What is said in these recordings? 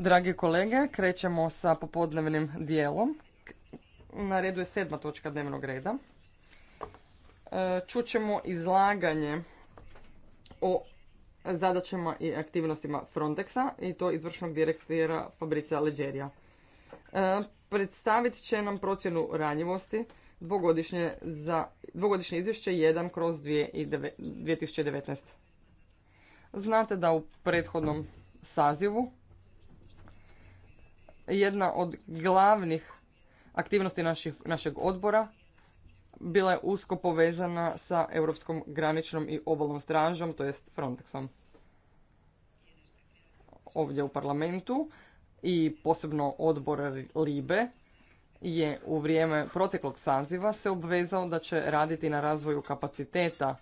Dragi kolege, krećemo sa popodnevnim dijelom. Na redu je sedma točka dnevnog reda. E, Čućemo izlaganje o zadaćama i aktivnostima Frontexa i to izvršnog direktora Fabrica Leđerija. E, predstavit će nam procjenu ranjivosti za, dvogodišnje izvješće 1 kroz 2019. Znate da u prethodnom sazivu jedna od glavnih aktivnosti naših, našeg odbora bila je usko povezana sa Europskom graničnom i obalnom stražom, to jest Frontexom ovdje u parlamentu i posebno odbor Libe je u vrijeme proteklog saziva se obvezao da će raditi na razvoju kapaciteta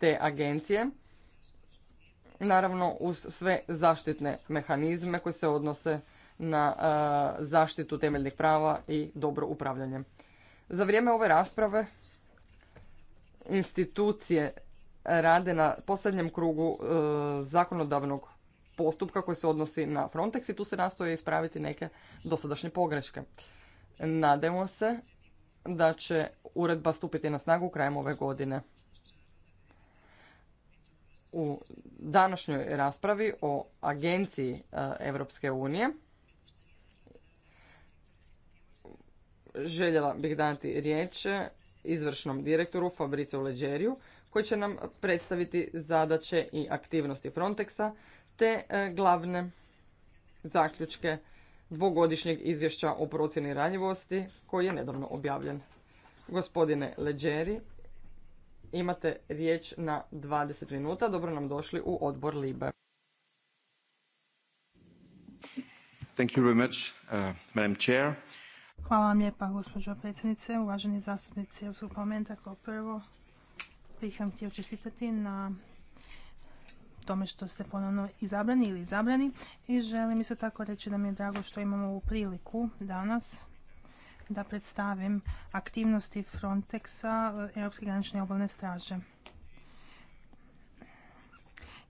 te agencije naravno uz sve zaštitne mehanizme koji se odnose na e, zaštitu temeljnih prava i dobro upravljanje. Za vrijeme ove rasprave institucije rade na posljednjem krugu e, zakonodavnog postupka koji se odnosi na Frontex i tu se nastoje ispraviti neke dosadašnje pogreške. Nadamo se da će uredba stupiti na snagu krajem ove godine u današnjoj raspravi o agenciji Europske unije. Željela bih dati riječ izvršnom direktoru Fabricu Leđeriju koji će nam predstaviti zadaće i aktivnosti Frontexa te e, glavne zaključke dvogodišnjeg izvješća o procjeni ranjivosti koji je nedavno objavljen. Gospodine Leđeri, Imate riječ na 20 minuta. Dobro nam došli u odbor Libe. Thank you very much, uh, Madam Chair. Hvala vam lijepa, gospođo predsjednice, uvaženi zastupnici Europskog parlamenta. Kao prvo bih vam htio čestitati na tome što ste ponovno izabrani ili izabrani i želim isto tako reći da mi je drago što imamo ovu priliku danas da predstavim aktivnosti Frontexa, eh, Europske granične obalne straže.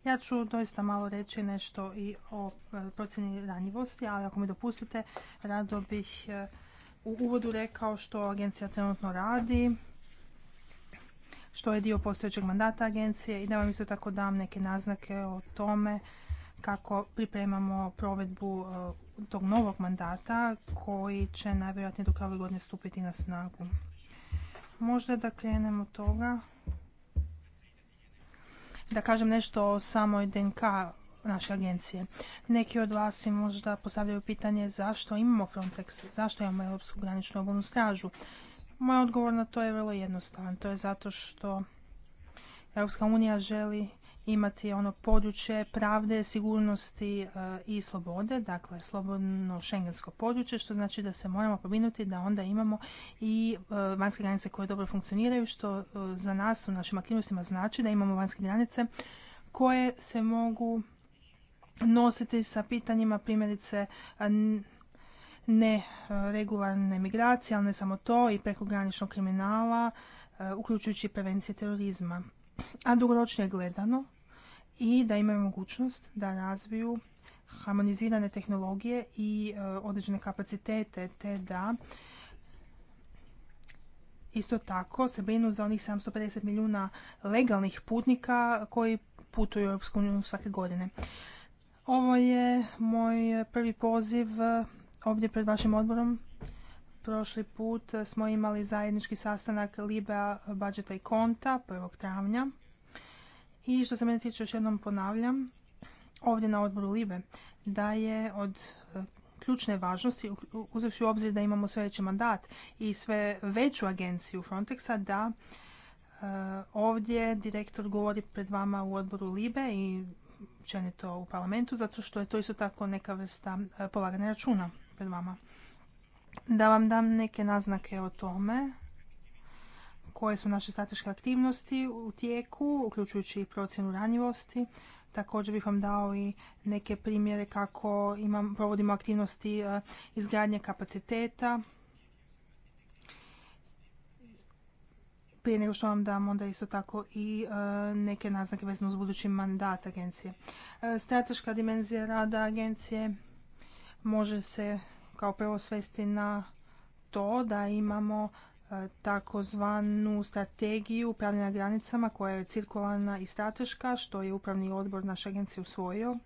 Ja ću doista malo reći nešto i o eh, procjeni ranjivosti, ali ako mi dopustite, rado bih eh, u uvodu rekao što agencija trenutno radi, što je dio postojećeg mandata agencije i da vam isto tako dam neke naznake o tome kako pripremamo provedbu tog novog mandata koji će najvjerojatnije do kraja godine stupiti na snagu. Možda da krenemo od toga da kažem nešto o samoj DNK naše agencije. Neki od vas možda postavljaju pitanje zašto imamo Frontex, zašto imamo Europsku graničnu obalnu stražu. Moj odgovor na to je vrlo jednostavan. To je zato što Europska unija želi imati ono područje pravde, sigurnosti e, i slobode, dakle slobodno šengensko područje, što znači da se moramo pobinuti da onda imamo i e, vanjske granice koje dobro funkcioniraju, što e, za nas u našim aktivnostima znači da imamo vanjske granice koje se mogu nositi sa pitanjima primjerice neregularne migracije, ali ne samo to, i prekograničnog kriminala, uključujući prevencije terorizma. A dugoročnije gledano, i da imaju mogućnost da razviju harmonizirane tehnologije i e, određene kapacitete te da isto tako se brinu za onih 750 milijuna legalnih putnika koji putuju u Europsku uniju svake godine. Ovo je moj prvi poziv e, ovdje pred vašim odborom. Prošli put smo imali zajednički sastanak Liba Budgeta i Konta 1. travnja. I što se mene tiče, još jednom ponavljam, ovdje na odboru Libe, da je od e, ključne važnosti, uzevši u obzir da imamo sve veći mandat i sve veću agenciju Frontexa, da e, ovdje direktor govori pred vama u odboru Libe i to u parlamentu, zato što je to isto tako neka vrsta e, polaganja računa pred vama. Da vam dam neke naznake o tome, koje su naše strateške aktivnosti u tijeku, uključujući i procjenu ranjivosti. Također bih vam dao i neke primjere kako imam, provodimo aktivnosti e, izgradnje kapaciteta. Prije nego što vam dam onda isto tako i e, neke naznake vezano uz budući mandat agencije. E, strateška dimenzija rada agencije može se kao prvo svesti na to da imamo takozvanu strategiju upravljanja granicama koja je cirkularna i strateška, što je upravni odbor naše agencije usvojio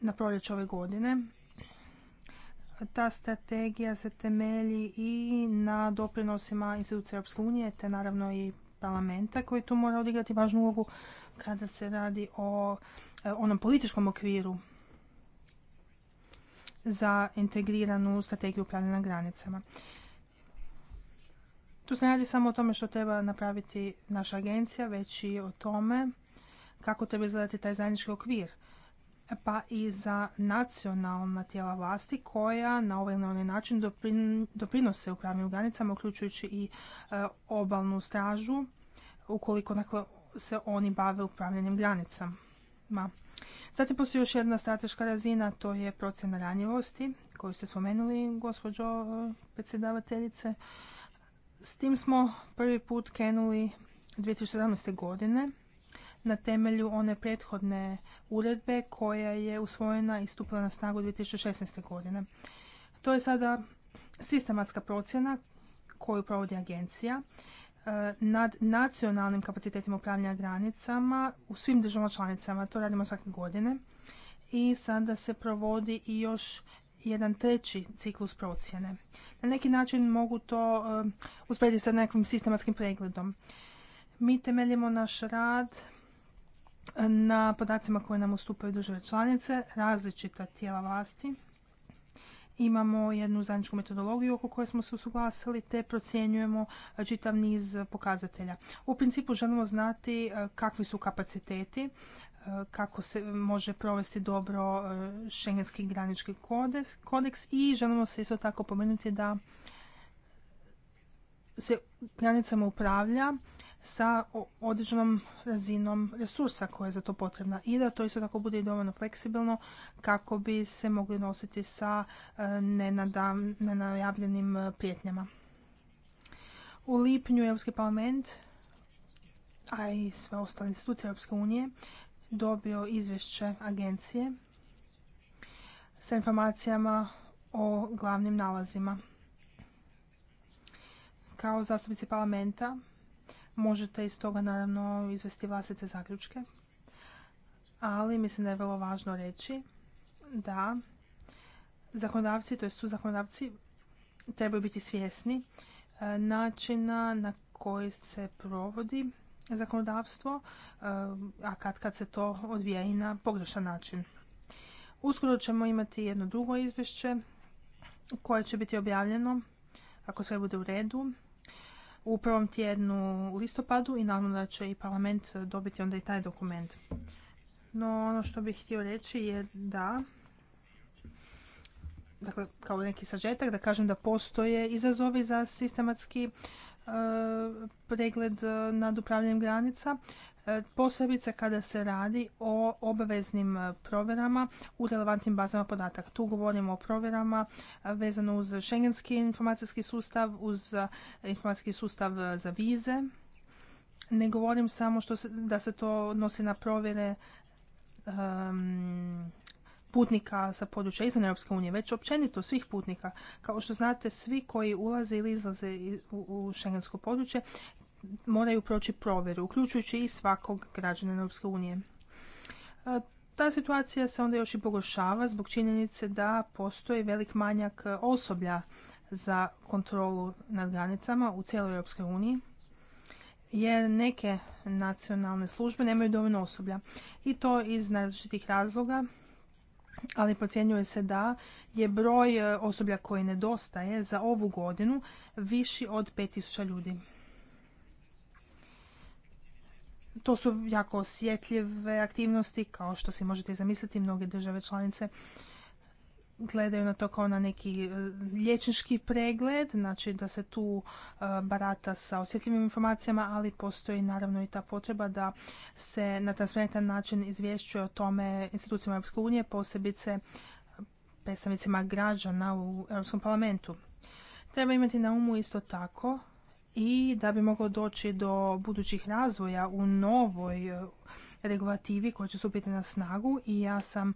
na proljeće ove godine. Ta strategija se temelji i na doprinosima institucije Europske unije, te naravno i parlamenta koji tu mora odigrati važnu ulogu kada se radi o e, onom političkom okviru za integriranu strategiju upravljanja granicama. Tu se ne radi samo o tome što treba napraviti naša agencija, već i o tome kako treba izgledati taj zajednički okvir pa i za nacionalna tijela vlasti koja na ovaj ili onaj način doprinose upravljanju granicama, uključujući i e, obalnu stražu, ukoliko dakle, se oni bave upravljanjem granicama. Zatim postoji još jedna strateška razina, to je procjena ranjivosti koju ste spomenuli, gospođo e, predsjedavateljice. S tim smo prvi put krenuli 2017. godine na temelju one prethodne uredbe koja je usvojena i stupila na snagu 2016. godine. To je sada sistematska procjena koju provodi agencija e, nad nacionalnim kapacitetima upravljanja granicama u svim državama članicama. To radimo svake godine. I sada se provodi i još jedan treći ciklus procjene. Na neki način mogu to eh, usporediti sa nekim sistematskim pregledom. Mi temeljimo naš rad eh, na podacima koje nam ustupaju države članice, različita tijela vlasti. Imamo jednu zajedničku metodologiju oko koje smo se usuglasili te procjenjujemo eh, čitav niz pokazatelja. U principu želimo znati kakvi su kapaciteti kako se može provesti dobro šengenski e, granički kodeks i želimo se isto tako pomenuti da se granicama upravlja sa određenom razinom resursa koja je za to potrebna i da to isto tako bude i dovoljno fleksibilno kako bi se mogli nositi sa e, nenajavljenim e, prijetnjama. U lipnju Europski parlament, a i sve ostale institucije Europske unije, dobio izvješće agencije sa informacijama o glavnim nalazima. Kao zastupnici parlamenta možete iz toga naravno izvesti vlastite zaključke, ali mislim da je vrlo važno reći da zakonodavci, to su zakonodavci, trebaju biti svjesni eh, načina na koji se provodi zakonodavstvo, ehm, a kad kad se to odvija i na pogrešan način. Uskoro ćemo imati jedno drugo izvješće koje će biti objavljeno, ako sve bude u redu, u prvom tjednu listopadu i naravno da će i parlament dobiti onda i taj dokument. No ono što bih htio reći je da dakle, kao neki sažetak da kažem da postoje izazovi za sistematski E, pregled e, nad upravljanjem granica, e, posebice kada se radi o obaveznim provjerama u relevantnim bazama podataka. Tu govorimo o provjerama vezano uz šengenski informacijski sustav, uz informacijski sustav za vize. Ne govorim samo što da se to odnosi na provjere putnika sa područja izvan Europske unije, već općenito svih putnika. Kao što znate, svi koji ulaze ili izlaze u šengensko područje moraju proći provjeru, uključujući i svakog građana Europske unije. E, ta situacija se onda još i pogoršava zbog činjenice da postoji velik manjak osoblja za kontrolu nad granicama u cijeloj Europskoj uniji jer neke nacionalne službe nemaju dovoljno osoblja i to iz različitih razloga ali procjenjuje se da je broj e, osoblja koji nedostaje za ovu godinu viši od 5000 ljudi. To su jako osjetljive aktivnosti, kao što si možete zamisliti, mnoge države članice gledaju na to kao na neki e, liječnički pregled, znači da se tu e, barata sa osjetljivim informacijama, ali postoji naravno i ta potreba da se na transparentan način izvješćuje o tome institucijama Europske unije, posebice e, predstavnicima građana u Europskom parlamentu. Treba imati na umu isto tako i da bi moglo doći do budućih razvoja u novoj regulativi koji će stupiti na snagu i ja sam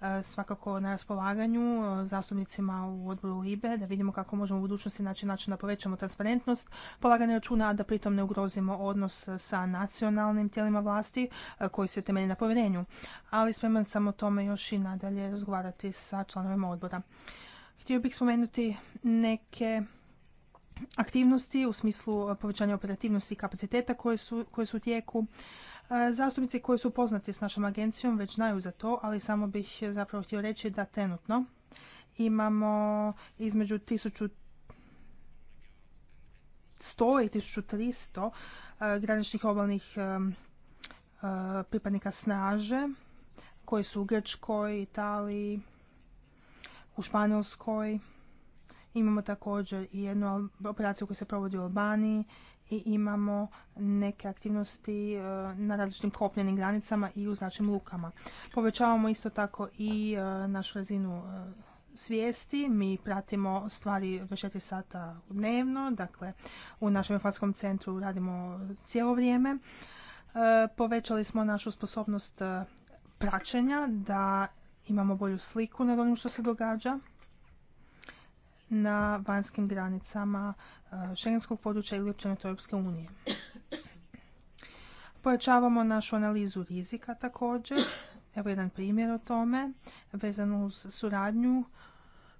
e, svakako na raspolaganju e, zastupnicima u odboru LIBE da vidimo kako možemo u budućnosti naći način da povećamo transparentnost polaganja računa, a da pritom ne ugrozimo odnos sa nacionalnim tijelima vlasti e, koji se temelji na povjerenju. Ali spreman sam o tome još i nadalje razgovarati sa članovima odbora. Htio bih spomenuti neke aktivnosti u smislu povećanja operativnosti i kapaciteta koje su, koje su u tijeku. Zastupnici koji su poznati s našom agencijom već znaju za to, ali samo bih zapravo htio reći da trenutno imamo između 1100 i 1300 graničnih obalnih pripadnika snaže koji su u Grčkoj, Italiji, u Španjolskoj. Imamo također i jednu operaciju koja se provodi u Albaniji i imamo neke aktivnosti e, na različitim kopnjenim granicama i u značim lukama. Povećavamo isto tako i e, našu razinu e, svijesti. Mi pratimo stvari do 4 sata dnevno, dakle u našem informatskom centru radimo cijelo vrijeme. Povećali smo našu sposobnost praćenja, da imamo bolju sliku nad onim što se događa na vanjskim granicama e, šengenskog područja ili općenito Europske unije. Pojačavamo našu analizu rizika također. Evo jedan primjer o tome vezan uz suradnju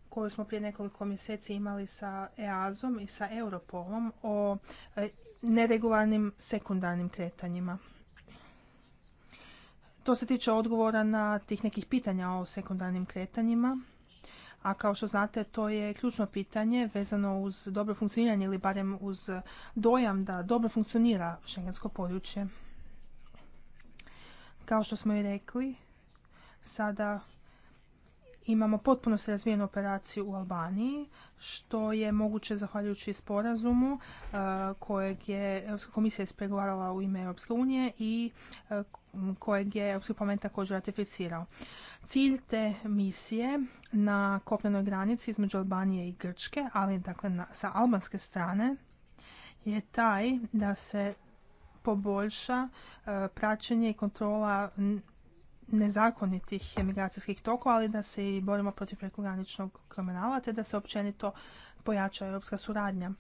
koju smo prije nekoliko mjeseci imali sa EAZom i sa Europolom o e, neregularnim sekundarnim kretanjima. To se tiče odgovora na tih nekih pitanja o sekundarnim kretanjima a kao što znate to je ključno pitanje vezano uz dobro funkcioniranje ili barem uz dojam da dobro funkcionira šengensko područje. Kao što smo i rekli, sada imamo potpuno se razvijenu operaciju u Albaniji, što je moguće zahvaljujući sporazumu e, kojeg je Europska komisija ispregovarala u ime Europske unije i e, kojeg je Europski parlament također ratificirao. Cilj te misije na kopnenoj granici između Albanije i Grčke, ali dakle na, sa albanske strane, je taj da se poboljša e, praćenje i kontrola nezakonitih emigracijskih tokova, ali da se i borimo protiv prekograničnog kriminala te da se općenito pojača europska suradnja.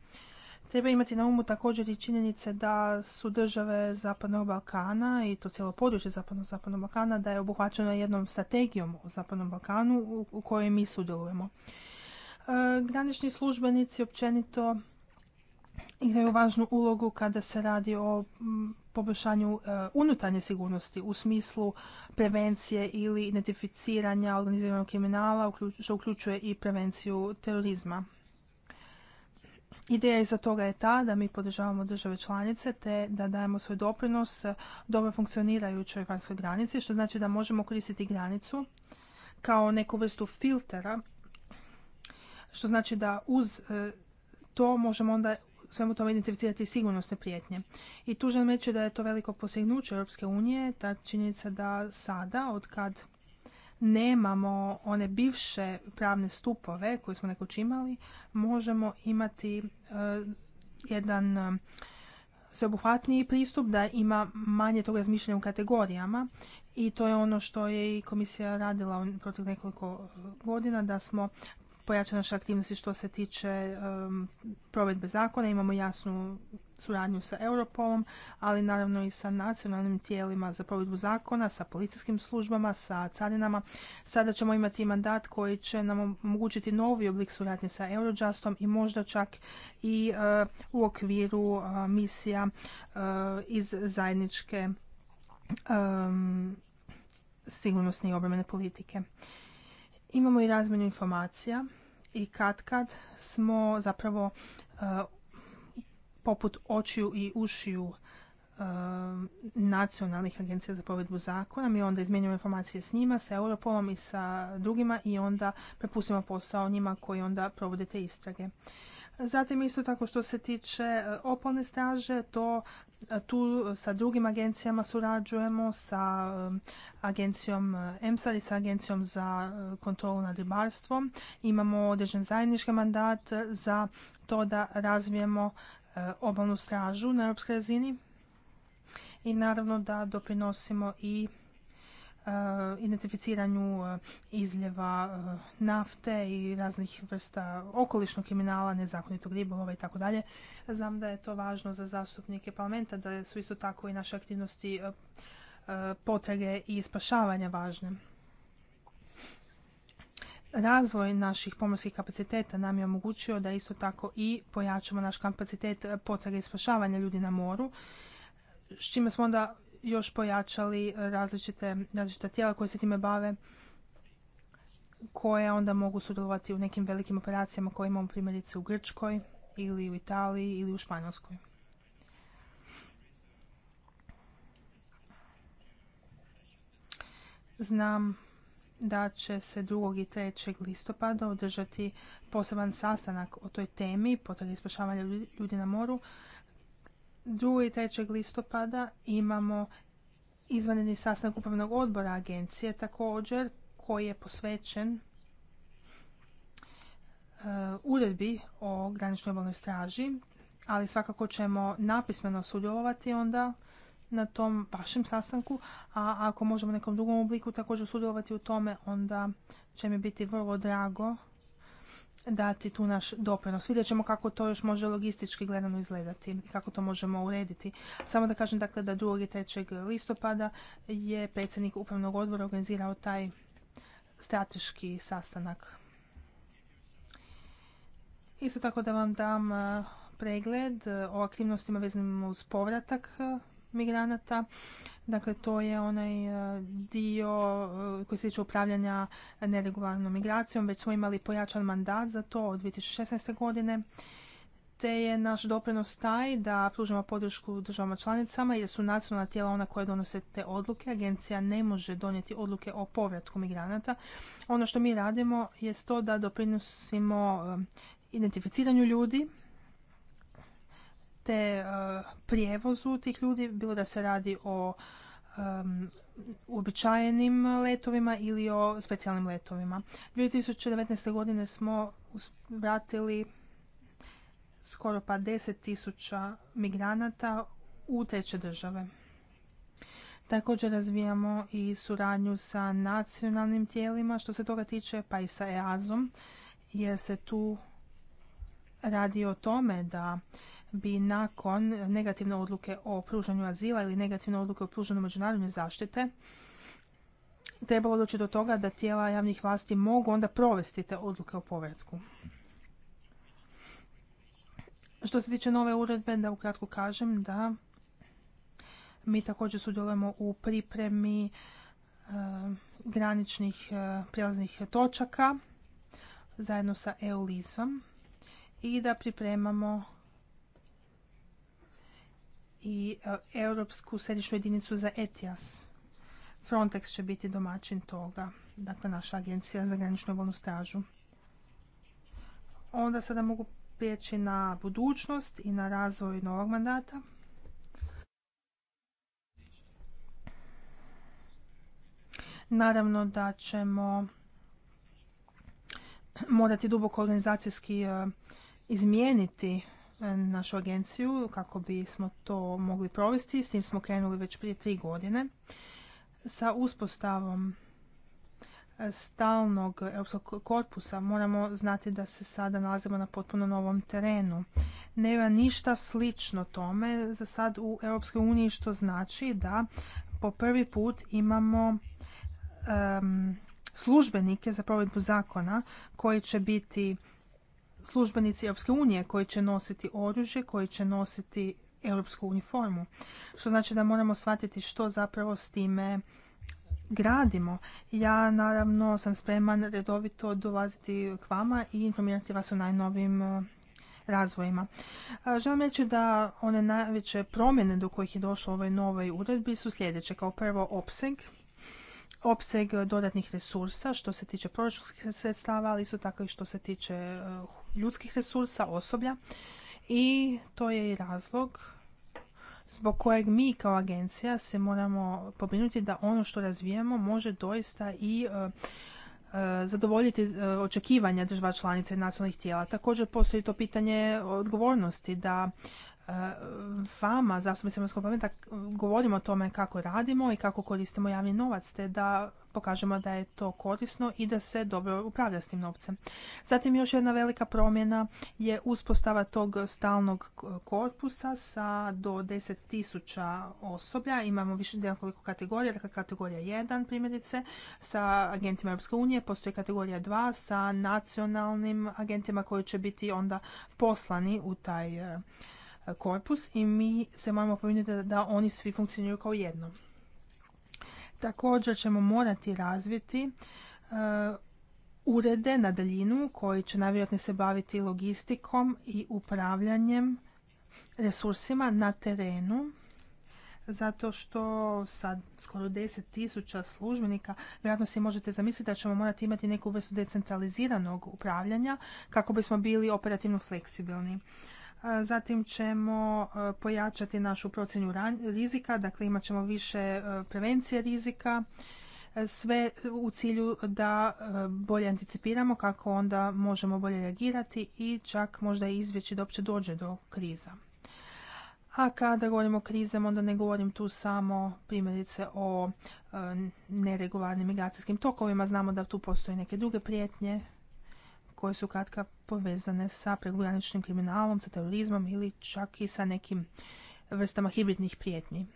Treba imati na umu također i činjenice da su države Zapadnog Balkana i to cijelo područje Zapadnog, Zapadnog Balkana da je obuhvaćeno jednom strategijom u Zapadnom Balkanu u kojoj mi sudjelujemo. E, granični službenici općenito igraju važnu ulogu kada se radi o poboljšanju e, unutarnje sigurnosti u smislu prevencije ili identificiranja organiziranog kriminala, što uključuje i prevenciju terorizma. Ideja iza toga je ta da mi podržavamo države članice te da dajemo svoj doprinos dobro funkcionirajućoj vanjskoj granici, što znači da možemo koristiti granicu kao neku vrstu filtera, što znači da uz e, to možemo onda svemu tome identificirati sigurnosne prijetnje. I tu želim reći da je to veliko posegnuće Europske unije, ta činjenica da sada, od kad nemamo one bivše pravne stupove koje smo nekoć imali, možemo imati e, jedan e, sveobuhvatniji pristup, da ima manje toga razmišljanja u kategorijama i to je ono što je i komisija radila u protiv nekoliko godina, da smo pojača naše aktivnosti što se tiče provedbe zakona. Imamo jasnu suradnju sa Europolom, ali naravno i sa nacionalnim tijelima za provedbu zakona, sa policijskim službama, sa carinama. Sada ćemo imati mandat koji će nam omogućiti novi oblik suradnje sa Eurojustom i možda čak i eh, u okviru eh, misija eh, iz zajedničke um, sigurnosne i obrambene politike. Imamo i razmjenu informacija i kad kad smo zapravo eh, poput očiju i ušiju eh, nacionalnih agencija za provedbu zakona. Mi onda izmjenjujemo informacije s njima, sa Europolom i sa drugima i onda prepustimo posao njima koji onda provode te istrage. Zatim isto tako što se tiče eh, opalne straže, to tu sa drugim agencijama surađujemo, sa um, agencijom uh, EMSAR i sa agencijom za uh, kontrolu nad ribarstvom. Imamo određen zajednički mandat za to da razvijemo uh, obalnu stražu na europskoj razini i naravno da doprinosimo i E, identificiranju e, izljeva e, nafte i raznih vrsta okolišnog kriminala, nezakonitog ribolova i tako dalje. Znam da je to važno za zastupnike parlamenta, da su isto tako i naše aktivnosti potrage i spašavanja važne. Razvoj naših pomorskih kapaciteta nam je omogućio da isto tako i pojačamo naš kapacitet potrage i spašavanja ljudi na moru, s čime smo onda još pojačali različite, različita tijela koje se time bave koje onda mogu sudjelovati u nekim velikim operacijama koje imamo primjerice u Grčkoj ili u Italiji ili u Španjolskoj. Znam da će se 2. i 3. listopada održati poseban sastanak o toj temi, potrebi spašavanja ljudi na moru, 2. i 3. listopada imamo izvanredni sastanak upravnog odbora agencije također koji je posvećen e, uredbi o graničnoj obalnoj straži, ali svakako ćemo napismeno sudjelovati onda na tom vašem sastanku, a ako možemo u nekom drugom obliku također sudjelovati u tome, onda će mi biti vrlo drago dati tu naš doprinos. Vidjet ćemo kako to još može logistički gledano izgledati i kako to možemo urediti. Samo da kažem dakle da 2. i 3. listopada je predsjednik upravnog odbora organizirao taj strateški sastanak. Isto tako da vam dam eh, pregled eh, o aktivnostima vezanim uz povratak eh, migranata. Dakle, to je onaj e, dio e, koji se tiče upravljanja neregularnom migracijom. Već smo imali pojačan mandat za to od 2016. godine te je naš doprinos taj da pružimo podršku državama članicama jer su nacionalna tijela ona koja donose te odluke. Agencija ne može donijeti odluke o povratku migranata. Ono što mi radimo je to da doprinosimo e, identificiranju ljudi te e, prijevozu tih ljudi, bilo da se radi o uobičajenim letovima ili o specijalnim letovima. 2019. godine smo vratili skoro pa 10.000 migranata u treće države. Također razvijamo i suradnju sa nacionalnim tijelima što se toga tiče, pa i sa EAZom, jer se tu radi o tome da bi nakon negativne odluke o pružanju azila ili negativne odluke o pružanju međunarodne zaštite trebalo doći do toga da tijela javnih vlasti mogu onda provesti te odluke o povratku. Što se tiče nove uredbe, da ukratko kažem da mi također sudjelujemo u pripremi e, graničnih e, prijelaznih točaka zajedno sa eu EU-lisom i da pripremamo i e, Europsku središnju jedinicu za ETIAS. Frontex će biti domaćin toga, dakle naša agencija za graničnu obalnu stražu. Onda sada mogu prijeći na budućnost i na razvoj novog mandata. Naravno da ćemo morati duboko organizacijski e, izmijeniti našu agenciju kako bismo to mogli provesti. S tim smo krenuli već prije tri godine sa uspostavom e, stalnog europskog korpusa moramo znati da se sada nalazimo na potpuno novom terenu. Nema ništa slično tome za sad u Europskoj uniji što znači da po prvi put imamo službenike za provedbu zakona koji će biti službenici Europske unije koji će nositi oružje, koji će nositi europsku uniformu. Što znači da moramo shvatiti što zapravo s time gradimo. Ja naravno sam spreman redovito dolaziti k vama i informirati vas o najnovim e, razvojima. E, želim reći da one najveće promjene do kojih je došlo u ovoj novoj uredbi su sljedeće. Kao prvo opseg, opseg dodatnih resursa što se tiče proračunskih sredstava, ali isto tako i što se tiče e, ljudskih resursa osoblja i to je i razlog zbog kojeg mi kao agencija se moramo pobrinuti da ono što razvijamo može doista i e, e, zadovoljiti e, očekivanja država članica i nacionalnih tijela. Također postoji to pitanje odgovornosti da vama, zastupnicima Europskog parlamenta, govorimo o tome kako radimo i kako koristimo javni novac, te da pokažemo da je to korisno i da se dobro upravlja s tim novcem. Zatim još jedna velika promjena je uspostava tog stalnog korpusa sa do 10.000 osoblja. Imamo više nekoliko kategorija, dakle kategorija 1 primjerice sa agentima Europske unije, postoji kategorija 2 sa nacionalnim agentima koji će biti onda poslani u taj e, korpus i mi se moramo pominuti da oni svi funkcioniraju kao jedno. Također ćemo morati razviti e, urede na daljinu koji će najvjerojatnije se baviti logistikom i upravljanjem resursima na terenu zato što sad skoro 10.000 službenika, vjerojatno si možete zamisliti da ćemo morati imati neku vrstu decentraliziranog upravljanja kako bismo bili operativno fleksibilni. Zatim ćemo e, pojačati našu procjenu rizika, dakle imat ćemo više e, prevencije rizika, e, sve u cilju da bolje anticipiramo kako onda možemo bolje reagirati i čak možda izvjeći da uopće dođe do kriza. A kada govorimo o krizama, onda ne govorim tu samo primjerice o neregularnim migracijskim tokovima. Znamo da tu postoje neke druge prijetnje koje su kratka povezane sa prekograničnim kriminalom, sa terorizmom ili čak i sa nekim vrstama hibridnih prijetnji.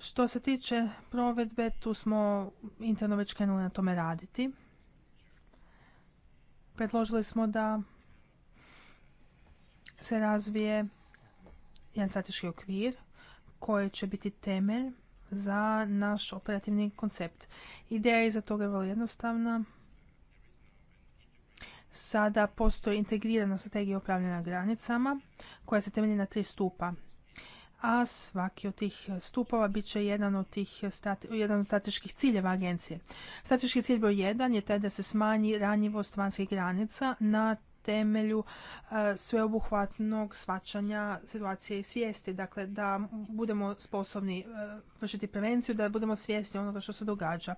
Što se tiče provedbe, tu smo interno već krenuli na tome raditi. Predložili smo da se razvije jedan strateški okvir koji će biti temelj za naš operativni koncept. Ideja iza toga je vrlo jednostavna sada postoji integrirana strategija upravljanja granicama koja se temelji na tri stupa a svaki od tih stupova bit će jedan od, tih strate, jedan od strateških ciljeva agencije. Strateški cilj broj jedan je taj da se smanji ranjivost vanjskih granica na temelju e, sveobuhvatnog svačanja situacije i svijesti. Dakle, da budemo sposobni e, vršiti prevenciju, da budemo svjesni onoga što se događa.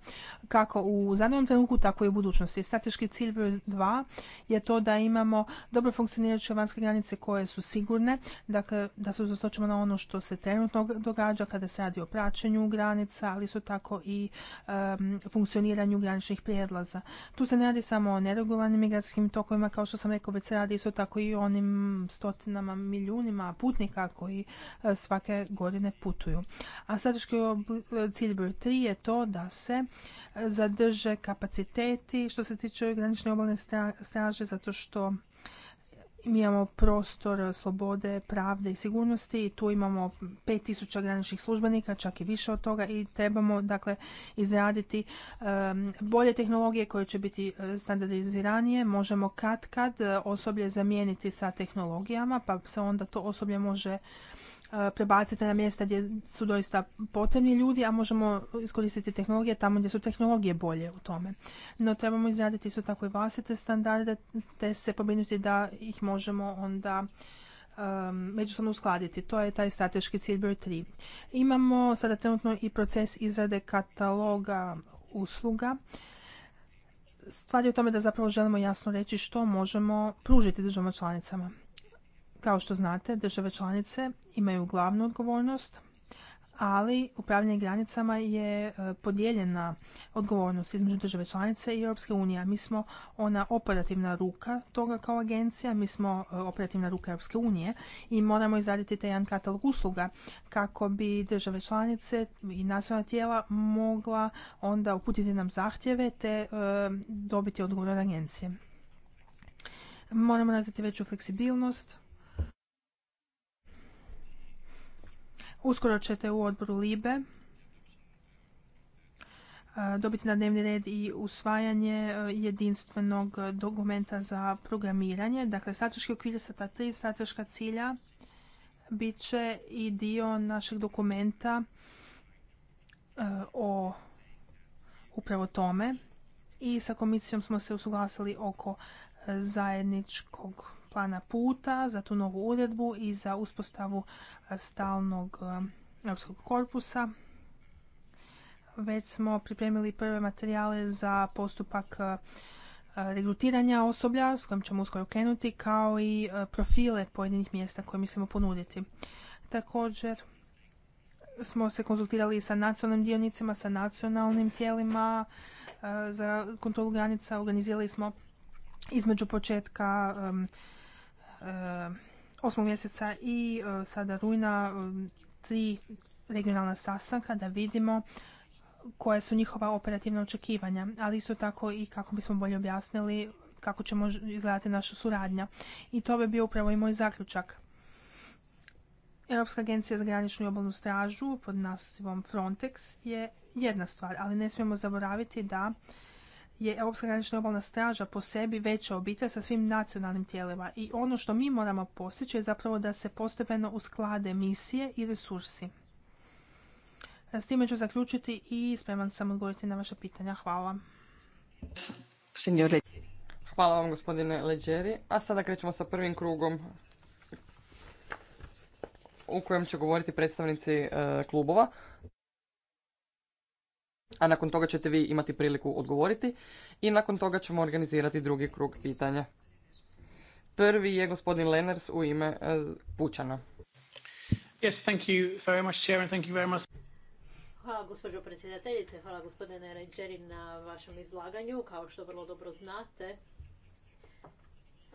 Kako u zadnjem trenutku, tako i u budućnosti. Strateški cilj broj 2 je to da imamo dobro funkcionirajuće vanjske granice koje su sigurne, dakle da se uzostočimo na ono što se trenutno događa kada se radi o praćenju granica, ali su tako i funkcioniranju graničnih prijedlaza. Tu se ne radi samo o neregularnim migratskim tokovima, kao što sam rekao, već se radi isto tako i o onim stotinama milijunima putnika koji e, svake godine putuju. A strateški Strateški cilj broj 3 je to da se e, zadrže kapaciteti što se tiče granične obalne straže zato što mi imamo prostor slobode, pravde i sigurnosti i tu imamo 5000 graničnih službenika, čak i više od toga i trebamo dakle izraditi bolje tehnologije koje će biti e, standardiziranije. Možemo kad kad e, osoblje zamijeniti sa tehnologijama pa se onda to osoblje može prebaciti na mjesta gdje su doista potrebni ljudi, a možemo iskoristiti tehnologije tamo gdje su tehnologije bolje u tome. No trebamo izraditi su tako i vlastite standarde te se pobrinuti da ih možemo onda um, međusobno uskladiti. To je taj strateški cilj broj 3. Imamo sada trenutno i proces izrade kataloga usluga. Stvar je u tome da zapravo želimo jasno reći što možemo pružiti državama članicama. Kao što znate, države članice imaju glavnu odgovornost, ali upravljanje granicama je e, podijeljena odgovornost između države članice i Europske unije. Mi smo ona operativna ruka toga kao agencija, mi smo e, operativna ruka Europske unije i moramo izraditi taj jedan katalog usluga kako bi države članice i nacionalna tijela mogla onda uputiti nam zahtjeve te e, dobiti odgovor od agencije. Moramo razviti veću fleksibilnost, Uskoro ćete u odboru LIBE e, dobiti na dnevni red i usvajanje e, jedinstvenog dokumenta za programiranje. Dakle, strateški okvir sa ta tri strateška cilja bit će i dio našeg dokumenta e, o upravo tome i sa komisijom smo se usuglasili oko zajedničkog plana puta za tu novu uredbu i za uspostavu e, stalnog e, europskog korpusa. Već smo pripremili prve materijale za postupak e, regrutiranja osoblja s kojim ćemo uskoro krenuti, kao i profile pojedinih mjesta koje mislimo ponuditi. Također smo se konzultirali sa nacionalnim dionicima, sa nacionalnim tijelima za kontrolu granica. Organizirali smo između početka osmog mjeseca i e, sada rujna e, tri regionalna sastanka da vidimo koja su njihova operativna očekivanja, ali isto tako i kako bismo bolje objasnili kako će izgledati naša suradnja. I to bi bio upravo i moj zaključak. Europska agencija za graničnu i obalnu stražu pod nazivom Frontex je jedna stvar, ali ne smijemo zaboraviti da je Europska granična obalna straža po sebi veća obitelj sa svim nacionalnim tijelima i ono što mi moramo postići je zapravo da se postepeno usklade misije i resursi. E, s time ću zaključiti i spreman sam odgovoriti na vaše pitanja. Hvala. Hvala vam gospodine Leđeri. A sada krećemo sa prvim krugom u kojem će govoriti predstavnici e, klubova a nakon toga ćete vi imati priliku odgovoriti i nakon toga ćemo organizirati drugi krug pitanja. Prvi je gospodin Leners u ime e, Pučana. Yes, thank you very much, Chair, and thank you very much. Hvala gospođo predsjedateljice, hvala gospodine Rejđeri na vašem izlaganju. Kao što vrlo dobro znate,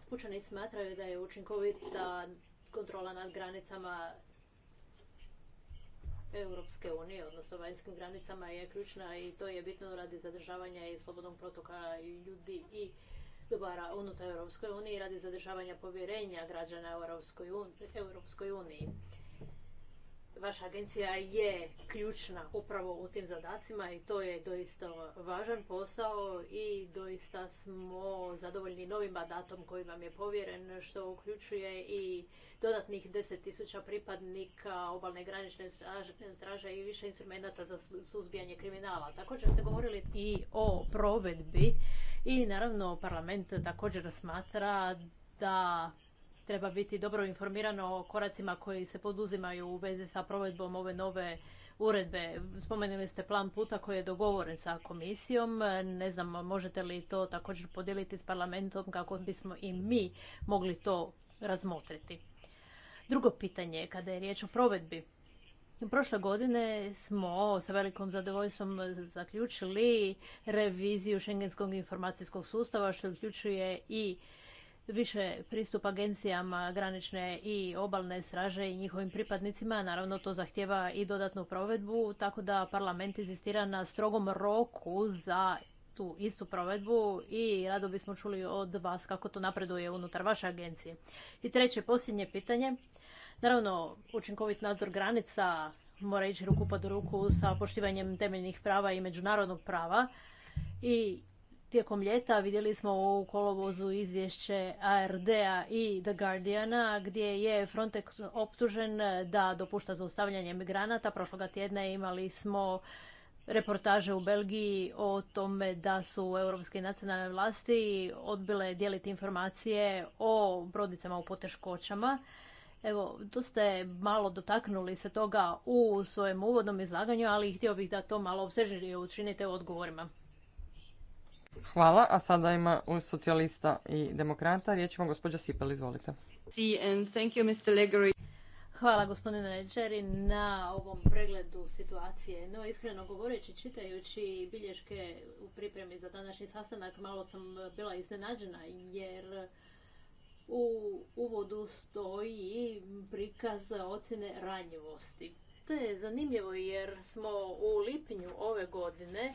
pučani smatraju da je učinkovita kontrola nad granicama Europske unije, odnosno vanjskim granicama je ključna i to je bitno radi zadržavanja i slobodnog protoka ljudi i dobara unutar Europskoj uniji radi zadržavanja povjerenja građana Europskoj uniji vaša agencija je ključna upravo u tim zadacima i to je doista važan posao i doista smo zadovoljni novim mandatom koji vam je povjeren što uključuje i dodatnih 10.000 pripadnika obalne granične straže i više instrumenata za suzbijanje kriminala. Također ste govorili i o provedbi i naravno parlament također smatra da treba biti dobro informirano o koracima koji se poduzimaju u vezi sa provedbom ove nove uredbe. Spomenuli ste plan puta koji je dogovoren sa komisijom. Ne znam, možete li to također podijeliti s parlamentom kako bismo i mi mogli to razmotriti. Drugo pitanje, kada je riječ o provedbi Prošle godine smo sa velikom zadovoljstvom zaključili reviziju Schengenskog informacijskog sustava što uključuje i više pristup agencijama granične i obalne straže i njihovim pripadnicima. Naravno, to zahtjeva i dodatnu provedbu, tako da parlament izistira na strogom roku za tu istu provedbu i rado bismo čuli od vas kako to napreduje unutar vaše agencije. I treće, posljednje pitanje. Naravno, učinkovit nadzor granica mora ići ruku pod ruku sa poštivanjem temeljnih prava i međunarodnog prava. I tijekom ljeta vidjeli smo u kolovozu izvješće ARD-a i The Guardiana gdje je Frontex optužen da dopušta zaustavljanje migranata. Prošloga tjedna imali smo reportaže u Belgiji o tome da su europske nacionalne vlasti odbile dijeliti informacije o brodicama u poteškoćama. Evo, tu ste malo dotaknuli se toga u svojem uvodnom izlaganju, ali htio bih da to malo obsežnije učinite u odgovorima. Hvala, a sada ima u socijalista i demokrata. Riječ ima gospođa Sipel, izvolite. Hvala gospodine Ćeri na ovom pregledu situacije. No, iskreno govoreći, čitajući bilješke u pripremi za današnji sastanak, malo sam bila iznenađena jer u uvodu stoji prikaz ocjene ranjivosti. To je zanimljivo jer smo u lipnju ove godine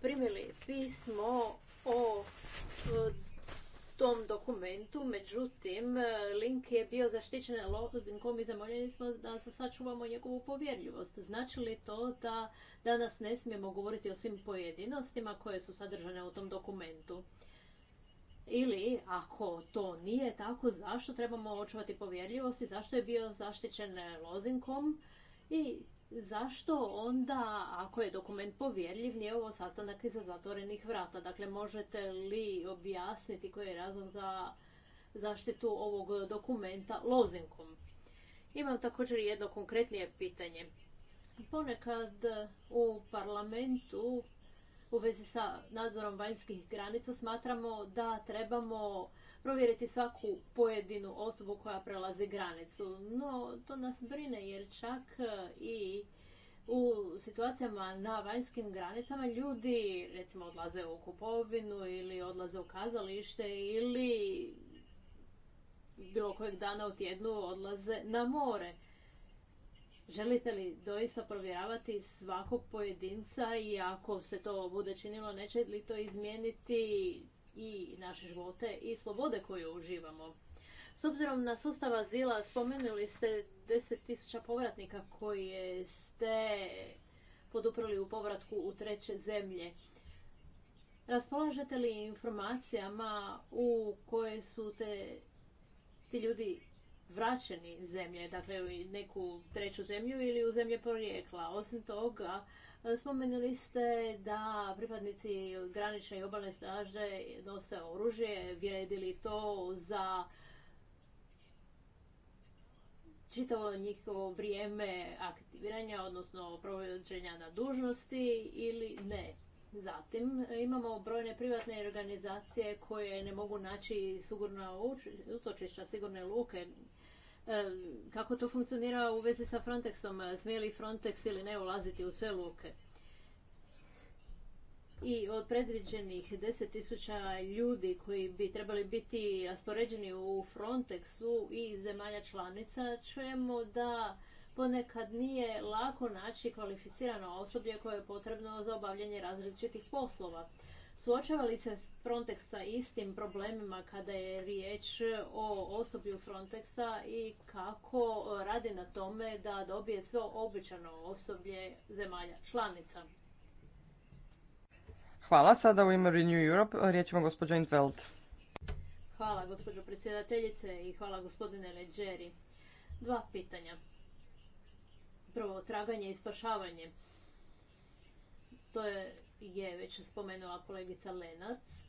primili pismo o e, tom dokumentu, međutim, e, link je bio zaštićen lozinkom i zamoljeni smo da sačuvamo njegovu povjerljivost. Znači li to da danas ne smijemo govoriti o svim pojedinostima koje su sadržane u tom dokumentu? Ili, ako to nije tako, zašto trebamo očuvati povjerljivost i zašto je bio zaštićen lozinkom? I zašto onda, ako je dokument povjerljiv, nije ovo sastanak iza zatvorenih vrata? Dakle, možete li objasniti koji je razlog za zaštitu ovog dokumenta lozinkom? Imam također jedno konkretnije pitanje. Ponekad u parlamentu u vezi sa nadzorom vanjskih granica smatramo da trebamo provjeriti svaku pojedinu osobu koja prelazi granicu. No, to nas brine jer čak e, i u situacijama na vanjskim granicama ljudi recimo odlaze u kupovinu ili odlaze u kazalište ili bilo kojeg dana u tjednu odlaze na more. Želite li doista provjeravati svakog pojedinca i ako se to bude činilo, neće li to izmijeniti i naše živote i slobode koju uživamo. S obzirom na sustav azila spomenuli ste 10.000 povratnika koje ste poduprli u povratku u treće zemlje. Raspolažete li informacijama u koje su te, ti ljudi vraćeni zemlje, dakle u neku treću zemlju ili u zemlje porijekla? Osim toga, Spomenuli ste da pripadnici granične i obalne straže nose oružje. Vrijedi li to za čitavo njihovo vrijeme aktiviranja, odnosno provođenja na dužnosti ili ne? Zatim imamo brojne privatne organizacije koje ne mogu naći sigurna utočišta, sigurne luke kako to funkcionira u vezi sa Frontexom, smije li Frontex ili ne ulaziti u sve luke. I od predviđenih 10.000 ljudi koji bi trebali biti raspoređeni u Frontexu i zemalja članica, čujemo da ponekad nije lako naći kvalificirano osoblje koje je potrebno za obavljanje različitih poslova. Suočava li se Frontex sa istim problemima kada je riječ o osoblju Frontexa i kako radi na tome da dobije sve običano osoblje zemalja članica? Hvala. Sada u ime Renew Europe riječ ima gospođa Intveld. Hvala gospođo predsjedateljice i hvala gospodine Leđeri. Dva pitanja. Prvo, traganje i spašavanje. To je je već spomenula kolegica Lenac.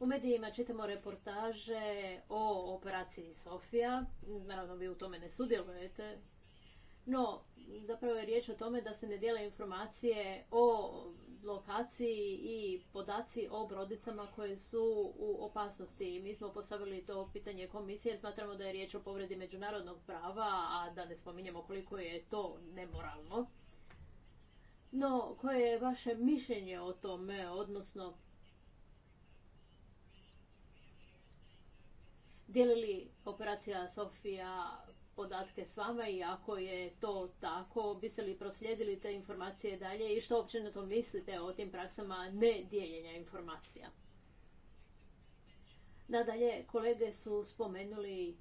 U medijima čitamo reportaže o operaciji Sofija. Naravno, vi u tome ne sudjelujete. No, zapravo je riječ o tome da se ne dijele informacije o lokaciji i podaci o brodicama koje su u opasnosti. mi smo postavili to pitanje komisije smatramo da je riječ o povredi međunarodnog prava, a da ne spominjemo koliko je to nemoralno. No, koje je vaše mišljenje o tome, odnosno dijeli li operacija Sofija podatke s vama i ako je to tako, biste li proslijedili te informacije dalje i što općenito mislite o tim praksama ne dijeljenja informacija? Nadalje, kolege su spomenuli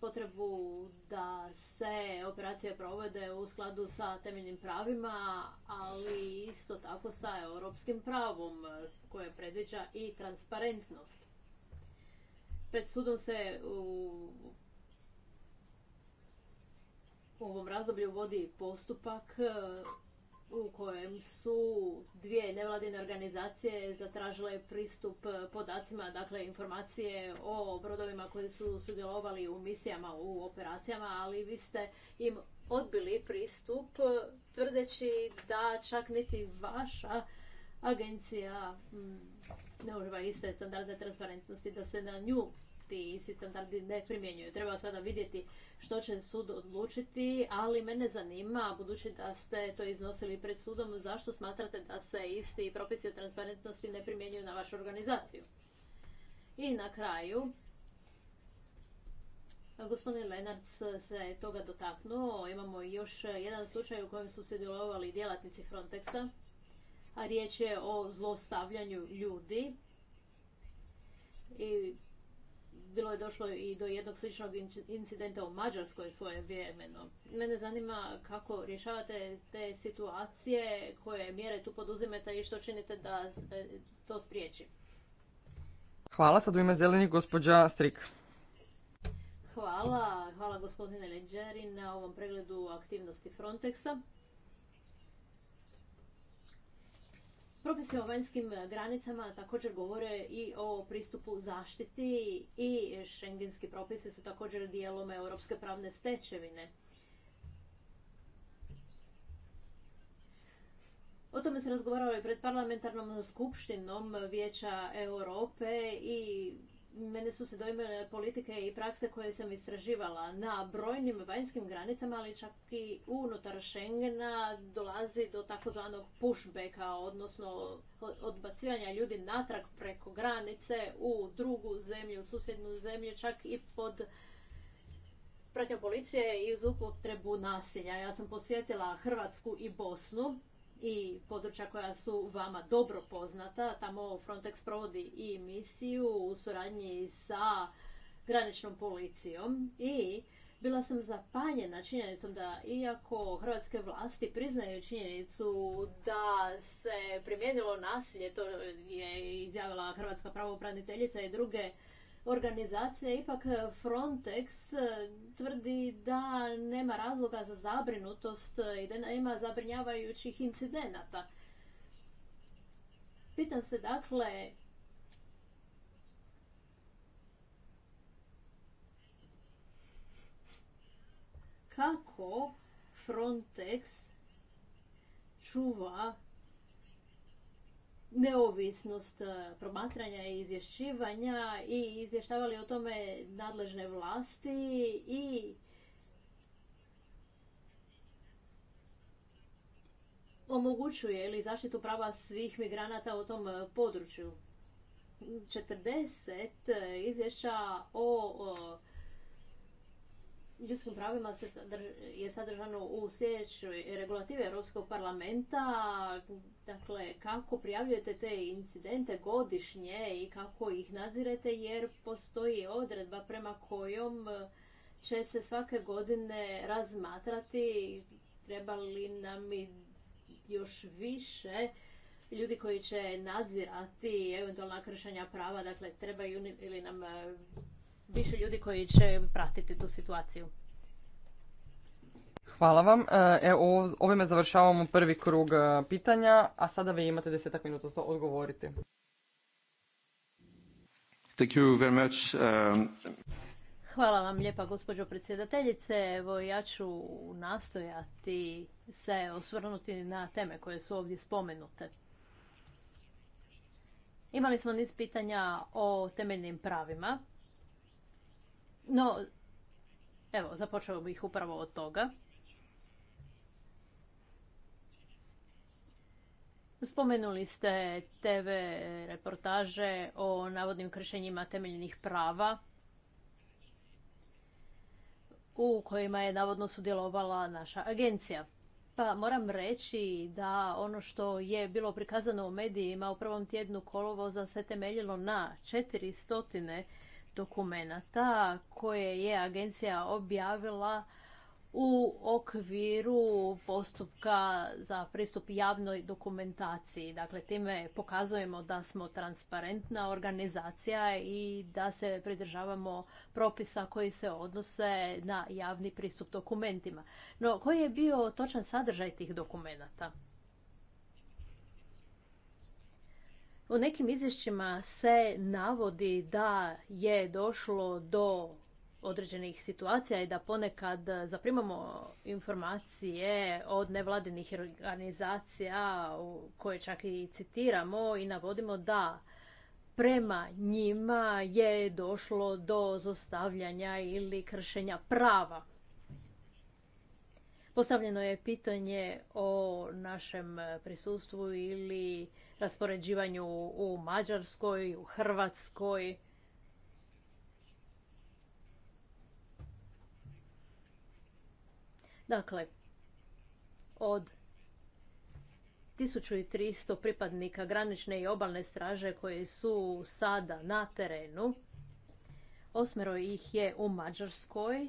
potrebu da se operacije provode u skladu sa temeljnim pravima, ali isto tako sa europskim pravom koje predviđa i transparentnost. Pred sudom se u ovom razdoblju vodi postupak u kojem su dvije nevladine organizacije zatražile pristup eh, podacima, dakle informacije o brodovima koji su sudjelovali u misijama, u operacijama, ali vi ste im odbili pristup eh, tvrdeći da čak niti vaša agencija mm, ne uživa iste standarde transparentnosti, da se na nju ti isti standardi ne primjenjuju. Treba sada vidjeti što će sud odlučiti, ali mene zanima, budući da ste to iznosili pred sudom, zašto smatrate da se isti propisi o transparentnosti ne primjenjuju na vašu organizaciju? I na kraju, Gospodin Lenarc se toga dotaknuo. Imamo još jedan slučaj u kojem su sudjelovali djelatnici Frontexa. A riječ je o zlostavljanju ljudi. I bilo je došlo i do jednog sličnog incidenta u Mađarskoj svoje svojevremeno. Mene zanima kako rješavate te situacije, koje mjere tu poduzimate i što činite da e, to spriječi. Hvala, sad u ime zelenih gospođa Strik. Hvala, hvala gospodine Leđeri na ovom pregledu aktivnosti Frontexa. Propisi o vanjskim e, granicama također govore i o pristupu zaštiti i šengenski propisi su također dijelom europske pravne stečevine. O tome se razgovaralo i pred parlamentarnom skupštinom Vijeća Europe i mene su se dojmile politike i prakse koje sam istraživala na brojnim vanjskim granicama, ali čak i unutar Schengena dolazi do takozvanog pushbacka, odnosno odbacivanja ljudi natrag preko granice u drugu zemlju, susjednu zemlju, čak i pod pratnjom policije i uz upotrebu nasilja. Ja sam posjetila Hrvatsku i Bosnu i područja koja su vama dobro poznata. Tamo Frontex provodi i misiju u suradnji sa graničnom policijom i bila sam zapanjena činjenicom da iako hrvatske vlasti priznaju činjenicu da se primijenilo nasilje, to je izjavila hrvatska pravobraniteljica i druge organizacija, ipak eh, Frontex eh, tvrdi da nema razloga za zabrinutost eh, i da nema zabrinjavajućih incidenata. Pitam se dakle, kako Frontex čuva neovisnost e, promatranja i izvješćivanja i izvještavali o tome nadležne vlasti i omogućuje li zaštitu prava svih migranata u tom e, području. 40 e, izvješća o ljudskim pravima se je sadržano u sljedećoj regulativi Europskog parlamenta. Dakle, kako prijavljujete te incidente godišnje i kako ih nadzirete jer postoji odredba prema kojom će se svake godine razmatrati treba li nam još više ljudi koji će nadzirati eventualna kršenja prava, dakle trebaju ili nam više ljudi koji će pratiti tu situaciju. Hvala vam. E, evo, ovime završavamo prvi krug e, pitanja, a sada vi imate desetak minuta za odgovoriti. Thank you very much. Um, Hvala vam lijepa, gospođo predsjedateljice. Evo, ja ću nastojati se osvrnuti na teme koje su ovdje spomenute. Imali smo niz pitanja o temeljnim pravima. No, evo, započeo bih upravo od toga. Spomenuli ste TV reportaže o navodnim kršenjima temeljnih prava u kojima je navodno sudjelovala naša agencija. Pa moram reći da ono što je bilo prikazano u medijima u prvom tjednu kolovoza se temeljilo na 400 dokumenata koje je agencija objavila u okviru postupka za pristup javnoj dokumentaciji. Dakle, time pokazujemo da smo transparentna organizacija i da se pridržavamo propisa koji se odnose na javni pristup dokumentima. No, koji je bio točan sadržaj tih dokumenata? U nekim izvješćima se navodi da je došlo do određenih situacija i da ponekad zaprimamo informacije od nevladinih organizacija koje čak i citiramo i navodimo da prema njima je došlo do zostavljanja ili kršenja prava. Postavljeno je pitanje o našem prisustvu ili raspoređivanju u Mađarskoj, u Hrvatskoj. Dakle, od 1300 pripadnika granične i obalne straže koji su sada na terenu, osmero ih je u Mađarskoj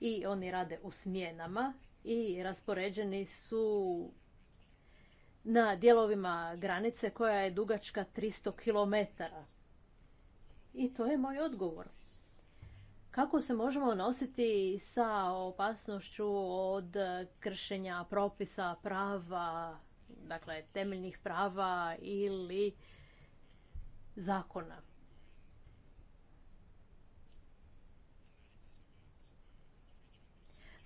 i oni rade u smjenama i raspoređeni su na dijelovima granice koja je dugačka 300 km. I to je moj odgovor. Kako se možemo nositi sa opasnošću od kršenja propisa, prava, dakle temeljnih prava ili zakona?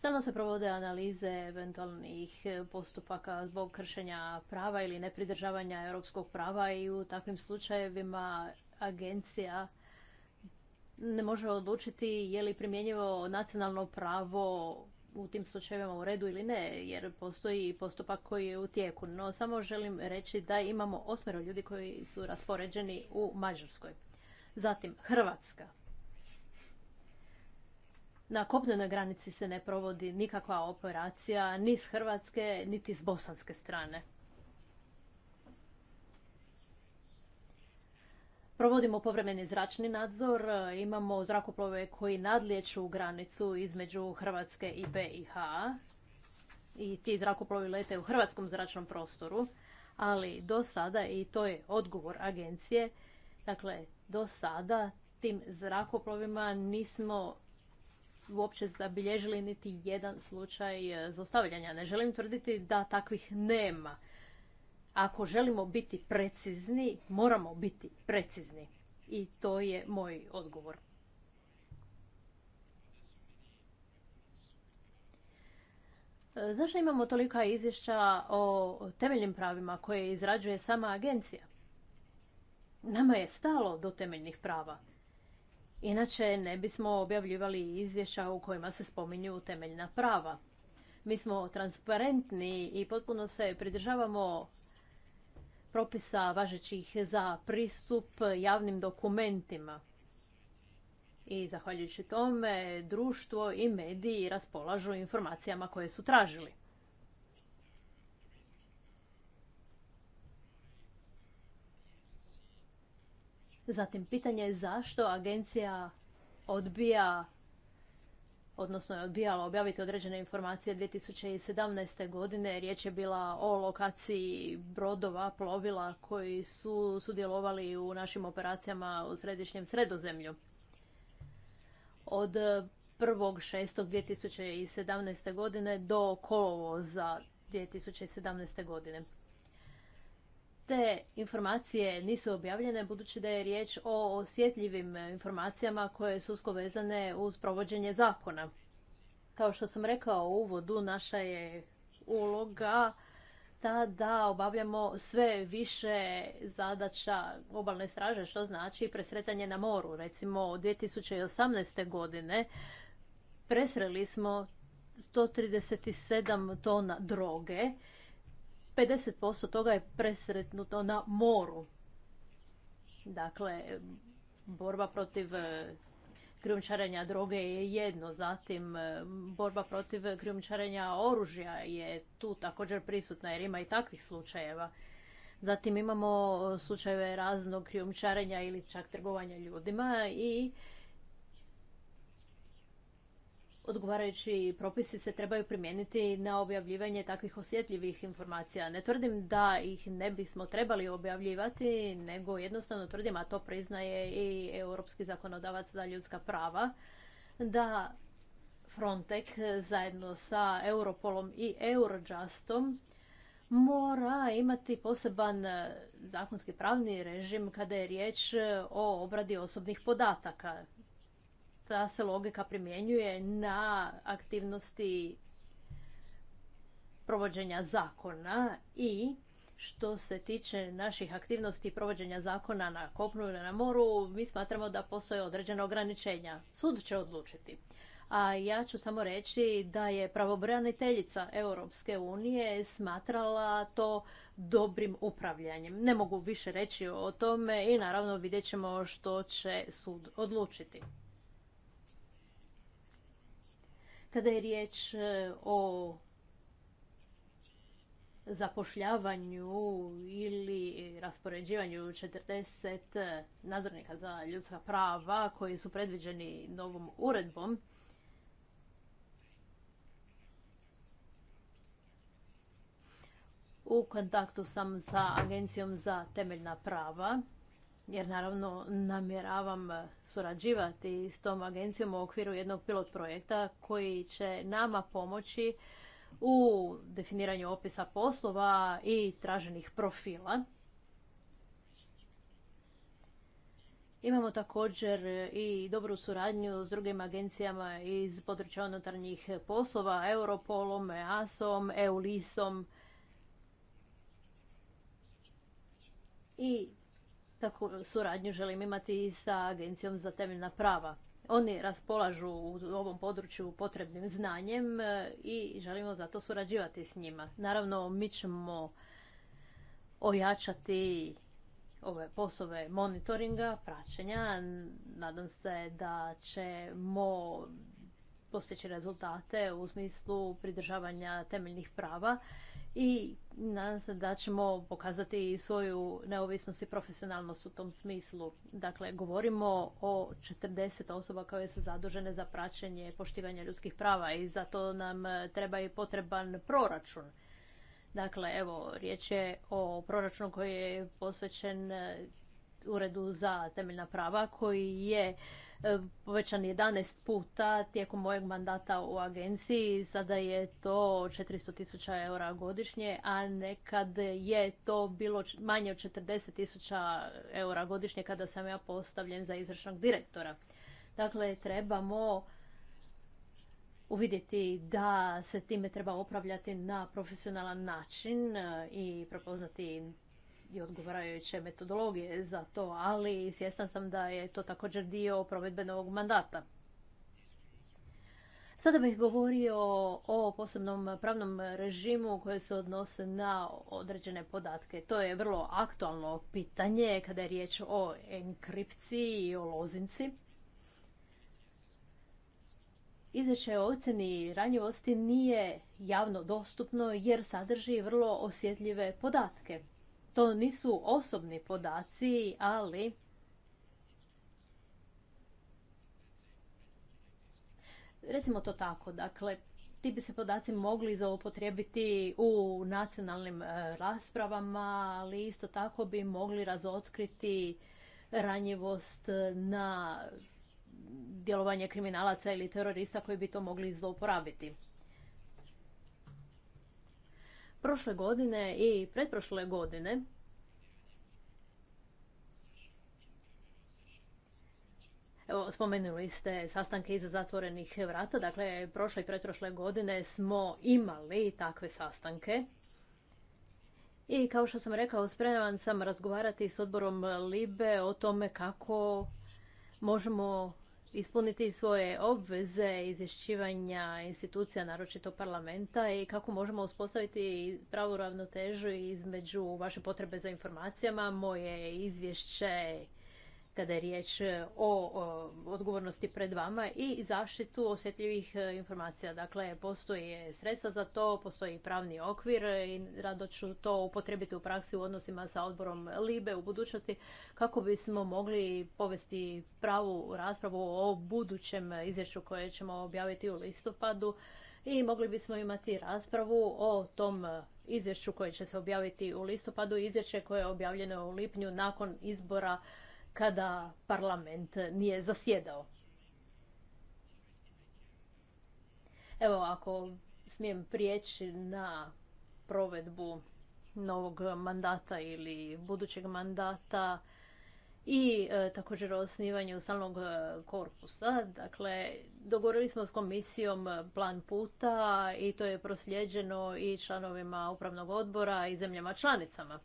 Stalno se provode analize eventualnih e, postupaka zbog kršenja prava ili nepridržavanja europskog prava i u takvim slučajevima agencija ne može odlučiti je li primjenjivo nacionalno pravo u tim slučajevima u redu ili ne, jer postoji postupak koji je u tijeku. No samo želim reći da imamo osmero ljudi koji su raspoređeni u Mađarskoj. Zatim Hrvatska. Na kopnenoj granici se ne provodi nikakva operacija ni s hrvatske niti s bosanske strane. Provodimo povremeni zračni nadzor, imamo zrakoplove koji nadlijeću granicu između Hrvatske i BiH i ti zrakoplovi lete u hrvatskom zračnom prostoru, ali do sada, i to je odgovor agencije, dakle, do sada tim zrakoplovima nismo uopće zabilježili niti jedan slučaj e, zaustavljanja. Ne želim tvrditi da takvih nema. Ako želimo biti precizni, moramo biti precizni. I to je moj odgovor. E, zašto imamo tolika izvješća o temeljnim pravima koje izrađuje sama agencija? Nama je stalo do temeljnih prava. Inače ne bismo objavljivali izvješća u kojima se spominju temeljna prava. Mi smo transparentni i potpuno se pridržavamo propisa važećih za pristup javnim dokumentima. I zahvaljujući tome društvo i mediji raspolažu informacijama koje su tražili. Zatim pitanje je zašto agencija odbija odnosno je odbijala objaviti određene informacije 2017. godine. Riječ je bila o lokaciji brodova, plovila koji su sudjelovali u našim operacijama u središnjem sredozemlju. Od 1.6.2017. godine do kolovoza 2017. godine te informacije nisu objavljene budući da je riječ o osjetljivim informacijama koje su usko vezane uz provođenje zakona. Kao što sam rekao u uvodu, naša je uloga ta da obavljamo sve više zadaća obalne straže, što znači presretanje na moru. Recimo, 2018. godine presreli smo 137 tona droge 50% toga je presretnuto na moru. Dakle, borba protiv e, krijumčarenja droge je jedno, zatim e, borba protiv krijumčarenja oružja je tu također prisutna jer ima i takvih slučajeva. Zatim imamo e, slučajeve raznog krijumčarenja ili čak trgovanja ljudima i odgovarajući propisi se trebaju primijeniti na objavljivanje takvih osjetljivih informacija. Ne tvrdim da ih ne bismo trebali objavljivati, nego jednostavno tvrdim, a to priznaje i Europski zakonodavac za ljudska prava, da Frontex zajedno sa Europolom i Eurojustom mora imati poseban zakonski pravni režim kada je riječ o obradi osobnih podataka ta se logika primjenjuje na aktivnosti provođenja zakona i što se tiče naših aktivnosti provođenja zakona na kopnu ili na moru, mi smatramo da postoje određene ograničenja. Sud će odlučiti. A ja ću samo reći da je pravobraniteljica Europske unije smatrala to dobrim upravljanjem. Ne mogu više reći o tome i naravno vidjet ćemo što će sud odlučiti. Kada je riječ e, o zapošljavanju ili raspoređivanju 40 e, nadzornika za ljudska prava koji su predviđeni novom uredbom, u kontaktu sam sa Agencijom za temeljna prava jer naravno namjeravam eh, surađivati s tom agencijom u okviru jednog pilot projekta koji će nama pomoći u definiranju opisa poslova i traženih profila. Imamo također i dobru suradnju s drugim agencijama iz područja unutarnjih poslova, Europolom, EASom, EULISom. I Takvu suradnju želim imati i sa Agencijom za temeljna prava. Oni raspolažu u ovom području potrebnim znanjem e, i želimo zato surađivati s njima. Naravno, mi ćemo ojačati ove poslove monitoringa, praćenja. Nadam se da ćemo postići rezultate u smislu pridržavanja temeljnih prava i nadam se da ćemo pokazati svoju neovisnost i profesionalnost u tom smislu. Dakle, govorimo o 40 osoba koje su zadužene za praćenje poštivanje ljudskih prava i zato nam e, treba i potreban proračun. Dakle, evo, riječ je o proračunu koji je posvećen e, uredu za temeljna prava koji je e, povećan 11 puta tijekom mojeg mandata u agenciji. Sada je to 400 tisuća eura godišnje, a nekad je to bilo manje od 40 tisuća eura godišnje kada sam ja postavljen za izvršnog direktora. Dakle, trebamo uvidjeti da se time treba upravljati na profesionalan način e, i prepoznati i odgovarajuće metodologije za to, ali svjesna sam da je to također dio novog mandata. Sada bih govorio o posebnom pravnom režimu koje se odnose na određene podatke. To je vrlo aktualno pitanje kada je riječ o enkripciji i o lozinci. Izvješće o ocjeni ranjivosti nije javno dostupno jer sadrži vrlo osjetljive podatke. To nisu osobni podaci, ali recimo to tako, dakle ti bi se podaci mogli zaupotrijebiti u nacionalnim e, raspravama, ali isto tako bi mogli razotkriti ranjivost na djelovanje kriminalaca ili terorista koji bi to mogli zlouporabiti prošle godine i pretprošle godine Evo, spomenuli ste sastanke iza zatvorenih vrata. Dakle, prošle i pretprošle godine smo imali takve sastanke. I kao što sam rekao, spreman sam razgovarati s odborom Libe o tome kako možemo ispuniti svoje obveze izvješćivanja institucija, naročito parlamenta i kako možemo uspostaviti pravu ravnotežu između vaše potrebe za informacijama, moje izvješće kada je riječ e, o odgovornosti pred vama i zaštitu osjetljivih e, informacija. Dakle, postoje sredstva za to, postoji pravni okvir i rado ću to upotrebiti u praksi u odnosima sa odborom LIBE u budućnosti kako bismo mogli povesti pravu raspravu o budućem izvješću koje ćemo objaviti u listopadu i mogli bismo imati raspravu o tom izvješću koje će se objaviti u listopadu, izvješće koje je objavljeno u lipnju nakon izbora kada parlament nije zasjedao. Evo, ako smijem prijeći na provedbu novog mandata ili budućeg mandata i e, također osnivanje osnivanju stalnog e, korpusa. Dakle, dogovorili smo s komisijom plan puta i to je prosljeđeno i članovima upravnog odbora i zemljama članicama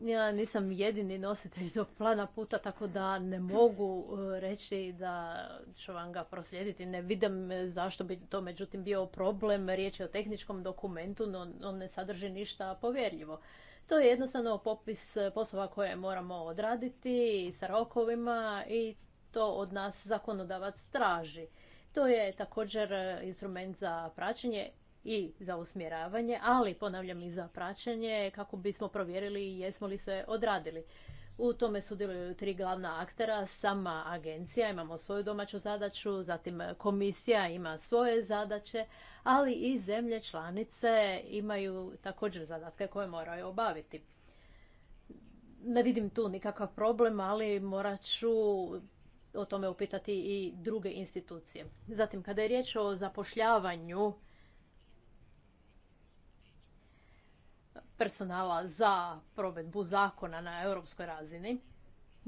ja nisam jedini nositelj tog plana puta, tako da ne mogu e, reći da ću vam ga proslijediti. Ne vidim e, zašto bi to međutim bio problem. Riječ je o tehničkom dokumentu, no on ne sadrži ništa povjerljivo. To je jednostavno popis e, poslova koje moramo odraditi sa rokovima i to od nas zakonodavac traži. To je također instrument za praćenje i za usmjeravanje, ali ponavljam i za praćenje kako bismo provjerili jesmo li se odradili. U tome sudjeluju tri glavna aktera, sama agencija, imamo svoju domaću zadaću, zatim komisija ima svoje zadaće, ali i zemlje članice imaju također zadatke koje moraju obaviti. Ne vidim tu nikakav problem, ali morat ću o tome upitati i druge institucije. Zatim, kada je riječ o zapošljavanju personala za provedbu zakona na europskoj razini.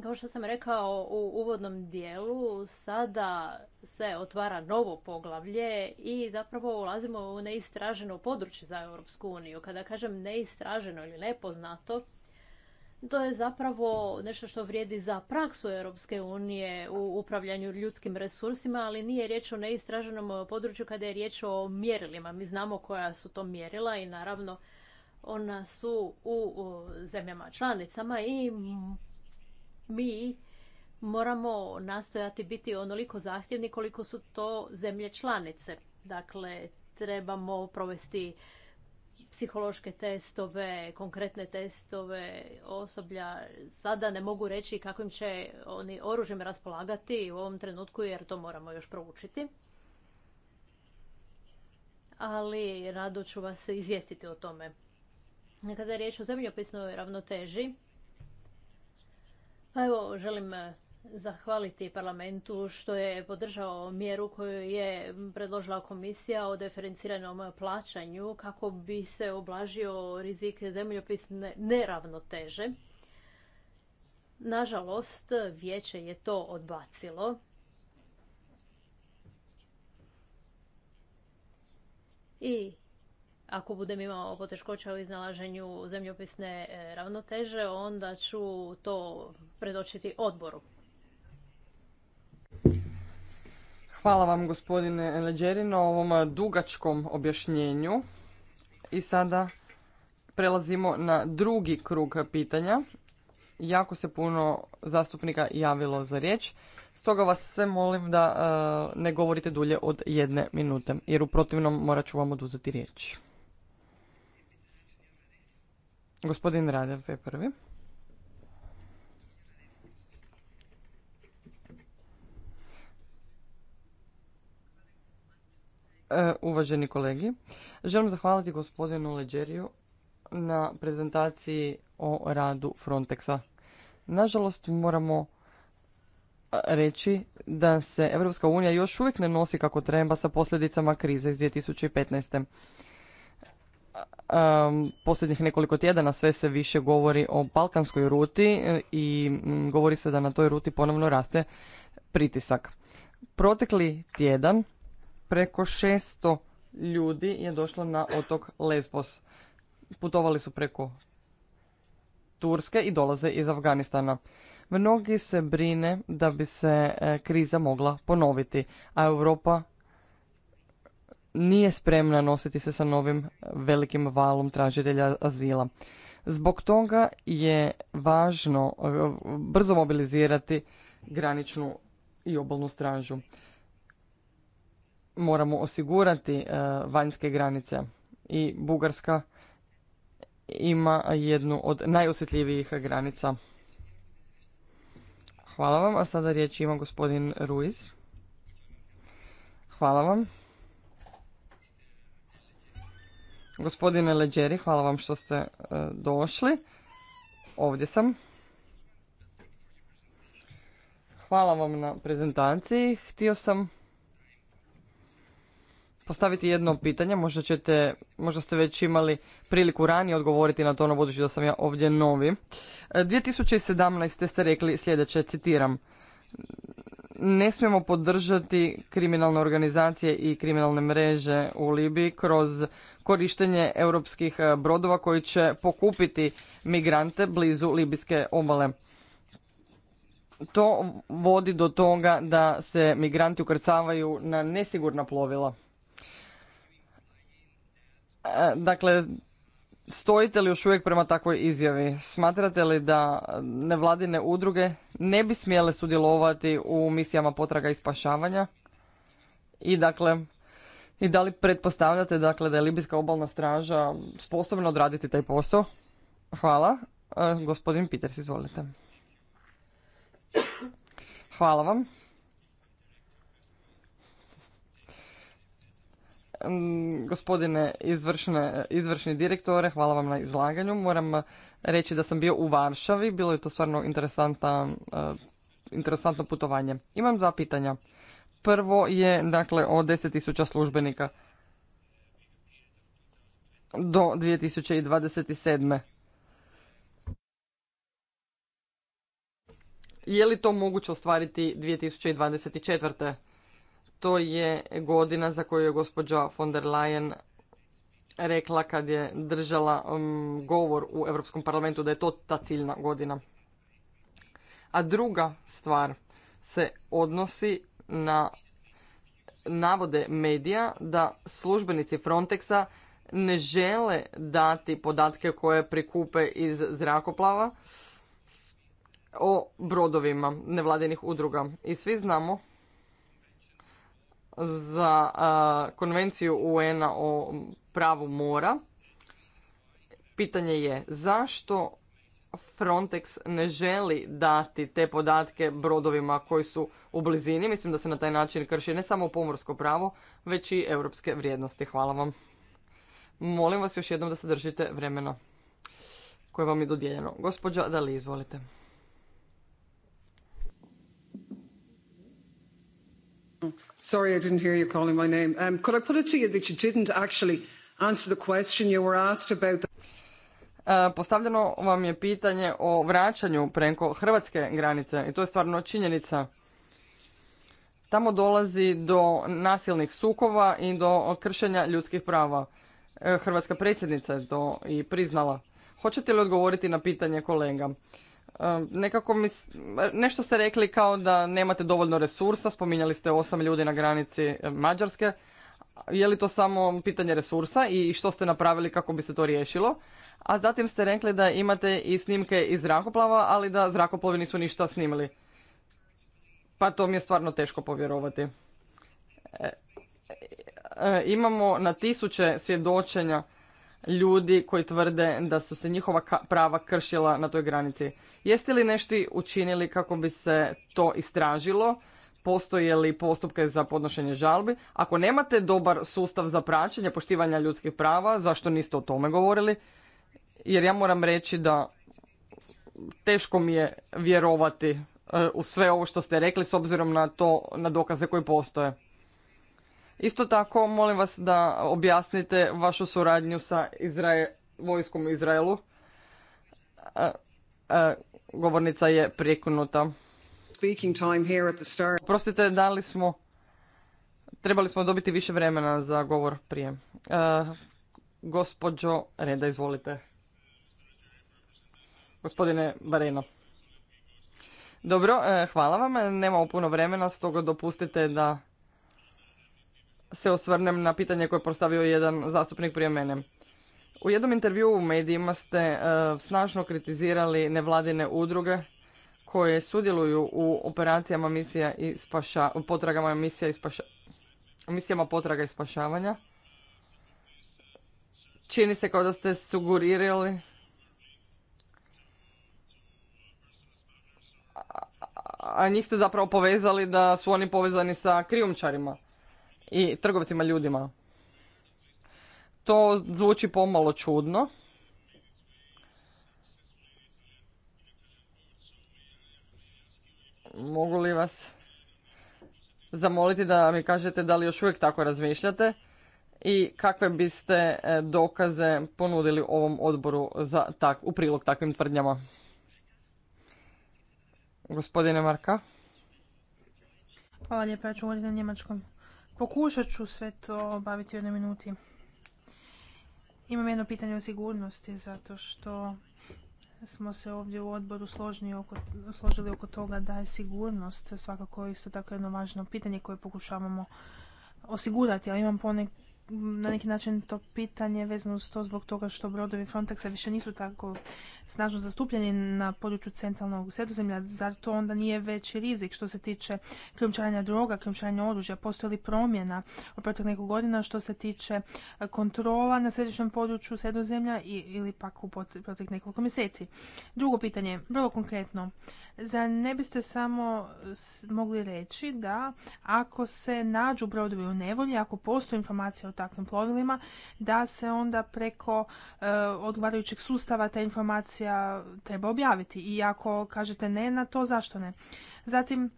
Kao što sam rekao u uvodnom dijelu, sada se otvara novo poglavlje i zapravo ulazimo u neistraženo područje za Europsku uniju. Kada kažem neistraženo ili nepoznato, to je zapravo nešto što vrijedi za praksu Europske unije u upravljanju ljudskim resursima, ali nije riječ o neistraženom području kada je riječ o mjerilima. Mi znamo koja su to mjerila i naravno ona su u zemljama članicama i mi moramo nastojati biti onoliko zahtjevni koliko su to zemlje članice. Dakle, trebamo provesti psihološke testove, konkretne testove osoblja. Sada ne mogu reći kakvim će oni oružjem raspolagati u ovom trenutku jer to moramo još proučiti. Ali rado ću vas izvijestiti o tome. Kada je riječ o zemljopisnoj ravnoteži, pa evo, želim eh, zahvaliti parlamentu što je podržao mjeru koju je predložila komisija o diferenciranom plaćanju kako bi se oblažio rizik zemljopisne neravnoteže. Nažalost, vijeće je to odbacilo. I ako budem imao poteškoća u iznalaženju zemljopisne e, ravnoteže, onda ću to predočiti odboru. Hvala vam gospodine Leđeri na ovom dugačkom objašnjenju. I sada prelazimo na drugi krug pitanja. Jako se puno zastupnika javilo za riječ. Stoga vas sve molim da e, ne govorite dulje od jedne minute, jer u protivnom morat ću vam oduzeti riječ. Gospodin Radev je prvi. E, uvaženi kolegi, želim zahvaliti gospodinu Leđeriju na prezentaciji o radu Frontexa. Nažalost, moramo reći da se Europska unija još uvijek ne nosi kako treba sa posljedicama krize iz 2015 posljednjih nekoliko tjedana sve se više govori o balkanskoj ruti e, i govori se da na toj ruti ponovno raste pritisak. Protekli tjedan preko 600 ljudi je došlo na otok Lesbos. Putovali su preko Turske i dolaze iz Afganistana. Mnogi se brine da bi se e, kriza mogla ponoviti, a Europa nije spremna nositi se sa novim velikim valom tražitelja azila. Zbog toga je važno eh, brzo mobilizirati graničnu i obalnu stražu. Moramo osigurati eh, vanjske granice i Bugarska ima jednu od najosjetljivijih granica. Hvala vam, a sada riječ ima gospodin Ruiz. Hvala vam. Gospodine Leđeri, hvala vam što ste e, došli. Ovdje sam. Hvala vam na prezentaciji. Htio sam postaviti jedno pitanje. Možda, ste već imali priliku ranije odgovoriti na to, no budući da sam ja ovdje novi. 2017. E, ste rekli sljedeće, citiram. Ne smijemo podržati kriminalne organizacije i kriminalne mreže u Libiji kroz korištenje europskih e, brodova koji će pokupiti migrante blizu libijske obale. To vodi do toga da se migranti ukrcavaju na nesigurna plovila. E, dakle, stojite li još uvijek prema takvoj izjavi? Smatrate li da nevladine udruge ne bi smjele sudjelovati u misijama potraga i spašavanja? I dakle, i da li pretpostavljate dakle da je Libijska obalna straža sposobna odraditi taj posao? Hvala. E, gospodin Peters, izvolite. Hvala vam. Mm, gospodine izvršne, izvršni direktore, hvala vam na izlaganju. Moram e, reći da sam bio u Varšavi, bilo je to stvarno e, interesantno putovanje. Imam dva pitanja. Prvo je dakle od 10.000 službenika do 2027. Je li to moguće ostvariti 2024. To je godina za koju je gospođa von der Leyen rekla kad je držala um, govor u Europskom parlamentu da je to ta ciljna godina. A druga stvar se odnosi na navode medija da službenici Frontexa ne žele dati podatke koje prikupe iz zrakoplava o brodovima nevladinih udruga. I svi znamo za konvenciju UN-a o pravu mora. Pitanje je zašto Frontex ne želi dati te podatke brodovima koji su u blizini. Mislim da se na taj način krši ne samo pomorsko pravo, već i europske vrijednosti. Hvala vam. Molim vas još jednom da se držite vremena koje vam je dodijeljeno. Gospođa li izvolite. Sorry, I didn't hear you calling my name. Um, could I put it to you that you didn't actually answer the question you were asked about E, postavljeno vam je pitanje o vraćanju preko hrvatske granice i to je stvarno činjenica. Tamo dolazi do nasilnih sukova i do kršenja ljudskih prava. E, hrvatska predsjednica je to i priznala. Hoćete li odgovoriti na pitanje kolega? E, nekako mi, nešto ste rekli kao da nemate dovoljno resursa, spominjali ste osam ljudi na granici Mađarske je li to samo pitanje resursa i što ste napravili kako bi se to riješilo. A zatim ste rekli da imate i snimke iz zrakoplava, ali da zrakoplovi nisu ništa snimili. Pa to mi je stvarno teško povjerovati. E, e, imamo na tisuće svjedočenja ljudi koji tvrde da su se njihova prava kršila na toj granici. Jeste li nešto učinili kako bi se to istražilo? postoje li postupke za podnošenje žalbi. Ako nemate dobar sustav za praćenje poštivanja ljudskih prava, zašto niste o tome govorili? Jer ja moram reći da teško mi je vjerovati e, u sve ovo što ste rekli s obzirom na to, na dokaze koji postoje. Isto tako, molim vas da objasnite vašu suradnju sa vojskom u Izraelu. E, e, govornica je prekinuta speaking dali smo trebali smo dobiti više vremena za govor prije. Gospodžo e, gospođo Reda, izvolite. Gospodine Bareno. Dobro, e, hvala vam. Nemamo puno vremena, stoga dopustite da se osvrnem na pitanje koje je postavio jedan zastupnik prije mene. U jednom intervju u medijima ste e, snažno kritizirali nevladine udruge koje sudjeluju u operacijama misija i potragama misija i misijama potraga i spašavanja. Čini se kao da ste sugurirali a njih ste zapravo povezali da su oni povezani sa krijumčarima i trgovcima ljudima. To zvuči pomalo čudno. mogu li vas zamoliti da mi kažete da li još uvijek tako razmišljate i kakve biste e, dokaze ponudili ovom odboru za tak, u prilog takvim tvrdnjama? Gospodine Marka. Hvala lijepo ja ću na njemačkom. Pokušat ću sve to obaviti u jednoj minuti. Imam jedno pitanje o sigurnosti, zato što smo se ovdje u odboru oko, složili oko toga da je sigurnost svakako isto tako jedno važno pitanje koje pokušavamo osigurati, ali imam ponek na neki način to pitanje vezano s to zbog toga što brodovi Frontexa više nisu tako snažno zastupljeni na području centralnog sredozemlja, zar to onda nije veći rizik što se tiče krijumčarenja droga, krijumčarenja oružja, postoji li promjena u proteklih nekog godina što se tiče kontrola na središnjem području sredozemlja ili pak u proteklih nekoliko mjeseci. Drugo pitanje, vrlo konkretno, za ne biste samo mogli reći da ako se nađu brodovi u nevolji, ako postoji informacija o takvim plovilima, da se onda preko e, odgovarajućeg sustava ta informacija treba objaviti. I ako kažete ne na to, zašto ne? Zatim,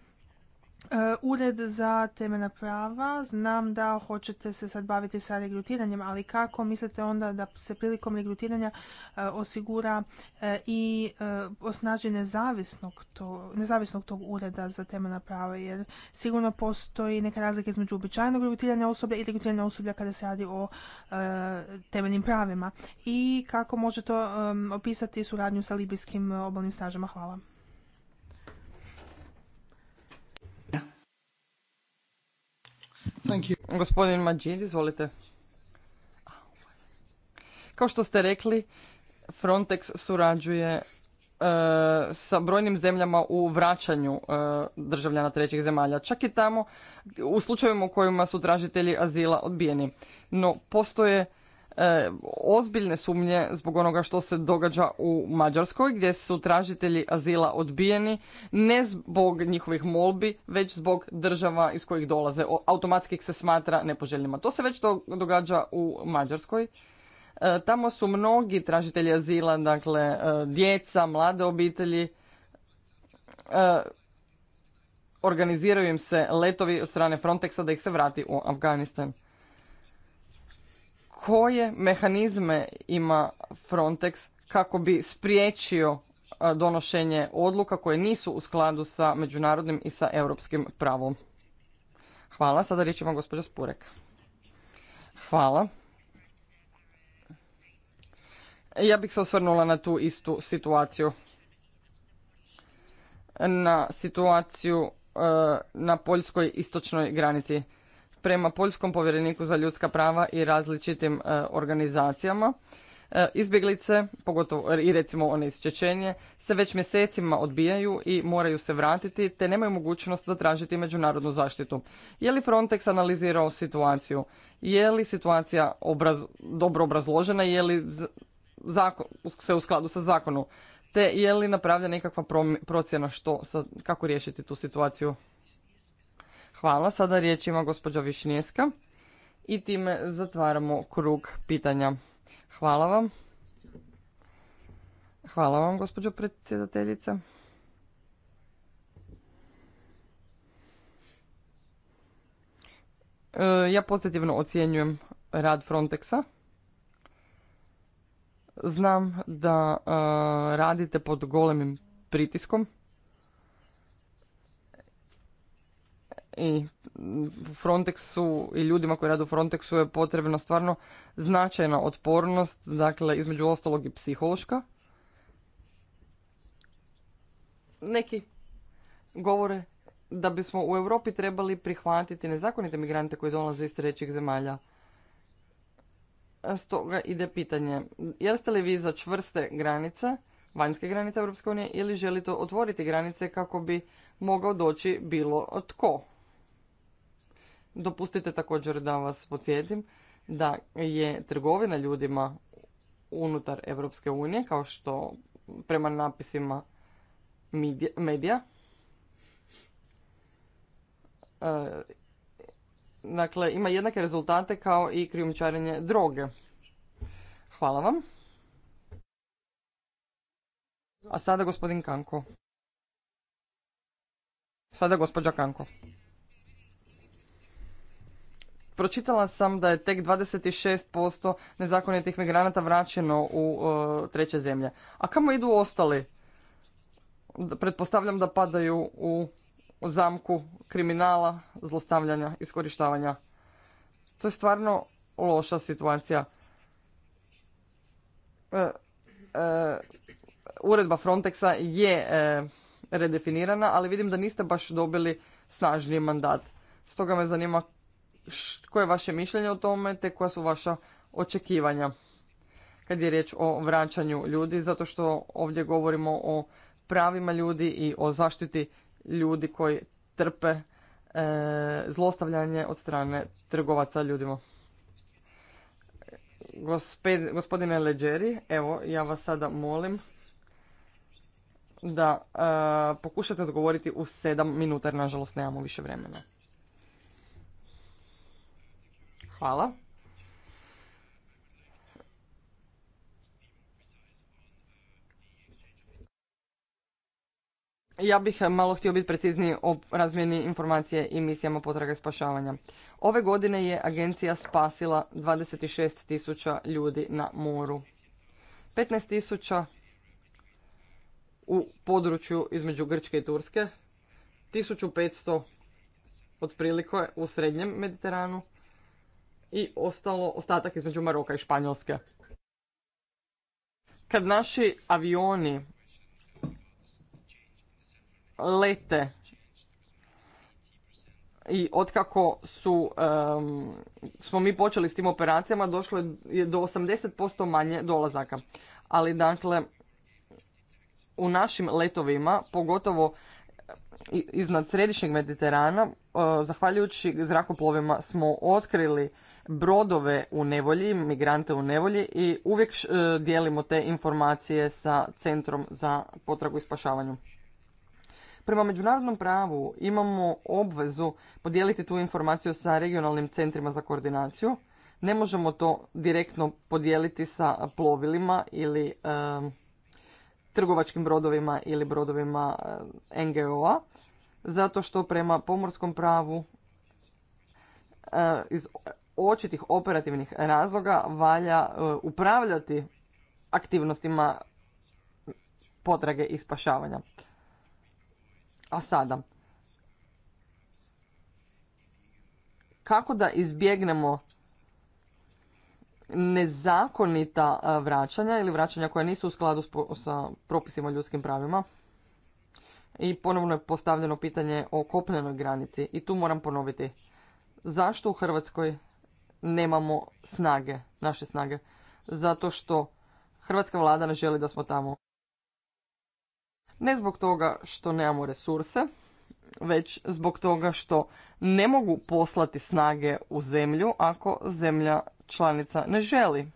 E, Ured za temena prava, znam da hoćete se sad baviti sa regrutiranjem, ali kako mislite onda da se prilikom regrutiranja e, osigura e, i osnaži nezavisnog, to, nezavisnog tog ureda za temena prava, jer sigurno postoji neka razlika između običajnog regrutiranja osobe i regrutiranja osoblja kada se radi o temeljnim pravima. I kako možete opisati suradnju sa libijskim obalnim stražama? Hvala. Gospodin Mađid, Kao što ste rekli, Frontex surađuje e, sa brojnim zemljama u vraćanju e, državljana trećih zemalja, čak i tamo u slučajevima u kojima su tražitelji azila odbijeni. No, postoje E, ozbiljne sumnje zbog onoga što se događa u Mađarskoj gdje su tražitelji azila odbijeni ne zbog njihovih molbi već zbog država iz kojih dolaze. Automatski se smatra nepoželjnima. To se već događa u Mađarskoj. E, tamo su mnogi tražitelji azila, dakle e, djeca, mlade obitelji. Organiziraju im se letovi od strane Frontexa da ih se vrati u Afganistan koje mehanizme ima Frontex kako bi spriječio e, donošenje odluka koje nisu u skladu sa međunarodnim i sa europskim pravom. Hvala. Sada riječ ima gospođa Spurek. Hvala. Ja bih se osvrnula na tu istu situaciju. Na situaciju e, na poljskoj istočnoj granici prema Poljskom povjereniku za ljudska prava i različitim e, organizacijama. E, izbjeglice, pogotovo e, i recimo one iz Čečenje, se već mjesecima odbijaju i moraju se vratiti te nemaju mogućnost zatražiti međunarodnu zaštitu. Je li Frontex analizirao situaciju? Je li situacija dobro obrazložena? Je li zakon, se u skladu sa zakonu? Te je li napravljena nekakva procjena što, kako riješiti tu situaciju? Hvala. Sada riječ ima gospođa Višnjeska i time zatvaramo krug pitanja. Hvala vam. Hvala vam, gospođo predsjedateljice. E, ja pozitivno ocjenjujem rad Frontexa. Znam da e, radite pod golemim pritiskom. i Frontexu i ljudima koji rade u Frontexu je potrebna stvarno značajna otpornost, dakle između ostalog i psihološka. Neki govore da bismo u Europi trebali prihvatiti nezakonite migrante koji dolaze iz trećih zemalja. Stoga ide pitanje, jeste li vi za čvrste granice, vanjske granice Europske unije ili želite otvoriti granice kako bi mogao doći bilo tko Dopustite također da vas podsjetim da je trgovina ljudima unutar Europske unije, kao što prema napisima medija, e, dakle, ima jednake rezultate kao i krijumčarenje droge. Hvala vam. A sada gospodin Kanko. Sada gospođa Kanko. Pročitala sam da je tek 26% nezakonitih migranata vraćeno u e, treće zemlje. A kamo idu ostali? Pretpostavljam da padaju u zamku kriminala, zlostavljanja, iskorištavanja. To je stvarno loša situacija. E, e, uredba Frontexa je redefinirana, ali vidim da niste baš dobili snažniji mandat. Stoga me zanima koje je vaše mišljenje o tome te koja su vaša očekivanja kad je riječ o vraćanju ljudi, zato što ovdje govorimo o pravima ljudi i o zaštiti ljudi koji trpe e, zlostavljanje od strane trgovaca ljudima. gospodine Leđeri, evo ja vas sada molim da e, pokušate odgovoriti u sedam minuta jer nažalost nemamo više vremena. Hvala. Ja bih eh, malo htio biti precizniji o razmjeni informacije i misijama potrage spašavanja. Ove godine je agencija spasila 26 tisuća ljudi na moru. 15 tisuća u području između Grčke i Turske, 1500 otprilike u srednjem Mediteranu i ostalo, ostatak između Maroka i Španjolske. Kad naši avioni lete i otkako su, smo mi počeli s tim operacijama, došlo je do 80% manje dolazaka. Ali dakle, u našim letovima, pogotovo iznad središnjeg Mediterana, e, zahvaljujući zrakoplovima smo otkrili brodove u nevolji, migrante u nevolji i uvijek e, dijelimo te informacije sa Centrom za potragu i spašavanju. Prema međunarodnom pravu imamo obvezu podijeliti tu informaciju sa regionalnim centrima za koordinaciju. Ne možemo to direktno podijeliti sa plovilima ili e, trgovačkim brodovima ili brodovima e, NGO-a, zato što prema pomorskom pravu e, iz očitih operativnih razloga valja e, upravljati aktivnostima potrage i spašavanja. A sada, kako da izbjegnemo nezakonita e, vraćanja ili vraćanja koja nisu u skladu sa propisima ljudskim pravima. I ponovno je postavljeno pitanje o kopnenoj granici. I tu moram ponoviti. Zašto u Hrvatskoj nemamo snage, naše snage? Zato što hrvatska vlada ne želi da smo tamo. Ne zbog toga što nemamo resurse, već zbog toga što ne mogu poslati snage u zemlju ako zemlja članica ne želi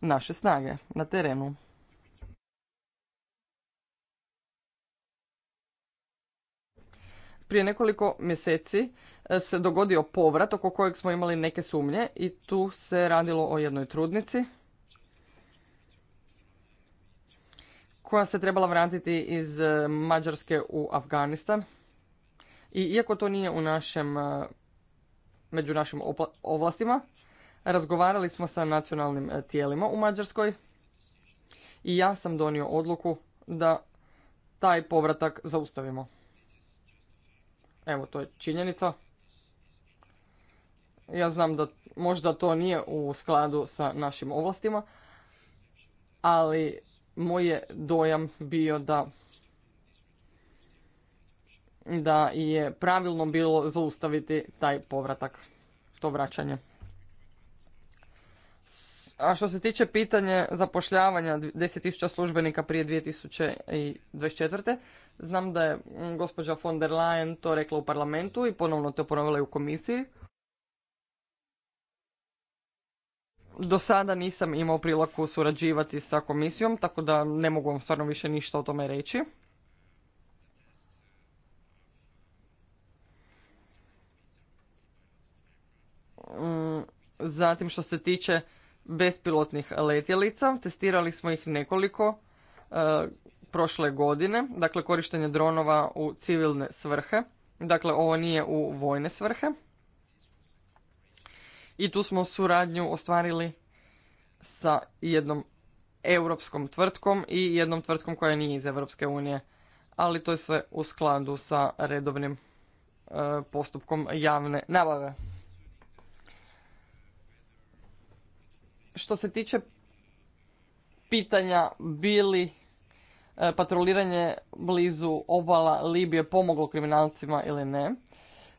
naše snage na terenu. Prije nekoliko mjeseci e, se dogodio povrat oko kojeg smo imali neke sumnje i tu se radilo o jednoj trudnici koja se trebala vratiti iz e, Mađarske u Afganistan. I iako to nije u našem, e, među našim ovlastima, Razgovarali smo sa nacionalnim e, tijelima u Mađarskoj i ja sam donio odluku da taj povratak zaustavimo. Evo, to je činjenica. Ja znam da možda to nije u skladu sa našim ovlastima, ali moj je dojam bio da da je pravilno bilo zaustaviti taj povratak, to vraćanje. A što se tiče pitanje zapošljavanja 10.000 službenika prije 2024. Znam da je mm, gospođa von der Leyen to rekla u parlamentu i ponovno to ponovila i u komisiji. Do sada nisam imao priliku surađivati sa komisijom, tako da ne mogu vam stvarno više ništa o tome reći. Mm, zatim što se tiče bespilotnih letjelica. Testirali smo ih nekoliko e, prošle godine, dakle korištenje dronova u civilne svrhe. Dakle, ovo nije u vojne svrhe. I tu smo suradnju ostvarili sa jednom europskom tvrtkom i jednom tvrtkom koja nije iz Europske unije. Ali to je sve u skladu sa redovnim e, postupkom javne nabave. Što se tiče pitanja bili e, patroliranje blizu obala Libije pomoglo kriminalcima ili ne.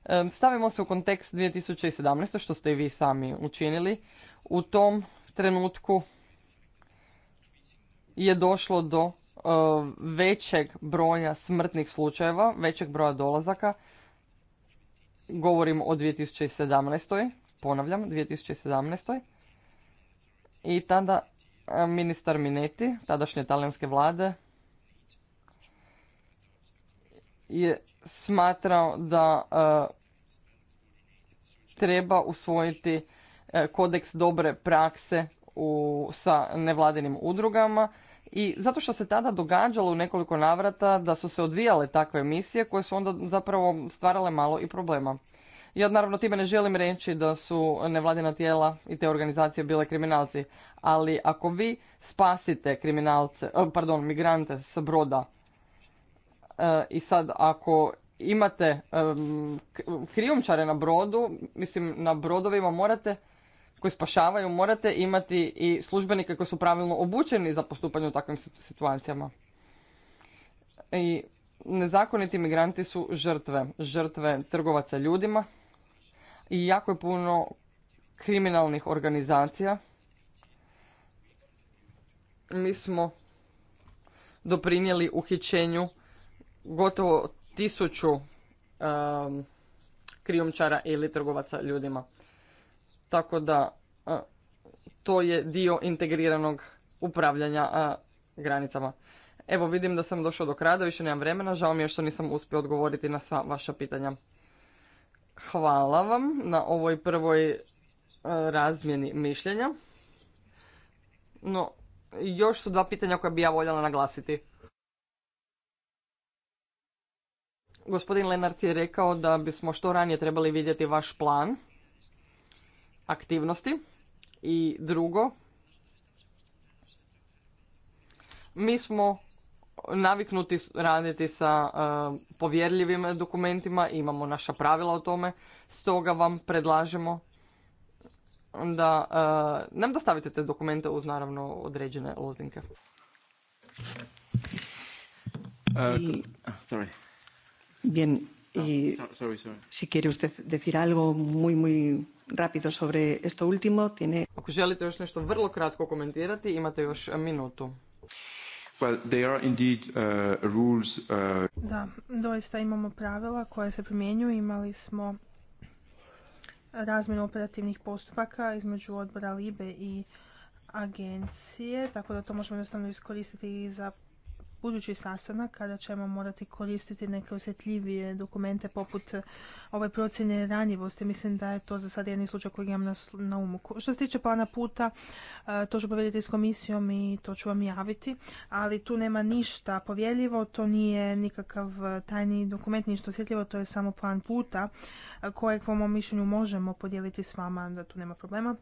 E, stavimo se u kontekst 2017. što ste i vi sami učinili. U tom trenutku je došlo do e, većeg broja smrtnih slučajeva, većeg broja dolazaka. Govorim o 2017. Ponavljam, 2017. I tada e, ministar Mineti, tadašnje talijanske vlade, je smatrao da e, treba usvojiti e, kodeks dobre prakse u, sa nevladinim udrugama i zato što se tada događalo u nekoliko navrata da su se odvijale takve misije koje su onda zapravo stvarale malo i problema. Ja naravno time ne želim reći da su nevladina tijela i te organizacije bile kriminalci, ali ako vi spasite kriminalce, eh, pardon, migrante sa broda eh, i sad ako imate krijumčare na brodu, mislim na brodovima morate koji spašavaju, morate imati i službenike koji su pravilno obučeni za postupanje u takvim situacijama. I nezakoniti migranti su žrtve, žrtve trgovaca ljudima, i jako je puno kriminalnih organizacija. Mi smo doprinijeli uhićenju gotovo tisuću um, krijumčara ili trgovaca ljudima. Tako da e, to je dio integriranog upravljanja e, granicama. Evo vidim da sam došao do kraja, više nemam vremena, žao mi je što nisam uspio odgovoriti na sva vaša pitanja. Hvala vam na ovoj prvoj e, razmjeni mišljenja. No, još su dva pitanja koja bi ja voljela naglasiti. Gospodin Lenart je rekao da bismo što ranije trebali vidjeti vaš plan aktivnosti. I drugo, mi smo naviknuti raditi sa e, povjerljivim dokumentima, imamo naša pravila o tome, stoga vam predlažemo da e, nam dostavite te dokumente uz naravno određene lozinke. E, ah, sorry. Bien, y si quiere usted decir algo muy, muy rápido sobre esto último, tiene... Ako želite još nešto vrlo kratko komentirati, imate još minutu. Uh, uh, da, doista imamo pravila koja se primjenjuju. Imali smo razmjenu operativnih postupaka između odbora LIBE i agencije, tako da to možemo jednostavno iskoristiti i za budući sastanak kada ćemo morati koristiti neke osjetljivije dokumente poput eh, ove procjene ranjivosti. Mislim da je to za sad jedni slučaj koji imam na umu. Što se tiče plana puta, eh, to ću povedati s komisijom i to ću vam javiti, ali tu nema ništa povjeljivo, to nije nikakav eh, tajni dokument, ništa osjetljivo, to je samo plan puta kojeg po mom mišljenju možemo podijeliti s vama, da tu nema problema.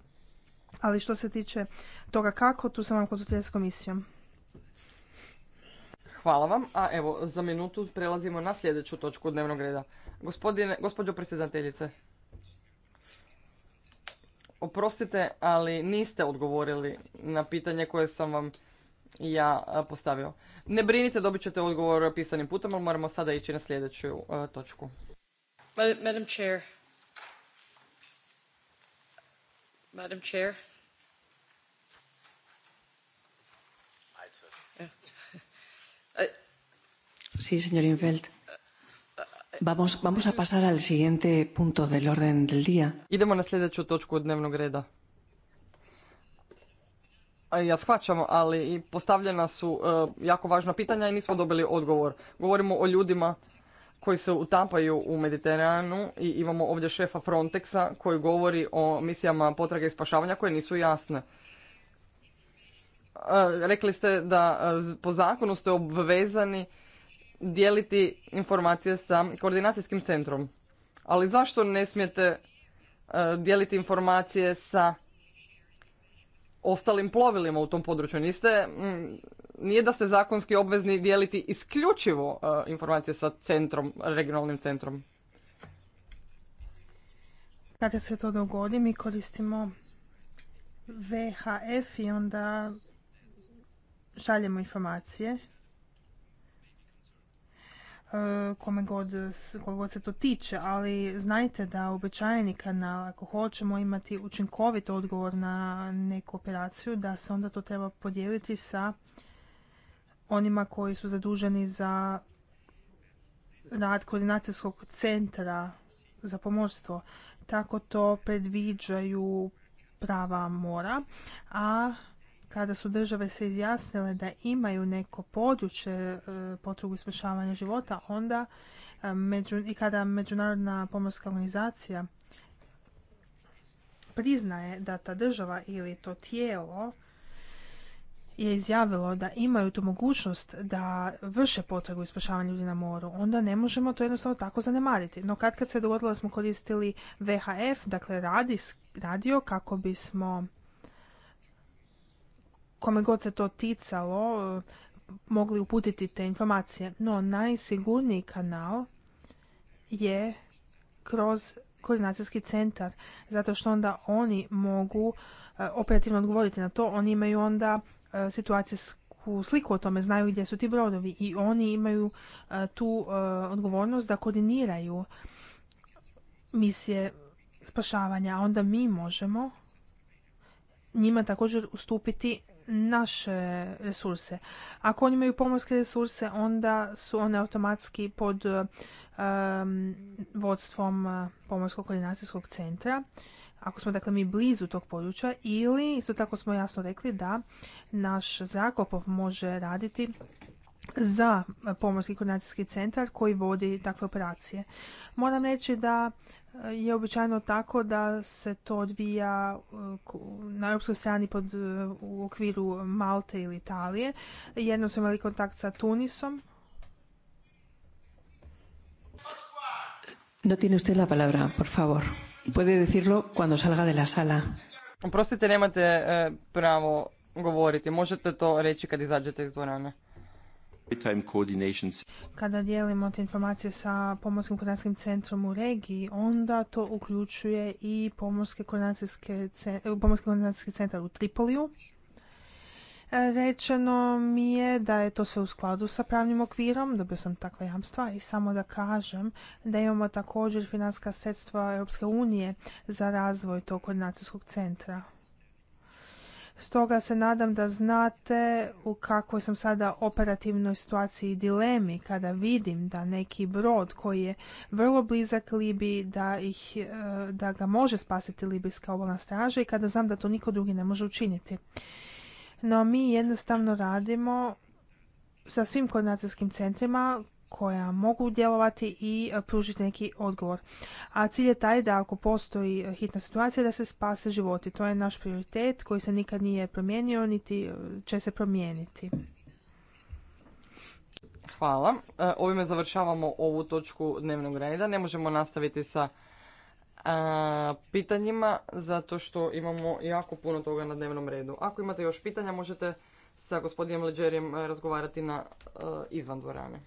Ali što se tiče toga kako, tu sam vam konzultirala s komisijom. Hvala vam, a evo za minutu prelazimo na sljedeću točku dnevnog reda. Gospodine, gospođo predsjedateljice, oprostite, ali niste odgovorili na pitanje koje sam vam ja postavio. Ne brinite, dobit ćete odgovor pisanim putem, ali moramo sada ići na sljedeću e, točku. Madam Chair. Madam Chair. Sí, Vamos, vamos Idemo na sljedeću točku dnevnog reda. Ja shvaćam, ali postavljena su e, jako važna pitanja i nismo dobili odgovor. Govorimo o ljudima koji se utapaju u Mediteranu i imamo ovdje šefa Frontexa koji govori o misijama potrage i spašavanja koje nisu jasne. E, rekli ste da e, po zakonu ste obvezani dijeliti informacije sa koordinacijskim centrom. Ali zašto ne smijete e, dijeliti informacije sa ostalim plovilima u tom području? Niste, nije da ste zakonski obvezni dijeliti isključivo e, informacije sa centrom, regionalnim centrom. Kada se to dogodi, mi koristimo VHF i onda šaljemo informacije E, kome god, kome god se to tiče, ali znajte da običajeni kanal, ako hoćemo imati učinkovit odgovor na neku operaciju, da se onda to treba podijeliti sa onima koji su zaduženi za rad koordinacijskog centra za pomorstvo. Tako to predviđaju prava mora, a kada su države se izjasnile da imaju neko područje e, potrugu spašavanja života, onda e, i kada Međunarodna pomorska organizacija priznaje da ta država ili to tijelo je izjavilo da imaju tu mogućnost da vrše potragu ispašavanja ljudi na moru, onda ne možemo to jednostavno tako zanemariti. No kad kad se dogodilo da smo koristili VHF, dakle radio, kako bismo kome god se to ticalo eh, mogli uputiti te informacije. No, najsigurniji kanal je kroz koordinacijski centar, zato što onda oni mogu eh, operativno odgovoriti na to. Oni imaju onda eh, situacijsku sliku o tome, znaju gdje su ti brodovi i oni imaju tu odgovornost da koordiniraju misije spašavanja, a onda mi možemo njima također ustupiti naše resurse. Ako oni imaju pomorske resurse, onda su one automatski pod um, vodstvom uh, Pomorskog koordinacijskog centra. Ako smo dakle mi blizu tog područja ili isto tako smo jasno rekli da naš zrakoplov može raditi za Pomorski koordinacijski centar koji vodi takve operacije. Moram reći da eh, je običajno tako da se to odvija eh, na europskoj strani pod, eh, u okviru Malte ili Italije. Jednom smo imali kontakt sa Tunisom. No tiene usted la palabra, por favor. Puede decirlo cuando salga de la sala. Oprostite, nemate pravo govoriti. Možete to reći kad izađete iz dvorane. Kada dijelimo te informacije sa Pomorskim koordinacijskim centrom u regiji, onda to uključuje i e, Pomorski koordinacijski centar, u Tripoliju. E, rečeno mi je da je to sve u skladu sa pravnim okvirom, dobio sam takva jamstva i samo da kažem da imamo također financijska sredstva Europske unije za razvoj tog koordinacijskog centra. Stoga se nadam da znate u kakvoj sam sada operativnoj situaciji i dilemi kada vidim da neki brod koji je vrlo blizak Libiji, da, ih, e, da ga može spasiti Libijska obalna straža i kada znam da to niko drugi ne može učiniti. No mi jednostavno radimo sa svim koordinacijskim centrima koja mogu djelovati i e, pružiti neki odgovor. A cilj je taj da ako postoji e, hitna situacija da se spase životi. To je naš prioritet koji se nikad nije promijenio niti e, će se promijeniti. Hvala. Ovime završavamo ovu točku dnevnog reda. Ne možemo nastaviti sa pitanjima zato što imamo jako puno toga na dnevnom redu. Ako imate još pitanja možete sa gospodinom Leđerijem razgovarati na izvan dvorane.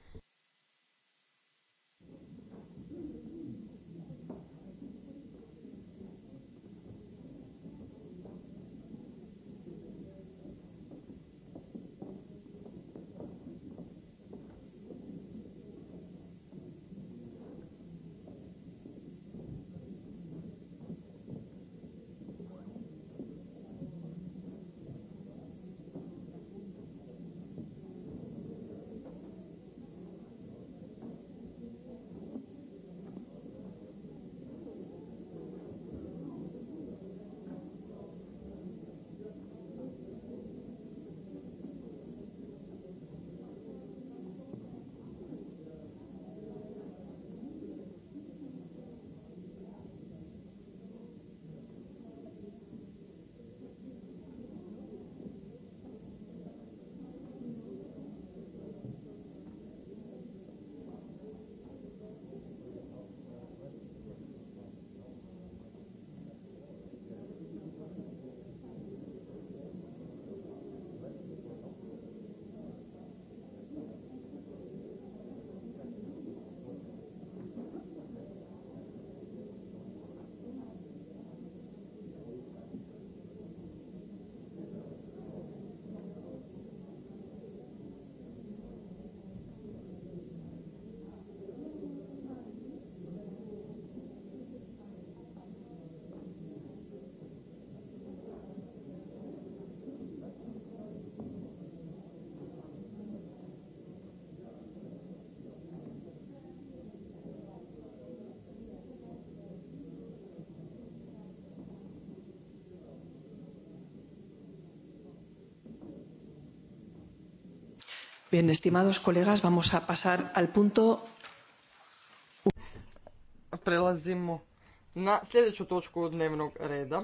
Bien, estimados colegas, vamos a pasar al punto... Prelazimo na sljedeću točku dnevnog reda.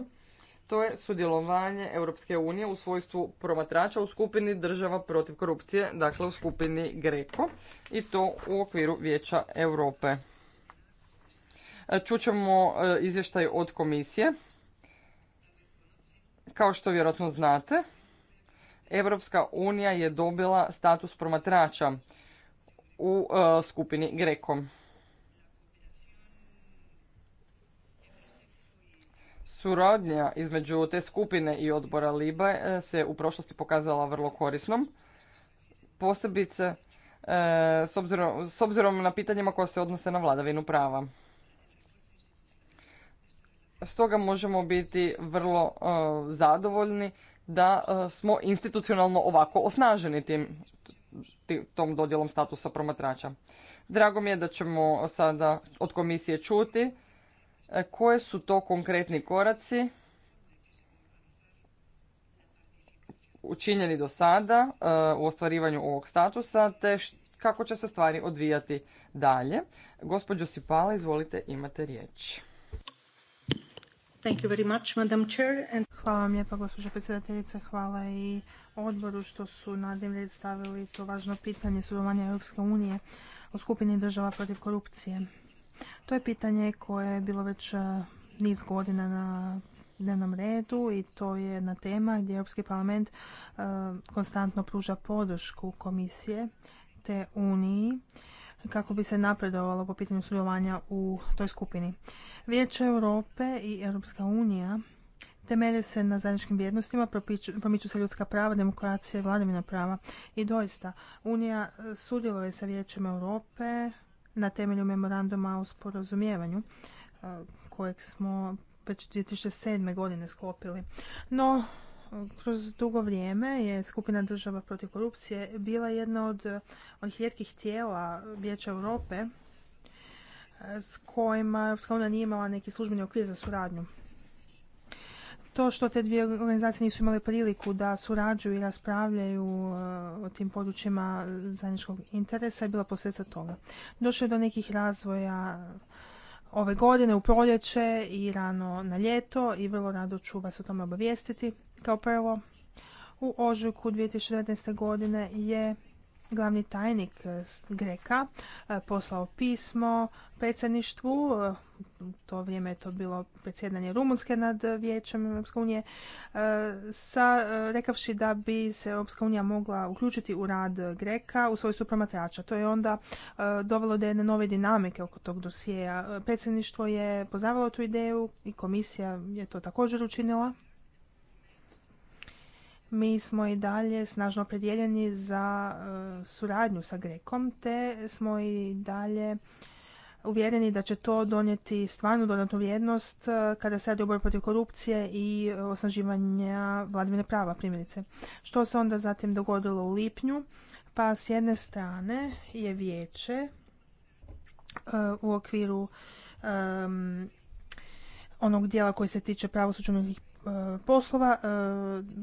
To je sudjelovanje Europske unije u svojstvu promatrača u skupini država protiv korupcije, dakle u skupini Greko i to u okviru Vijeća Europe. Čućemo e, izvještaj od komisije. Kao što vjerojatno znate, Europska unija je dobila status promatrača u e, skupini Greco. Suradnja između te skupine i odbora Libe e, se u prošlosti pokazala vrlo korisnom, posebice e, s obzirom, s obzirom na pitanjima koja se odnose na vladavinu prava. Stoga možemo biti vrlo zadovoljni da e, smo institucionalno ovako osnaženi tim tom dodjelom statusa promatrača. Drago mi je da ćemo sada od komisije čuti e, koje su to konkretni koraci učinjeni do sada e, u ostvarivanju ovog statusa te kako će se stvari odvijati dalje. Gospođo Sipala, izvolite, imate riječ. Thank Hvala vam lijepa, gospođo predsjedateljice. Hvala i odboru što su na dnevni stavili to važno pitanje sudjelovanja Europske unije u skupini država protiv korupcije. To je pitanje koje je bilo već e, niz godina na dnevnom redu i to je jedna tema gdje Europski parlament e, konstantno pruža podršku komisije te Uniji kako bi se napredovalo po pitanju sudjelovanja u toj skupini. Vijeće Europe i Europska unija temelje se na zajedničkim vrijednostima, promiču se ljudska prava, demokracija i vladavina prava. I doista, Unija e, sudjeluje sa Vijećem Europe na temelju memoranduma o sporazumijevanju e, kojeg smo već 2007. godine sklopili. No, kroz dugo vrijeme je skupina država protiv korupcije bila jedna od eh, onih rijetkih tijela Vijeća Europe eh, s kojima Europska unija nije imala neki službeni okvir za suradnju. To što te dvije organizacije nisu imale priliku da surađuju i raspravljaju eh, o tim područjima zajedničkog interesa je bila posljedica toga. Došlo je do nekih razvoja ove godine u proljeće i rano na ljeto i vrlo rado ću vas o tome obavijestiti. Kao prvo, u ožujku 2019. godine je glavni tajnik e, Greka e, poslao pismo predsjedništvu, e, u to vrijeme je to bilo predsjedanje Rumunske nad vijećem Europske unije, sa, rekavši da bi se Europska unija mogla uključiti u rad Greka u svojstvu promatrača. To je onda dovelo do jedne nove dinamike oko tog dosijeja. Predsjedništvo je pozdravilo tu ideju i komisija je to također učinila mi smo i dalje snažno opredjeljeni za e, suradnju sa Grekom, te smo i dalje uvjereni da će to donijeti stvarnu dodatnu vrijednost e, kada se radi o borbi protiv korupcije i osnaživanja vladavine prava primjerice. Što se onda zatim dogodilo u lipnju? Pa s jedne strane je vijeće e, u okviru um, onog dijela koji se tiče pravosuđenih E, poslova e,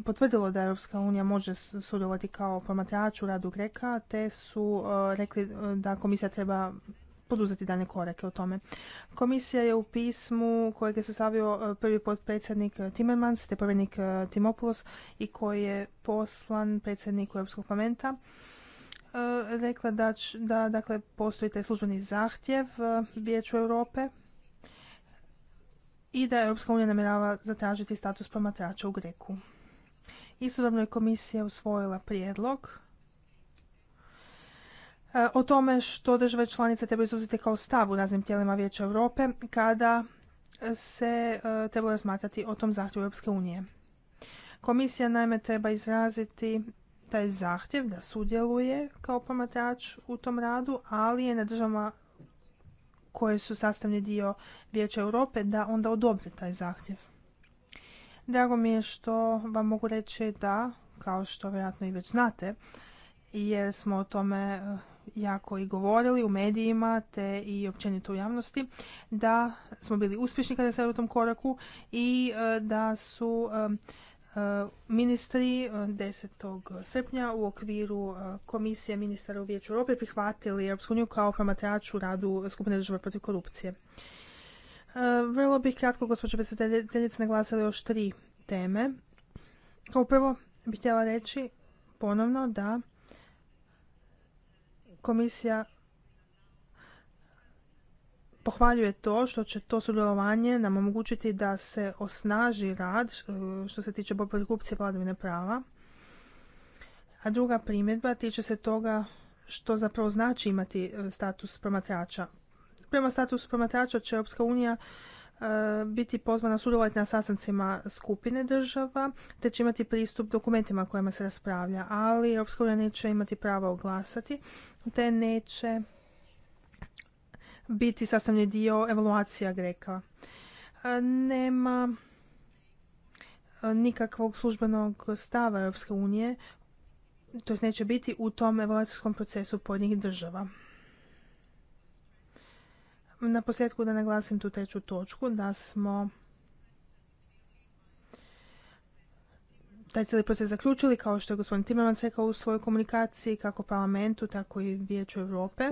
potvrdilo da Europska unija može sudjelovati kao promatrač u radu Greka, te su e, rekli da komisija treba poduzeti dalje korake o tome. Komisija je u pismu kojeg je sastavio prvi potpredsjednik Timmermans te Timopulos Timopoulos i koji je poslan predsjedniku Europskog parlamenta rekla da, da dakle, postoji taj službeni zahtjev Vijeću Europe i da Europska unija namjerava zatražiti status promatrača u Greku. Istodobno je komisija usvojila prijedlog e, o tome što države članice treba izuzeti kao stav u raznim tijelima Vijeća Europe kada se e, treba razmatrati o tom zahtjevu Europske unije. Komisija naime treba izraziti taj zahtjev da sudjeluje kao promatrač u tom radu, ali je na državama koje su sastavni dio Vijeća Europe da onda odobre taj zahtjev. Drago mi je što vam mogu reći da, kao što vjerojatno i već znate, jer smo o tome eh, jako i govorili u medijima te i općenito u javnosti da smo bili uspješni kada se u tom koraku i eh, da su eh, E, ministri 10. E, srpnja u okviru e, Komisije ministara u Vijeću Europe prihvatili Europsku uniju kao promatrač u radu skupine države protiv korupcije. Vrlo bih kratko, gospođo predsjedateljice, naglasila još tri teme. Kao prvo bih htjela reći ponovno da komisija pohvaljuje to što će to sudjelovanje nam omogućiti da se osnaži rad e, što se tiče borbe vladavine prava. A druga primjedba tiče se toga što zapravo znači imati e, status promatrača. Prema statusu promatrača će Europska unija e, biti pozvana sudjelovati na sastancima skupine država, te će imati pristup dokumentima kojima se raspravlja, ali Europska unija neće imati pravo glasati, te neće biti sastavni dio evaluacija Greka. E, nema e, nikakvog službenog stava Europske unije, to neće biti u tom evaluacijskom procesu pojedinih država. Na posljedku da naglasim tu treću točku, da smo taj cijeli proces zaključili, kao što je gospodin Timmermans rekao u svojoj komunikaciji, kako parlamentu, tako i Vijeću Europe.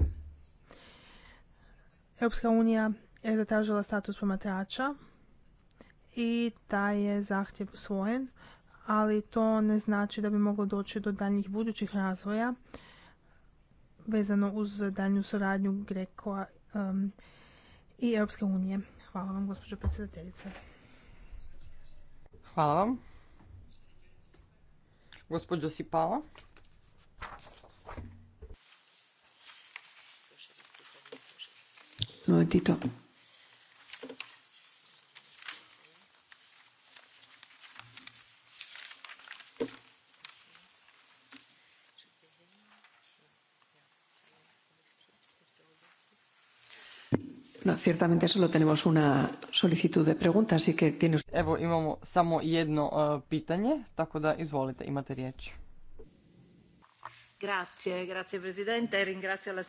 Europska unija je zatražila status promatrača i taj je zahtjev usvojen, ali to ne znači da bi moglo doći do daljnjih budućih razvoja vezano uz daljnju suradnju Greko um, i Europske unije. Hvala vam, gospođo predsjedateljice. Hvala vam. Gospođo Sipala. un momentito. No, ciertamente solo tenemos una solicitud de pregunta, así que tiene Evo, imamo samo jedno uh, pitanje, tako da izvolite, imate riječ. Grazie, grazie presidente, ringrazio la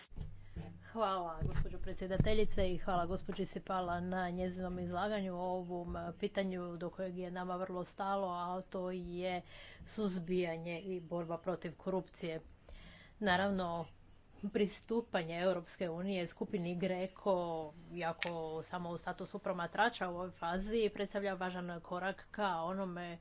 Hvala gospođo predsjedateljice i hvala gospođi Sipala na njezinom izlaganju o ovom e, pitanju do kojeg je nama vrlo stalo, a to je suzbijanje i borba protiv korupcije. Naravno, pristupanje Europske unije skupini Greko, jako samo u statusu promatrača u ovoj fazi, predstavlja važan korak ka onome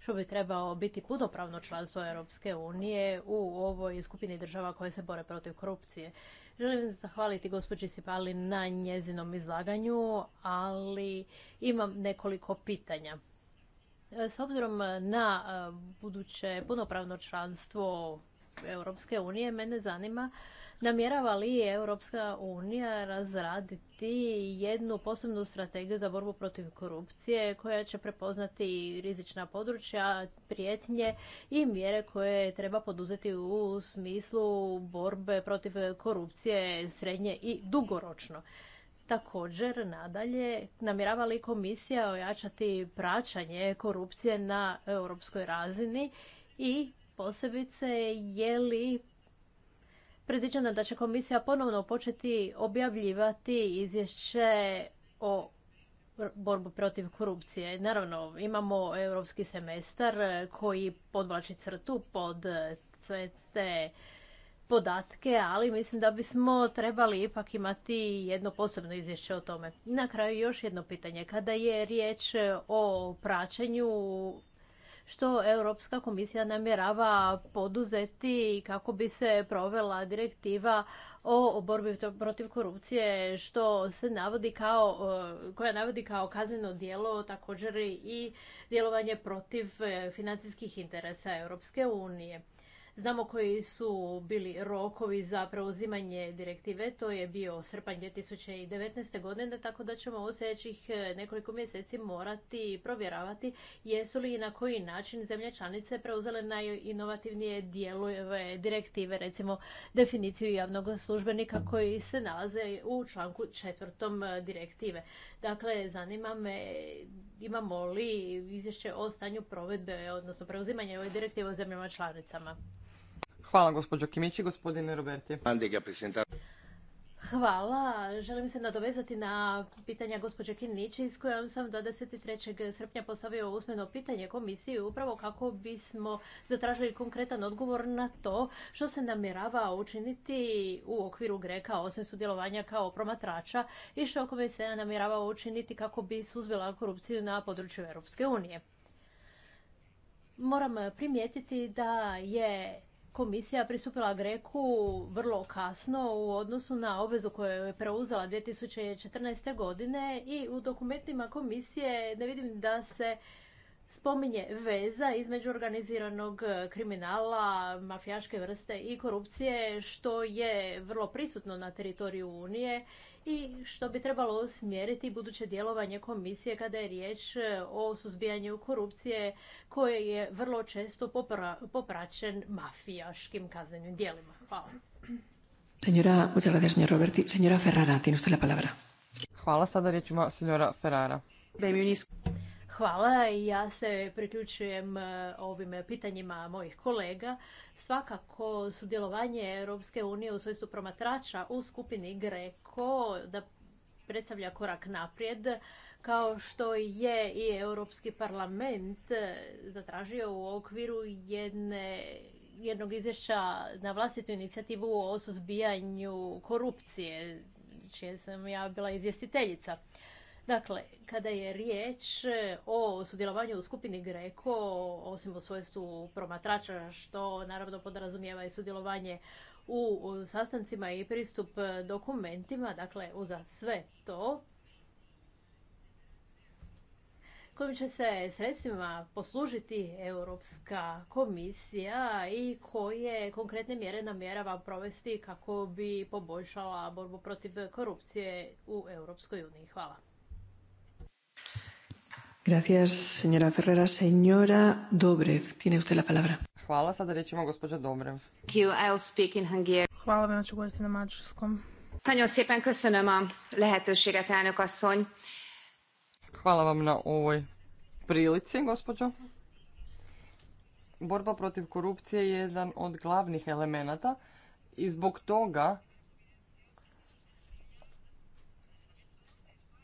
što bi trebao biti punopravno članstvo Europske unije u ovoj skupini država koje se bore protiv korupcije. Želim zahvaliti gospođi Sipali na njezinom izlaganju, ali imam nekoliko pitanja. S obzirom na e, buduće punopravno članstvo Europske unije, mene zanima namjerava li Europska unija razraditi jednu posebnu strategiju za borbu protiv korupcije koja će prepoznati rizična područja, prijetnje i mjere koje treba poduzeti u smislu borbe protiv korupcije srednje i dugoročno. Također, nadalje, namjerava li komisija ojačati praćanje korupcije na europskoj razini i posebice je li predviđeno da će komisija ponovno početi objavljivati izvješće o borbu protiv korupcije. Naravno, imamo europski semestar koji podvlači crtu pod sve te podatke, ali mislim da bismo trebali ipak imati jedno posebno izvješće o tome. Na kraju još jedno pitanje. Kada je riječ o praćenju što Europska komisija namjerava poduzeti kako bi se provela direktiva o borbi protiv korupcije što se navodi kao, e, koja navodi kao kazneno djelo također i djelovanje protiv e, financijskih interesa Europske unije. Znamo koji su bili rokovi za preuzimanje direktive, to je bio srpanj 2019. godine, tako da ćemo u sljedećih e, nekoliko mjeseci morati provjeravati jesu li i na koji način zemlje članice preuzele najinovativnije dijelove direktive, recimo definiciju javnog službenika koji se nalaze u članku četvrtom e, direktive. Dakle, zanima me imamo li izvješće o stanju provedbe, odnosno preuzimanja ove direktive u zemljama članicama. Hvala gospođo Kimići, gospodine Roberti. Hvala. Želim se nadovezati na pitanja gospođe Kinići s kojom sam do 23. srpnja postavio usmeno pitanje komisiji upravo kako bismo zatražili konkretan odgovor na to što se namjerava učiniti u okviru Greka osim sudjelovanja kao promatrača i što komisija namjerava učiniti kako bi suzbila korupciju na području Europske unije. Moram primijetiti da je komisija pristupila Greku vrlo kasno u odnosu na obvezu koju je preuzela 2014. godine i u dokumentima komisije ne vidim da se spominje veza između organiziranog kriminala, mafijaške vrste i korupcije, što je vrlo prisutno na teritoriju Unije i što bi trebalo usmjeriti buduće djelovanje komisije kada je riječ e, o suzbijanju korupcije koje je vrlo često popra popraćen mafijaškim kaznenim djelima. Hvala. Senjora, muchas gracias, señor Roberti. Senjora Ferrara, tiene usted la palabra. Hvala, sada riječ ima senjora Ferrara. Hvala i ja se priključujem e, ovim pitanjima mojih kolega. Svakako sudjelovanje Europske unije u svojstvu promatrača u skupini Greko da predstavlja korak naprijed kao što je i Europski parlament e, zatražio u okviru jedne jednog izvješća na vlastitu inicijativu o suzbijanju korupcije, čije sam ja bila izvjestiteljica. Dakle, kada je riječ e, o sudjelovanju u skupini Greko, osim u svojstvu promatrača, što naravno podrazumijeva i sudjelovanje u sastancima i pristup e, dokumentima, dakle, uza sve to, kojim će se sredstvima poslužiti Europska komisija i koje konkretne mjere namjerava provesti kako bi poboljšala borbu protiv korupcije u Europskoj uniji. Hvala. Gracias, señora Ferrera. Señora Dobrev, tiene usted la palabra. Hvala, sada reći ima gospođa Dobrev. I'll speak in Hungary. Hvala, da ću govoriti na mađarskom. Nagyon szépen köszönöm a lehetőséget, elnök asszony. Hvala vam na ovoj prilici, gospođo. Borba protiv korupcije je jedan od glavnih elemenata i zbog toga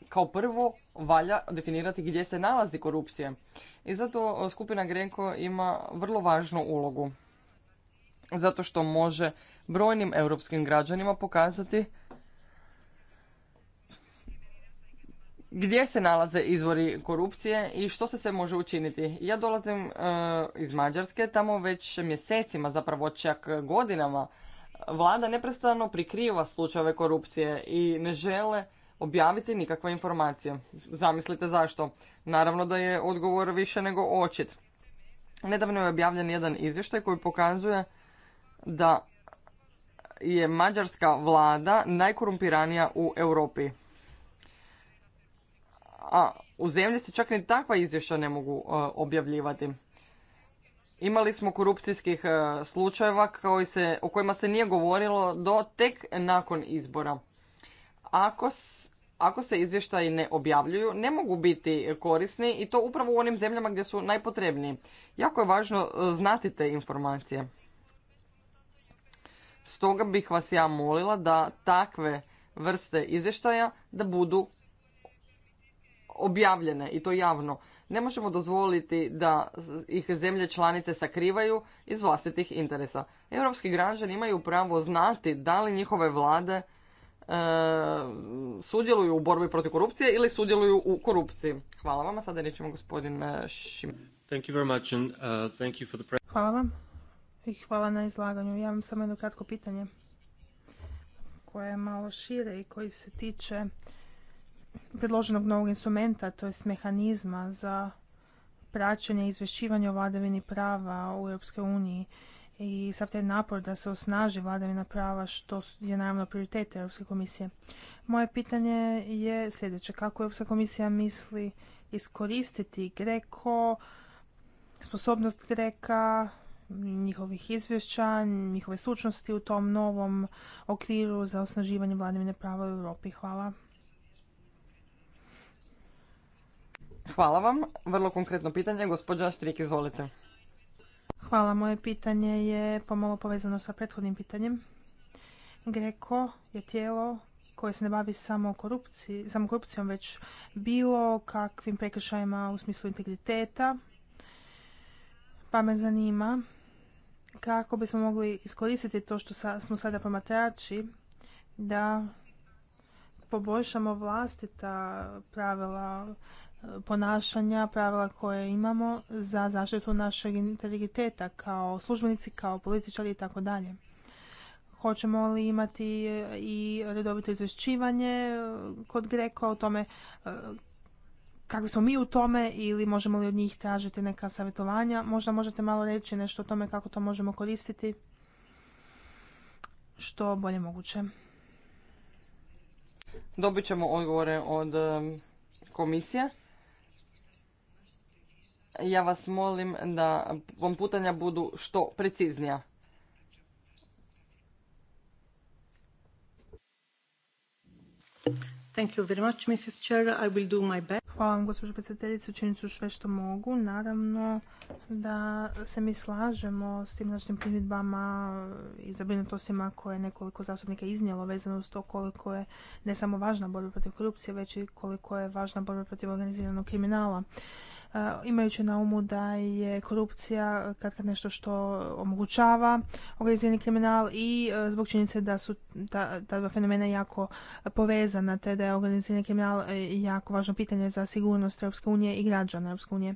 kao prvo valja definirati gdje se nalazi korupcija. I zato skupina Grenko ima vrlo važnu ulogu. Zato što može brojnim europskim građanima pokazati gdje se nalaze izvori korupcije i što se sve može učiniti. Ja dolazim e, iz Mađarske, tamo već mjesecima, zapravo čak godinama, vlada neprestano prikriva slučajeve korupcije i ne žele objaviti nikakve informacije. Zamislite zašto. Naravno da je odgovor više nego očit. Nedavno je objavljen jedan izvještaj koji pokazuje da je mađarska vlada najkorumpiranija u Europi. A u zemlji se čak ni takva izvješća ne mogu e, objavljivati. Imali smo korupcijskih e, slučajeva koji se, o kojima se nije govorilo do tek nakon izbora ako, se izvještaji ne objavljuju, ne mogu biti korisni i to upravo u onim zemljama gdje su najpotrebniji. Jako je važno e, znati te informacije. Stoga bih vas ja molila da takve vrste izvještaja da budu objavljene i to javno. Ne možemo dozvoliti da ih zemlje članice sakrivaju iz vlastitih interesa. Europski građani imaju pravo znati da li njihove vlade E, sudjeluju u borbi protiv korupcije ili sudjeluju u korupciji. Hvala vam, a sada rećemo gospodin Šim. Hvala vam i hvala na izlaganju. Ja imam samo jedno kratko pitanje koje je malo šire i koji se tiče predloženog novog instrumenta, to jest mehanizma za praćenje i izvješćivanje o vladavini prava u Europskoj uniji i sav taj napor da se osnaži vladavina prava što je naravno prioritet Europske komisije. Moje pitanje je sljedeće. Kako Europska komisija misli iskoristiti Greko, sposobnost Greka, njihovih izvješća, njihove slučnosti u tom novom okviru za osnaživanje vladavine prava u Europi. Hvala. Hvala vam. Vrlo konkretno pitanje. Gospodina Štrik, izvolite. Hvala. Moje pitanje je pomalo povezano sa prethodnim pitanjem. Greko je tijelo koje se ne bavi samo, samo korupcijom, već bilo kakvim prekršajima u smislu integriteta. Pa me zanima kako bismo mogli iskoristiti to što sa, smo sada promatrači da poboljšamo vlastita pravila ponašanja, pravila koje imamo za zaštitu našeg integriteta kao službenici, kao političari i tako dalje. Hoćemo li imati eh, i redovito izvješćivanje eh, kod Greko o tome eh, kako smo mi u tome ili možemo li od njih tražiti neka savjetovanja. Možda možete malo reći nešto o tome kako to možemo koristiti što bolje moguće. Dobit ćemo odgovore od komisije ja vas molim da vam putanja budu što preciznija. Thank you very much, Mrs. I will do my best. Hvala vam, gospođo predsjedateljice, učinit ću sve što mogu. Naravno da se mi slažemo s tim našim primjedbama i zabrinutostima koje je nekoliko zastupnika iznijelo vezano uz to koliko je ne samo važna borba protiv korupcije, već i koliko je važna borba protiv organiziranog kriminala imajući na umu da je korupcija kad kad nešto što omogućava organizirani kriminal i e, zbog činjenice da su ta, dva fenomena jako povezana te da je organizirani kriminal e, jako važno pitanje za sigurnost Europske unije i građana Europske unije.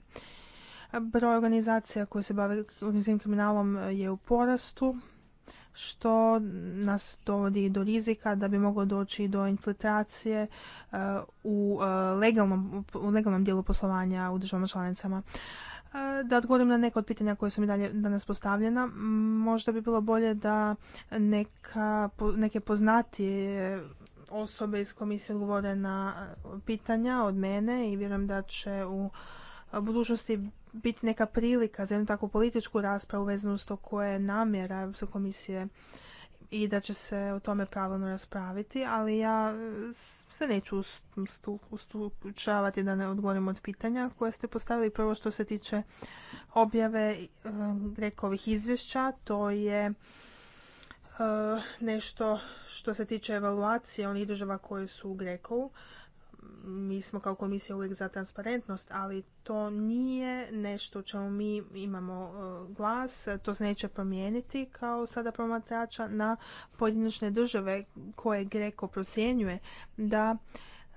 Broj organizacija koje se bave organiziranim kriminalom e, je u porastu što nas dovodi do rizika da bi moglo doći do infiltracije e, u e, legalnom, u legalnom dijelu poslovanja u državama članicama. E, da odgovorim na neka od pitanja koje su mi dalje danas postavljena. Možda bi bilo bolje da neka, neke poznatije osobe iz komisije odgovore na pitanja od mene i vjerujem da će u budućnosti biti neka prilika za jednu takvu političku raspravu vezanu s to koje je namjera Europske komisije i da će se o tome pravilno raspraviti, ali ja e, se neću ustučavati da ne odgovorim od pitanja koje ste postavili. Prvo što se tiče objave Grekovih e, izvješća, to je e, nešto što se tiče evaluacije onih država koje su u Grekovu mi smo kao komisija uvijek za transparentnost, ali to nije nešto u čemu mi imamo e, glas, to se neće promijeniti kao sada promatrača na pojedinačne države koje Greko procjenjuje da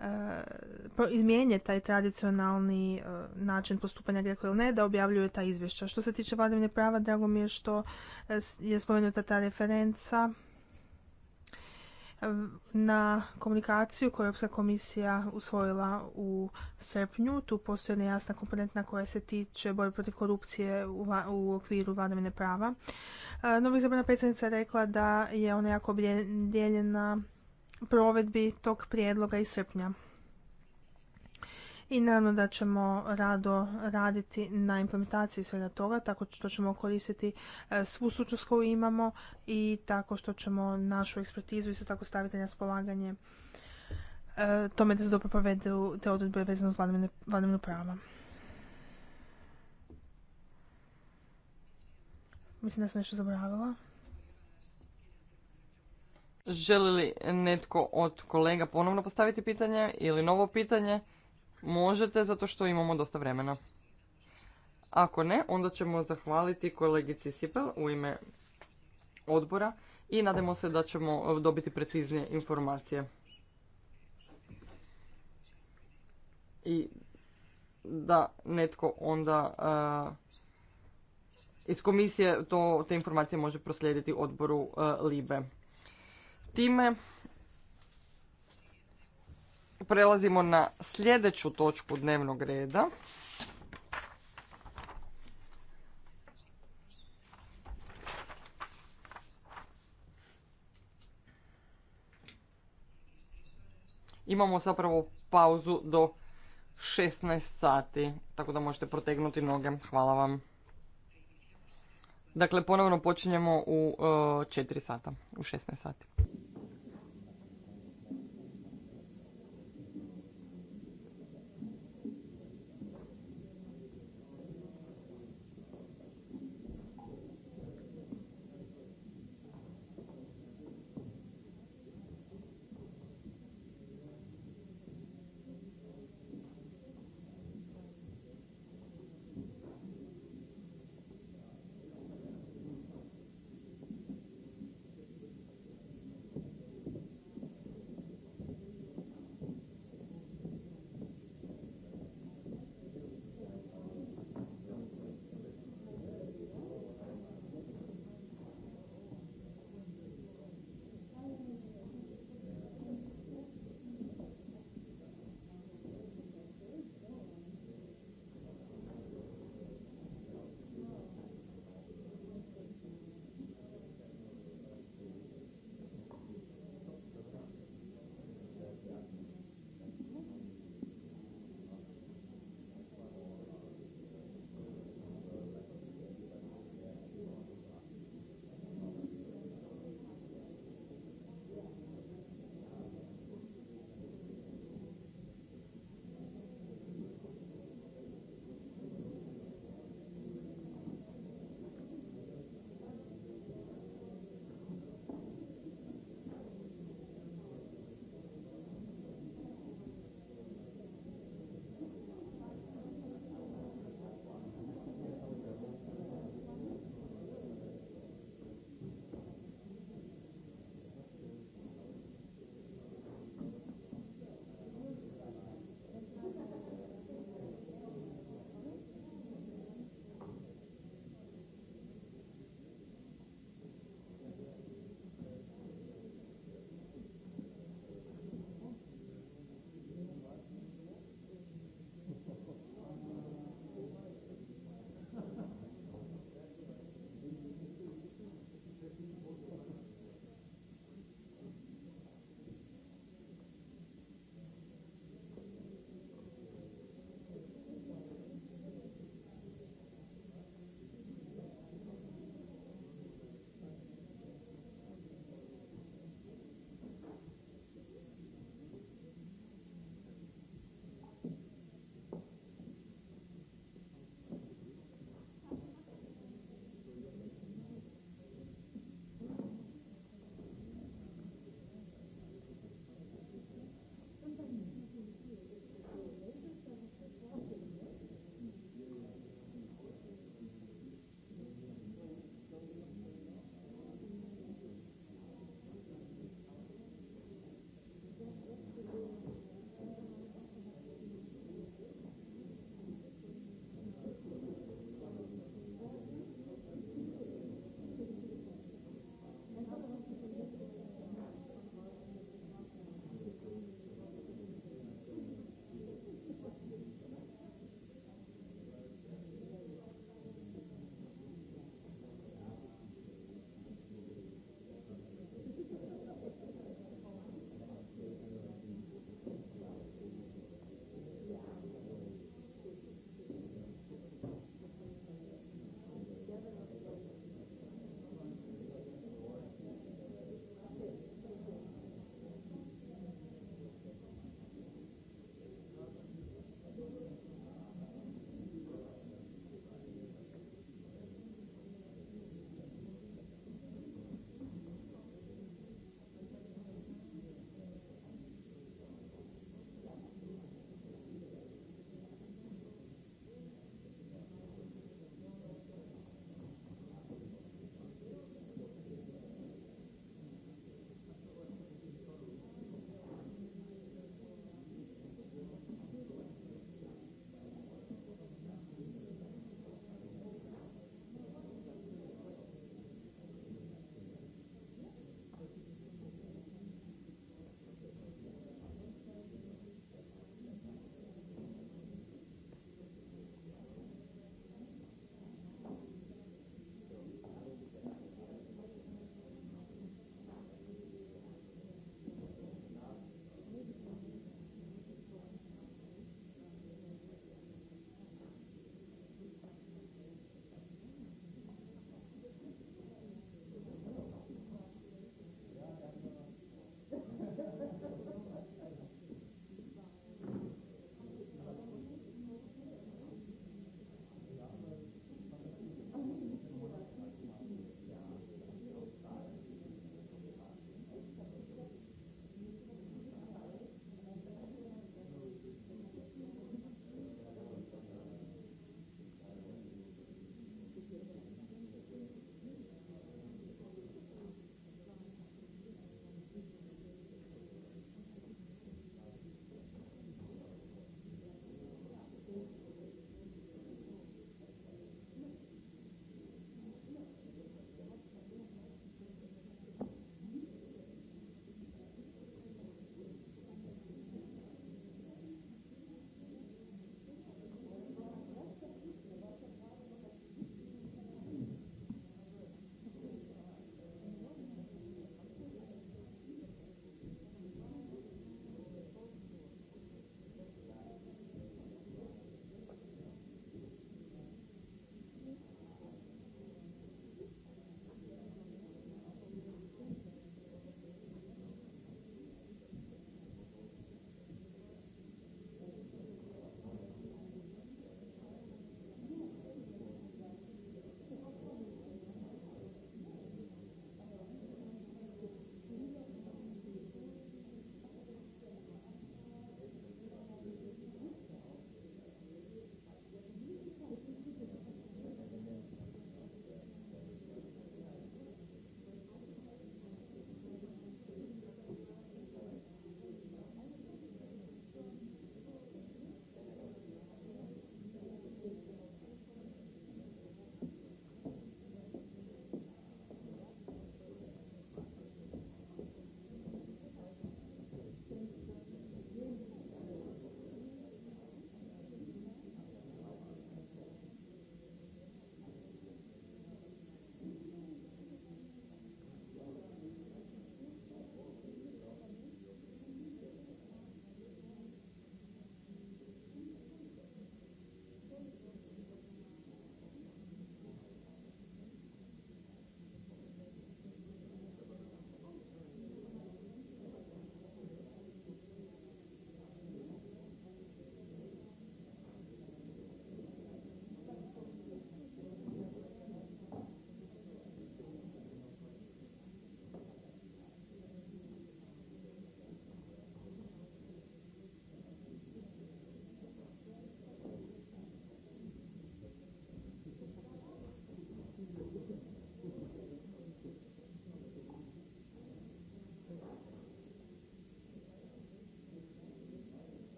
e, izmijenje taj tradicionalni e, način postupanja Greko ili ne, da objavljuje ta izvješća. Što se tiče vladavine prava, drago mi je što je spomenuta ta referenca na komunikaciju koju je Europska komisija usvojila u srpnju. Tu postoji nejasna jasna komponentna koja se tiče borbe protiv korupcije u, okviru vladavine prava. E, novi izabrana predsjednica je rekla da je ona jako objeljena provedbi tog prijedloga iz srpnja i naravno da ćemo rado raditi na implementaciji svega toga tako što ćemo koristiti e, svu stručnost koju imamo i tako što ćemo našu ekspertizu isto tako staviti na raspolaganje e, tome da se dobro te odredbe vezano s vladavinu prava. Mislim da sam nešto zaboravila. Želi li netko od kolega ponovno postaviti pitanje ili novo pitanje? Možete, zato što imamo dosta vremena. Ako ne, onda ćemo zahvaliti kolegici Sipel u ime odbora i nadamo se da ćemo dobiti preciznije informacije. I da netko onda eh, iz komisije to, te informacije može proslijediti odboru eh, LIBE. Time Prelazimo na sljedeću točku dnevnog reda. Imamo zapravo pauzu do 16 sati, tako da možete protegnuti noge. Hvala vam. Dakle, ponovno počinjemo u 4 e, sata, u 16 sati.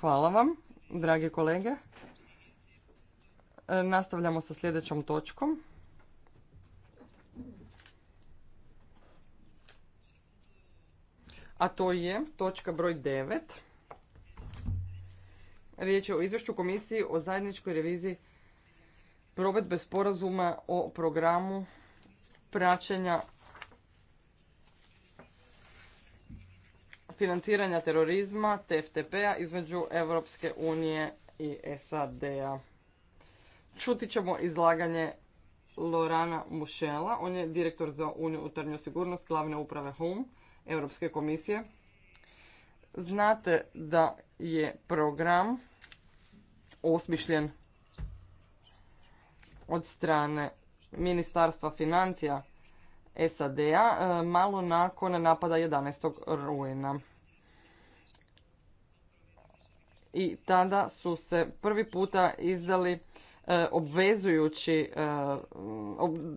Hvala vam, dragi kolege. E, nastavljamo sa sljedećom točkom. A to je točka broj 9. Riječ je o izvješću komisiji o zajedničkoj reviziji provedbe sporazuma o programu praćenja financiranja terorizma TFTP-a između Europske unije i SAD-a. Čuti ćemo izlaganje Lorana Mušela, on je direktor za unutarnju sigurnost glavne uprave HUM Europske komisije. Znate da je program osmišljen od strane Ministarstva financija SAD-a e, malo nakon napada 11. rujna. I tada su se prvi puta izdali e, obvezujući, e,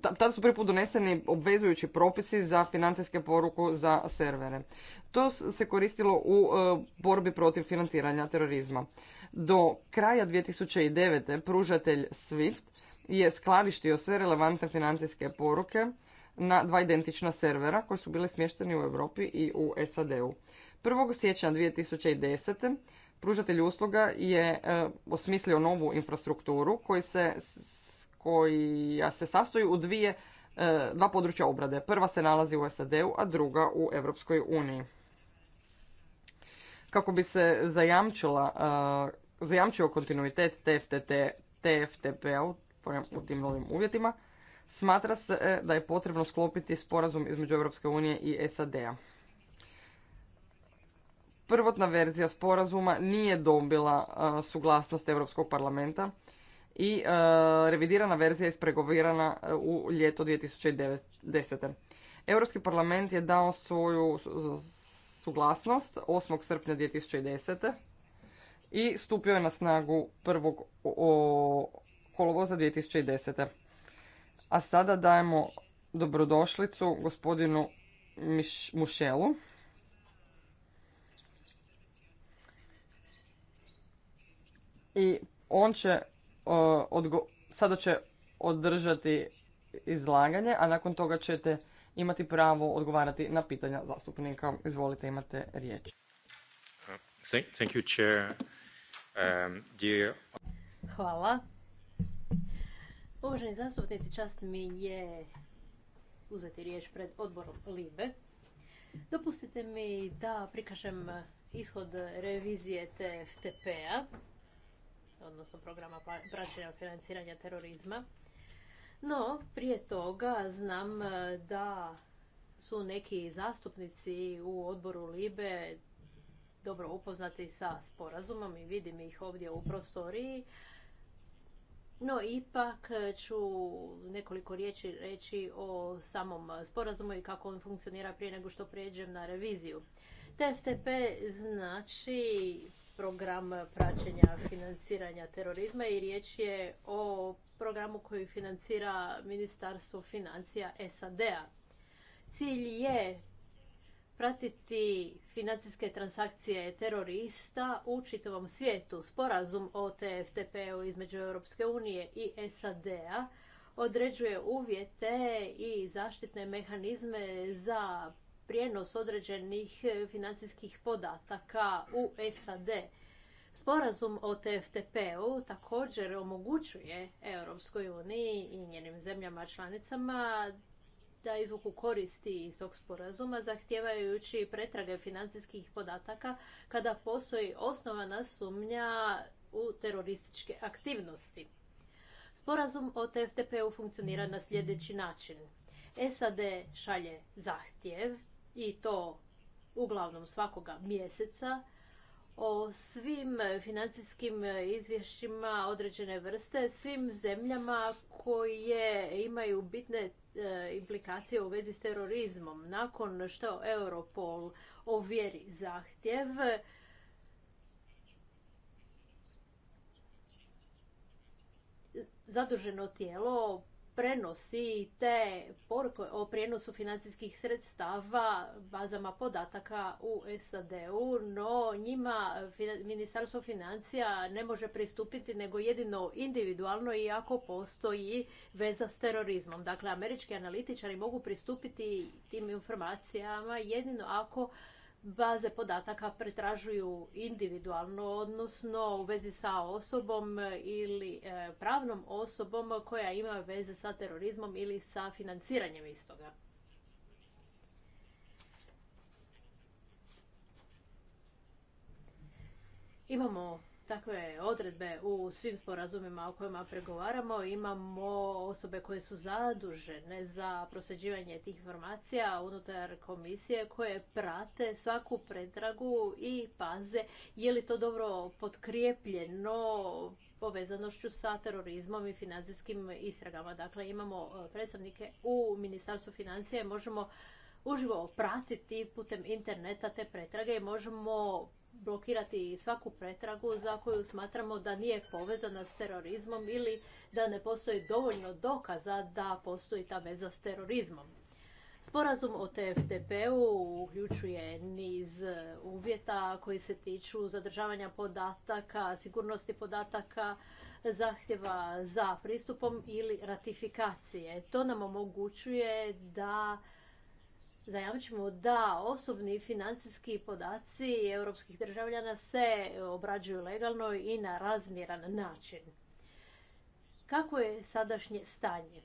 tada su prvi put doneseni obvezujući propisi za financijske poruku za servere. To se koristilo u borbi protiv financiranja terorizma. Do kraja 2009. pružatelj SWIFT je skladištio sve relevantne financijske poruke na dva identična servera koji su bili smješteni u Europi i u SAD-u. 1. siječnja 2010. pružatelj usluga je e, osmislio novu infrastrukturu koji se, koja se sastoji u dvije, e, dva područja obrade. Prva se nalazi u SAD-u, a druga u Europskoj uniji. Kako bi se zajamčila, e, zajamčio kontinuitet tftp u tim novim uvjetima, Smatra se e, da je potrebno sklopiti sporazum između Europske unije i SAD-a. Prvotna verzija sporazuma nije dobila e, suglasnost Europskog parlamenta i e, revidirana verzija je ispregovirana u ljeto 2010. Europski parlament je dao svoju suglasnost 8. srpnja 2010. i stupio je na snagu 1. kolovoza 2010. A sada dajemo dobrodošlicu gospodinu Mušelu. I on će, e, sada će održati izlaganje, a nakon toga ćete imati pravo odgovarati na pitanja zastupnika. Izvolite, imate riječ. Um, Hvala. Uvaženi zastupnici, čast mi je uzeti riječ pred odborom LIBE. Dopustite mi da prikažem ishod revizije TFTP-a, odnosno programa pa-, praćenja financiranja terorizma. No, prije toga znam da su neki zastupnici u odboru LIBE dobro upoznati sa sporazumom i vidim ih ovdje u prostoriji, no, ipak e, ću nekoliko riječi reći o samom sporazumu i kako on funkcionira prije nego što prijeđem na reviziju. TFTP znači program praćenja financiranja terorizma i riječ je o programu koji financira Ministarstvo financija SAD-a. Cilj je pratiti financijske transakcije terorista u čitavom svijetu. Sporazum o TFTP-u između Europske unije i SAD-a određuje uvjete i zaštitne mehanizme za prijenos određenih financijskih podataka u SAD. Sporazum o TFTP-u također omogućuje Europskoj uniji i njenim zemljama članicama da izvuku koristi iz tog sporazuma zahtijevajući pretrage financijskih podataka kada postoji osnovana sumnja u terorističke aktivnosti. Sporazum o TFTP-u funkcionira na sljedeći način. SAD šalje zahtjev i to uglavnom svakoga mjeseca o svim financijskim izvješćima određene vrste, svim zemljama koje imaju bitne E, implikacije u vezi s terorizmom. Nakon što Europol ovjeri zahtjev, zaduženo tijelo prenosi te poruke o prijenosu financijskih sredstava bazama podataka u SAD-u, no njima Ministarstvo financija ne može pristupiti nego jedino individualno i ako postoji veza s terorizmom. Dakle, američki analitičari mogu pristupiti tim informacijama jedino ako baze podataka pretražuju individualno, odnosno u vezi sa osobom ili e, pravnom osobom koja ima veze sa terorizmom ili sa financiranjem istoga. Imamo takve odredbe u svim sporazumima o kojima pregovaramo. Imamo osobe koje su zadužene za prosjeđivanje tih informacija unutar komisije koje prate svaku pretragu i paze je li to dobro potkrijepljeno povezanošću sa terorizmom i financijskim istragama. Dakle, imamo e, predstavnike u Ministarstvu financija možemo uživo pratiti putem interneta te pretrage i možemo blokirati svaku pretragu za koju smatramo da nije povezana s terorizmom ili da ne postoji dovoljno dokaza da postoji ta veza s terorizmom. Sporazum o TFTP-u uključuje niz uvjeta koji se tiču zadržavanja podataka, sigurnosti podataka, zahtjeva za pristupom ili ratifikacije. To nam omogućuje da zajamčimo da osobni financijski podaci europskih državljana se obrađuju legalno i na razmjeran način. Kako je sadašnje stanje?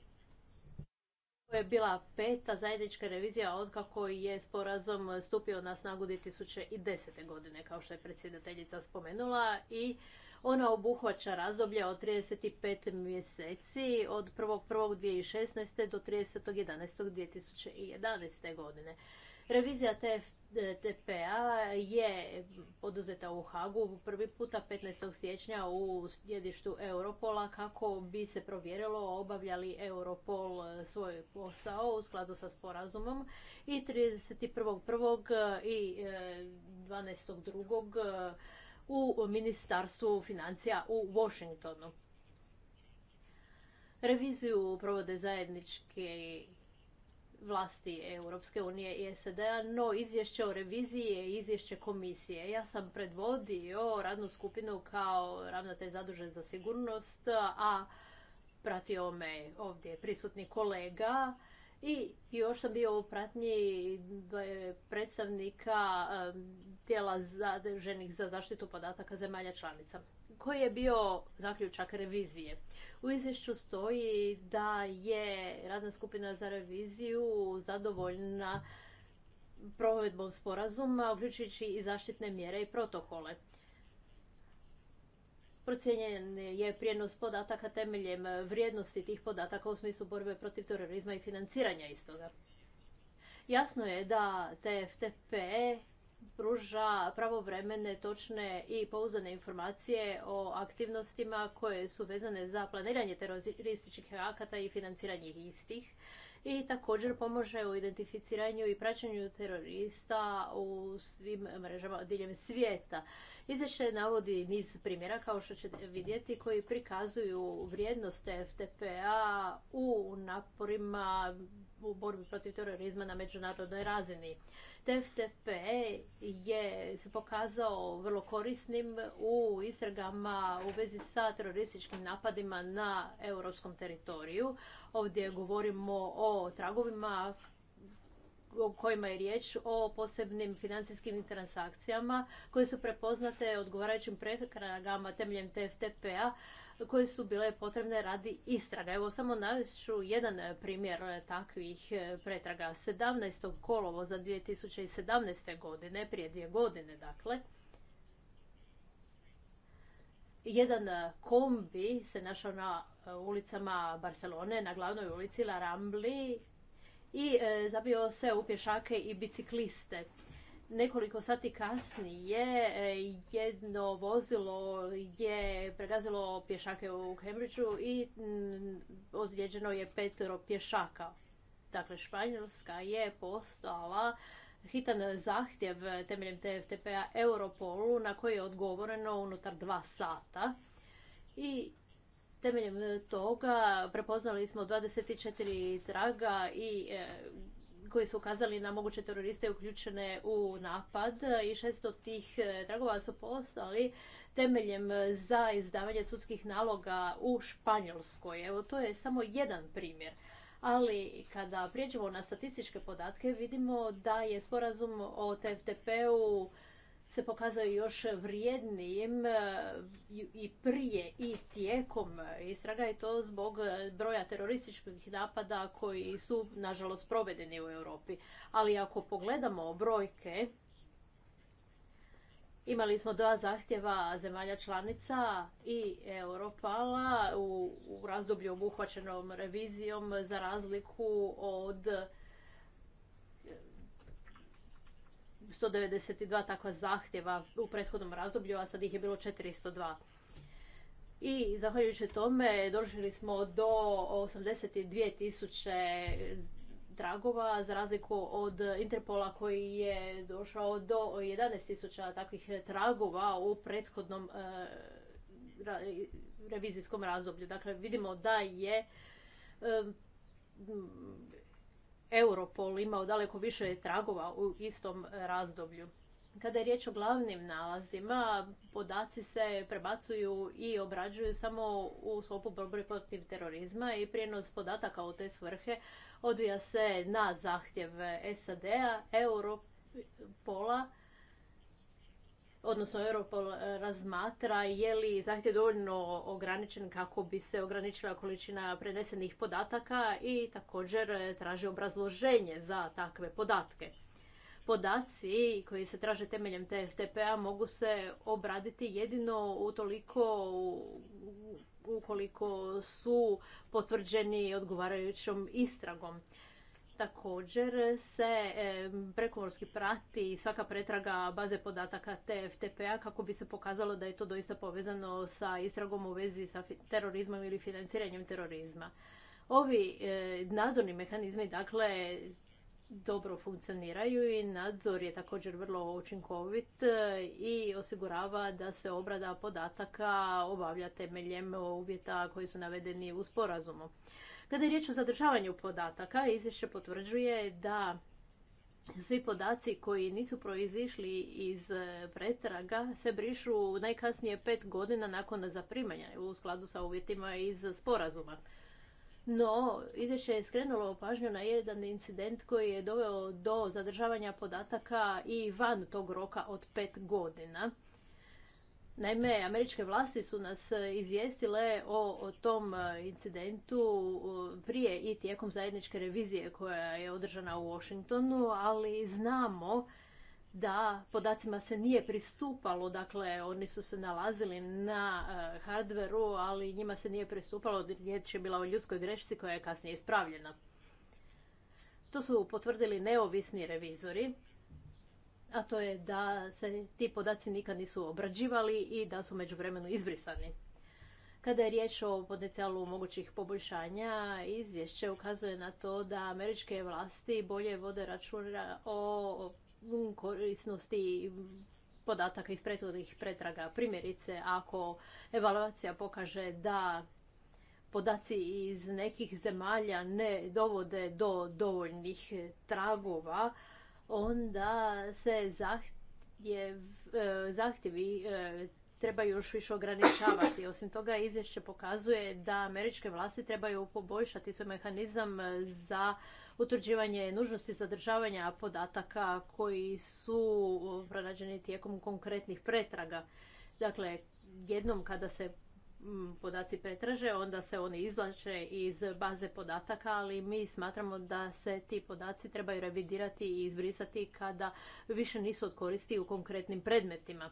To je bila peta zajednička revizija od kako je sporazum stupio na snagu 2010. godine, kao što je predsjedateljica spomenula, i ona obuhvaća razdoblje od 35 mjeseci od 1.1.2016. do 30.11.2011. godine. Revizija TPA je poduzeta u Hagu prvi puta 15. siječnja u sjedištu Europola kako bi se provjerilo obavljali Europol eh, svoj posao u skladu sa sporazumom i 31.1. i 12.2 u Ministarstvu financija u Washingtonu. Reviziju provode zajednički vlasti Europske unije i SAD-a, no izvješće o reviziji je izvješće komisije. Ja sam predvodio radnu skupinu kao ravnatelj zadužen za sigurnost, a pratio me ovdje prisutni kolega i još sam bio u pratnji predstavnika tijela ženih za zaštitu podataka zemalja članica. Koji je bio zaključak revizije? U izvješću stoji da je radna skupina za reviziju zadovoljna provedbom sporazuma, uključujući i zaštitne mjere i protokole. Procijenjen je prijenos podataka temeljem vrijednosti tih podataka u smislu borbe protiv terorizma i financiranja istoga. Jasno je da TFTP pruža pravovremene, točne i pouzdane informacije o aktivnostima koje su vezane za planiranje terorističkih akata i financiranje istih, i također pomože u identificiranju i praćenju terorista u svim mrežama diljem svijeta. Izvješće navodi niz primjera, kao što ćete vidjeti, koji prikazuju vrijednost FTP-a u naporima u borbi protiv terorizma na međunarodnoj razini. TFTP je se pokazao vrlo korisnim u istragama u vezi sa terorističkim napadima na europskom teritoriju. Ovdje govorimo o tragovima o kojima je riječ o posebnim financijskim transakcijama koje su prepoznate odgovarajućim prekragama temeljem TFTP-a koje su bile potrebne radi istraga. Evo samo ću jedan e, primjer e, takvih e, pretraga. 17. kolovo za 2017. godine, prije dvije godine dakle, jedan kombi se našao na ulicama Barcelone, na glavnoj ulici La Rambli i zabio se u pješake i bicikliste. Nekoliko sati kasnije e, jedno vozilo je pregazilo pješake u Cambridgeu i mm, ozlijeđeno je petero pješaka. Dakle, Španjolska je postala hitan zahtjev temeljem TFTP-a Europolu na koji je odgovoreno unutar dva sata. I temeljem toga prepoznali smo 24 traga i e, koji su ukazali na moguće teroriste uključene u napad i šesto tih dragova e, su postali temeljem e, za izdavanje sudskih naloga u Španjolskoj. Evo, to je samo jedan primjer. Ali kada prijeđemo na statističke podatke vidimo da je sporazum o TFTP-u se pokazao još vrijednijim e, i prije i tijekom istraga i to zbog broja terorističkih napada koji su nažalost provedeni u Europi. Ali ako pogledamo brojke, imali smo dva zahtjeva zemalja članica i Europala u razdoblju obuhvaćenom revizijom za razliku od 192 takva zahtjeva u prethodnom razdoblju, a sad ih je bilo 402. I zahvaljujući tome došli smo do 82 tisuće tragova, za razliku od Interpola koji je došao do 11 tisuća takvih tragova u prethodnom e, revizijskom razdoblju. Dakle, vidimo da je e, Europol imao daleko više tragova u istom razdoblju. Kada je riječ o glavnim nalazima, podaci se prebacuju i obrađuju samo u slopu borbe protiv terorizma i prijenos podataka u te svrhe odvija se na zahtjev SAD-a, Europola, odnosno Europol e, razmatra je li zahtjev dovoljno ograničen kako bi se ograničila količina prenesenih podataka i također e, traži obrazloženje za takve podatke. Podaci koji se traže temeljem TFTP-a mogu se obraditi jedino utoliko ukoliko su potvrđeni odgovarajućom istragom. Također se e, prekomorski prati svaka pretraga baze podataka TFTP-a kako bi se pokazalo da je to doista povezano sa istragom u vezi sa terorizmom ili financiranjem terorizma. Ovi e, nadzorni mehanizmi, dakle, dobro funkcioniraju i nadzor je također vrlo učinkovit e, i osigurava da se obrada podataka obavlja temeljem uvjeta koji su navedeni u sporazumu. Kada je riječ o zadržavanju podataka, izvješće potvrđuje da svi podaci koji nisu proizišli iz e, pretraga se brišu najkasnije pet godina nakon zaprimanja u skladu sa uvjetima iz sporazuma. No, izvješće je skrenulo pažnju na jedan incident koji je doveo do zadržavanja podataka i van tog roka od pet godina. Naime, američke vlasti su nas e, izvijestile o, o tom e, incidentu prije i tijekom zajedničke revizije koja je održana u Washingtonu, ali znamo da podacima se nije pristupalo, dakle oni su se nalazili na e, hardveru, ali njima se nije pristupalo, riječ je bila o ljudskoj grešci koja je kasnije ispravljena. To su potvrdili neovisni revizori a to je da se ti podaci nikad nisu obrađivali i da su vremenu izbrisani. Kada je riječ o potencijalu mogućih poboljšanja, izvješće ukazuje na to da američke vlasti bolje vode računa o korisnosti podataka iz prethodnih pretraga. Primjerice, ako evaluacija pokaže da podaci iz nekih zemalja ne dovode do dovoljnih tragova, onda se e, zahtjevi e, treba još više ograničavati. Osim toga, izvješće pokazuje da američke vlasti trebaju poboljšati svoj mehanizam za utvrđivanje nužnosti zadržavanja podataka koji su pronađeni tijekom konkretnih pretraga. Dakle, jednom kada se Mm, podaci pretraže, onda se oni izvlače iz baze podataka, ali mi smatramo da se ti podaci trebaju revidirati i izbrisati kada više nisu od koristi u konkretnim predmetima.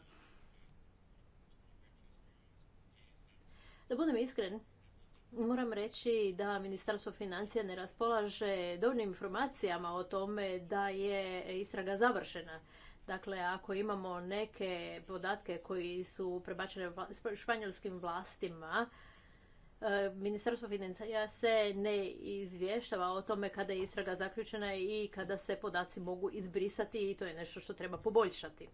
Da budem iskren, moram reći da Ministarstvo financija ne raspolaže dobrim informacijama o tome da je istraga završena. Dakle, ako imamo neke podatke koji su prebačene španjolskim vlastima, e, Ministarstvo financija se ne izvještava o tome kada je istraga zaključena i kada se podaci mogu izbrisati i to je nešto što treba poboljšati.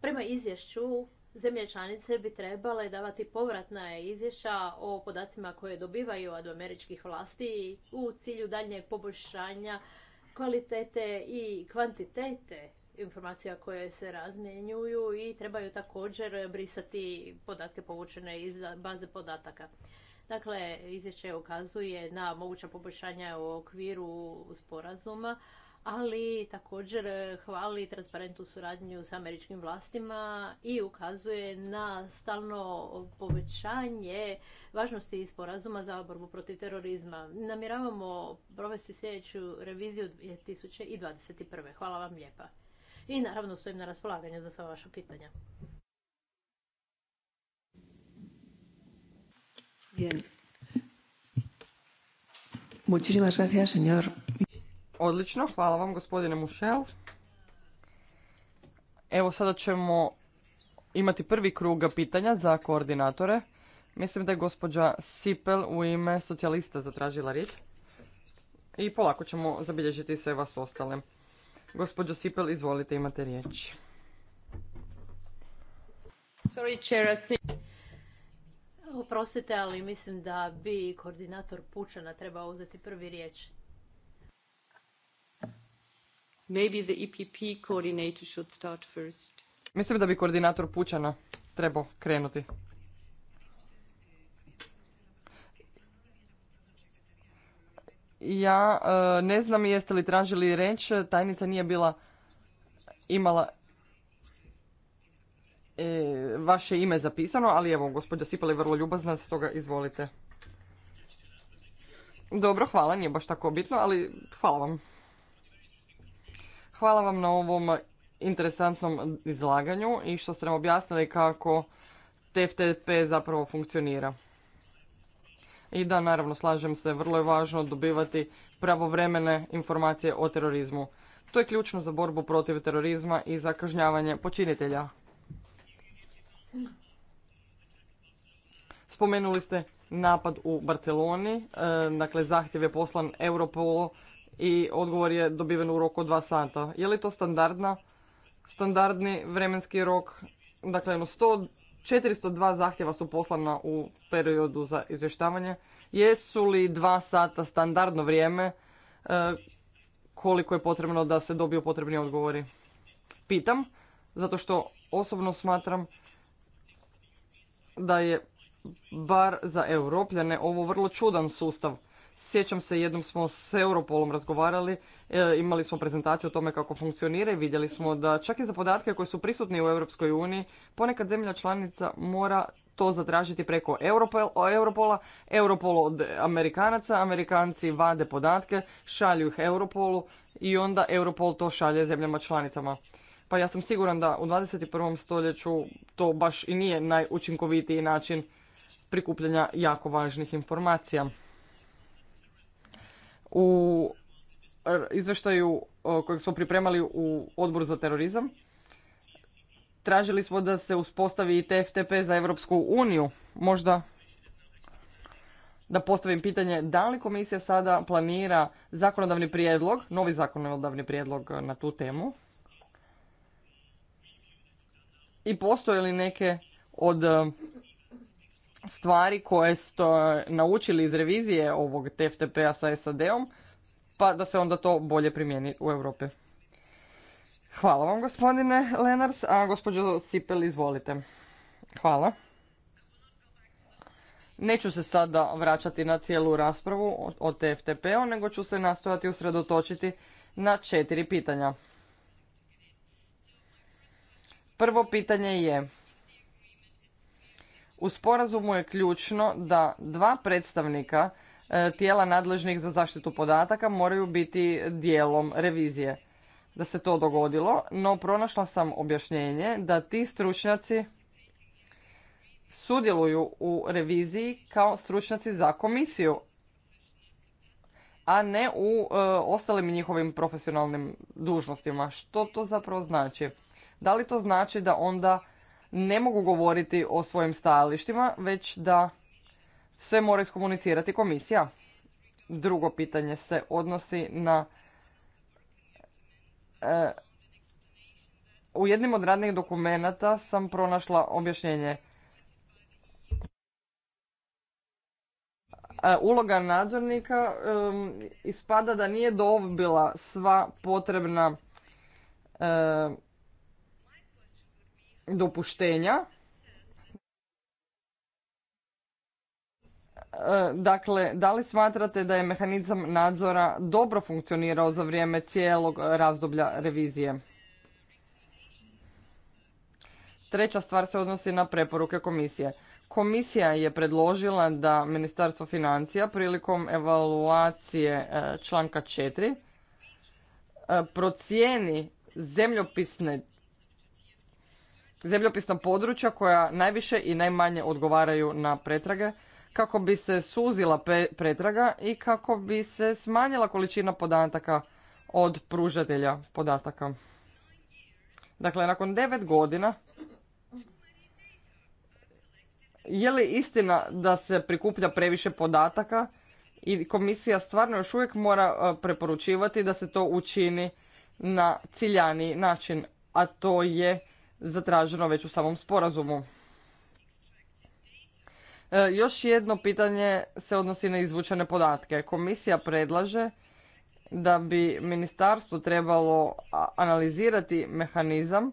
Prema izvješću, zemlje članice bi trebale davati povratna izvješća o podacima koje dobivaju od američkih vlasti u cilju daljnjeg poboljšanja kvalitete i kvantitete informacija koje se razmjenjuju i trebaju također brisati podatke povučene iz baze podataka. Dakle, izvješće ukazuje na moguća poboljšanja u okviru sporazuma, ali također eh, hvali transparentnu suradnju s američkim vlastima i ukazuje na stalno povećanje važnosti sporazuma za borbu protiv terorizma. Namjeravamo provesti sljedeću reviziju 2021. Hvala vam lijepa. I naravno stojim na raspolaganju za sva vaša pitanja. Bien. Muchísimas gracias, señor Odlično, hvala vam gospodine Mušel. Evo sada ćemo imati prvi krug pitanja za koordinatore. Mislim da je gospođa Sipel u ime socijalista zatražila riječ. I polako ćemo zabilježiti sve vas ostale. Gospođo Sipel, izvolite, imate riječ. Sorry, Oprostite, ali mislim da bi koordinator Pučana trebao uzeti prvi riječ. E Mislim da bi koordinator Pučana trebao krenuti. Ja e, ne znam jeste li tražili reč, tajnica nije bila imala e, vaše ime zapisano, ali evo, gospođa Sipal je vrlo ljubazna, toga izvolite. Dobro, hvala, nije baš tako bitno, ali hvala vam. Hvala vam na ovom interesantnom izlaganju i što ste nam objasnili kako TFTP zapravo funkcionira. I da, naravno, slažem se, vrlo je važno dobivati pravovremene informacije o terorizmu. To je ključno za borbu protiv terorizma i za kažnjavanje počinitelja. Spomenuli ste napad u Barceloni, e, dakle zahtjev je poslan Europolu i odgovor je dobiven u roku od dva sata. Je li to standardna, standardni vremenski rok? Dakle, jedno 100, 402 zahtjeva su poslana u periodu za izvještavanje. Jesu li dva sata standardno vrijeme e, koliko je potrebno da se dobiju potrebni odgovori? Pitam, zato što osobno smatram da je bar za europljane ovo vrlo čudan sustav Sjećam se, jednom smo s Europolom razgovarali, e, imali smo prezentaciju o tome kako funkcionira i vidjeli smo da čak i za podatke koji su prisutni u Europskoj uniji, ponekad zemlja članica mora to zatražiti preko Europola, Europol od Amerikanaca, Amerikanci vade podatke, šalju ih Europolu i onda Europol to šalje zemljama članicama. Pa ja sam siguran da u 21. stoljeću to baš i nije najučinkovitiji način prikupljanja jako važnih informacija u izveštaju kojeg smo pripremali u odboru za terorizam. Tražili smo da se uspostavi i TFTP za Evropsku uniju. Možda da postavim pitanje da li komisija sada planira zakonodavni prijedlog, novi zakonodavni prijedlog na tu temu. I postoje li neke od stvari koje ste naučili iz revizije ovog TFTP-a sa SAD-om, pa da se onda to bolje primijeni u Europi. Hvala vam gospodine Lenars, a gospođo Sipel izvolite. Hvala. Neću se sada vraćati na cijelu raspravu o TFTP-u, nego ću se nastojati usredotočiti na četiri pitanja. Prvo pitanje je, u sporazumu je ključno da dva predstavnika e, tijela nadležnih za zaštitu podataka moraju biti dijelom revizije. Da se to dogodilo, no pronašla sam objašnjenje da ti stručnjaci sudjeluju u reviziji kao stručnjaci za komisiju, a ne u e, ostalim njihovim profesionalnim dužnostima. Što to zapravo znači? Da li to znači da onda ne mogu govoriti o svojim stajalištima, već da sve mora iskomunicirati komisija. Drugo pitanje se odnosi na e, u jednim od radnih dokumenata sam pronašla objašnjenje. E, uloga nadzornika ispada da nije dobila sva potrebna e, dopuštenja. E, dakle, da li smatrate da je mehanizam nadzora dobro funkcionirao za vrijeme cijelog razdoblja revizije? Treća stvar se odnosi na preporuke komisije. Komisija je predložila da Ministarstvo financija prilikom evaluacije e, članka 4 e, procijeni zemljopisne zemljopisna područja koja najviše i najmanje odgovaraju na pretrage kako bi se suzila pretraga i kako bi se smanjila količina podataka od pružatelja podataka. Dakle, nakon devet godina je li istina da se prikuplja previše podataka i komisija stvarno još uvijek mora e, preporučivati da se to učini na ciljani način, a to je zatraženo već u samom sporazumu. E, još jedno pitanje se odnosi na izvučene podatke. Komisija predlaže da bi ministarstvo trebalo analizirati mehanizam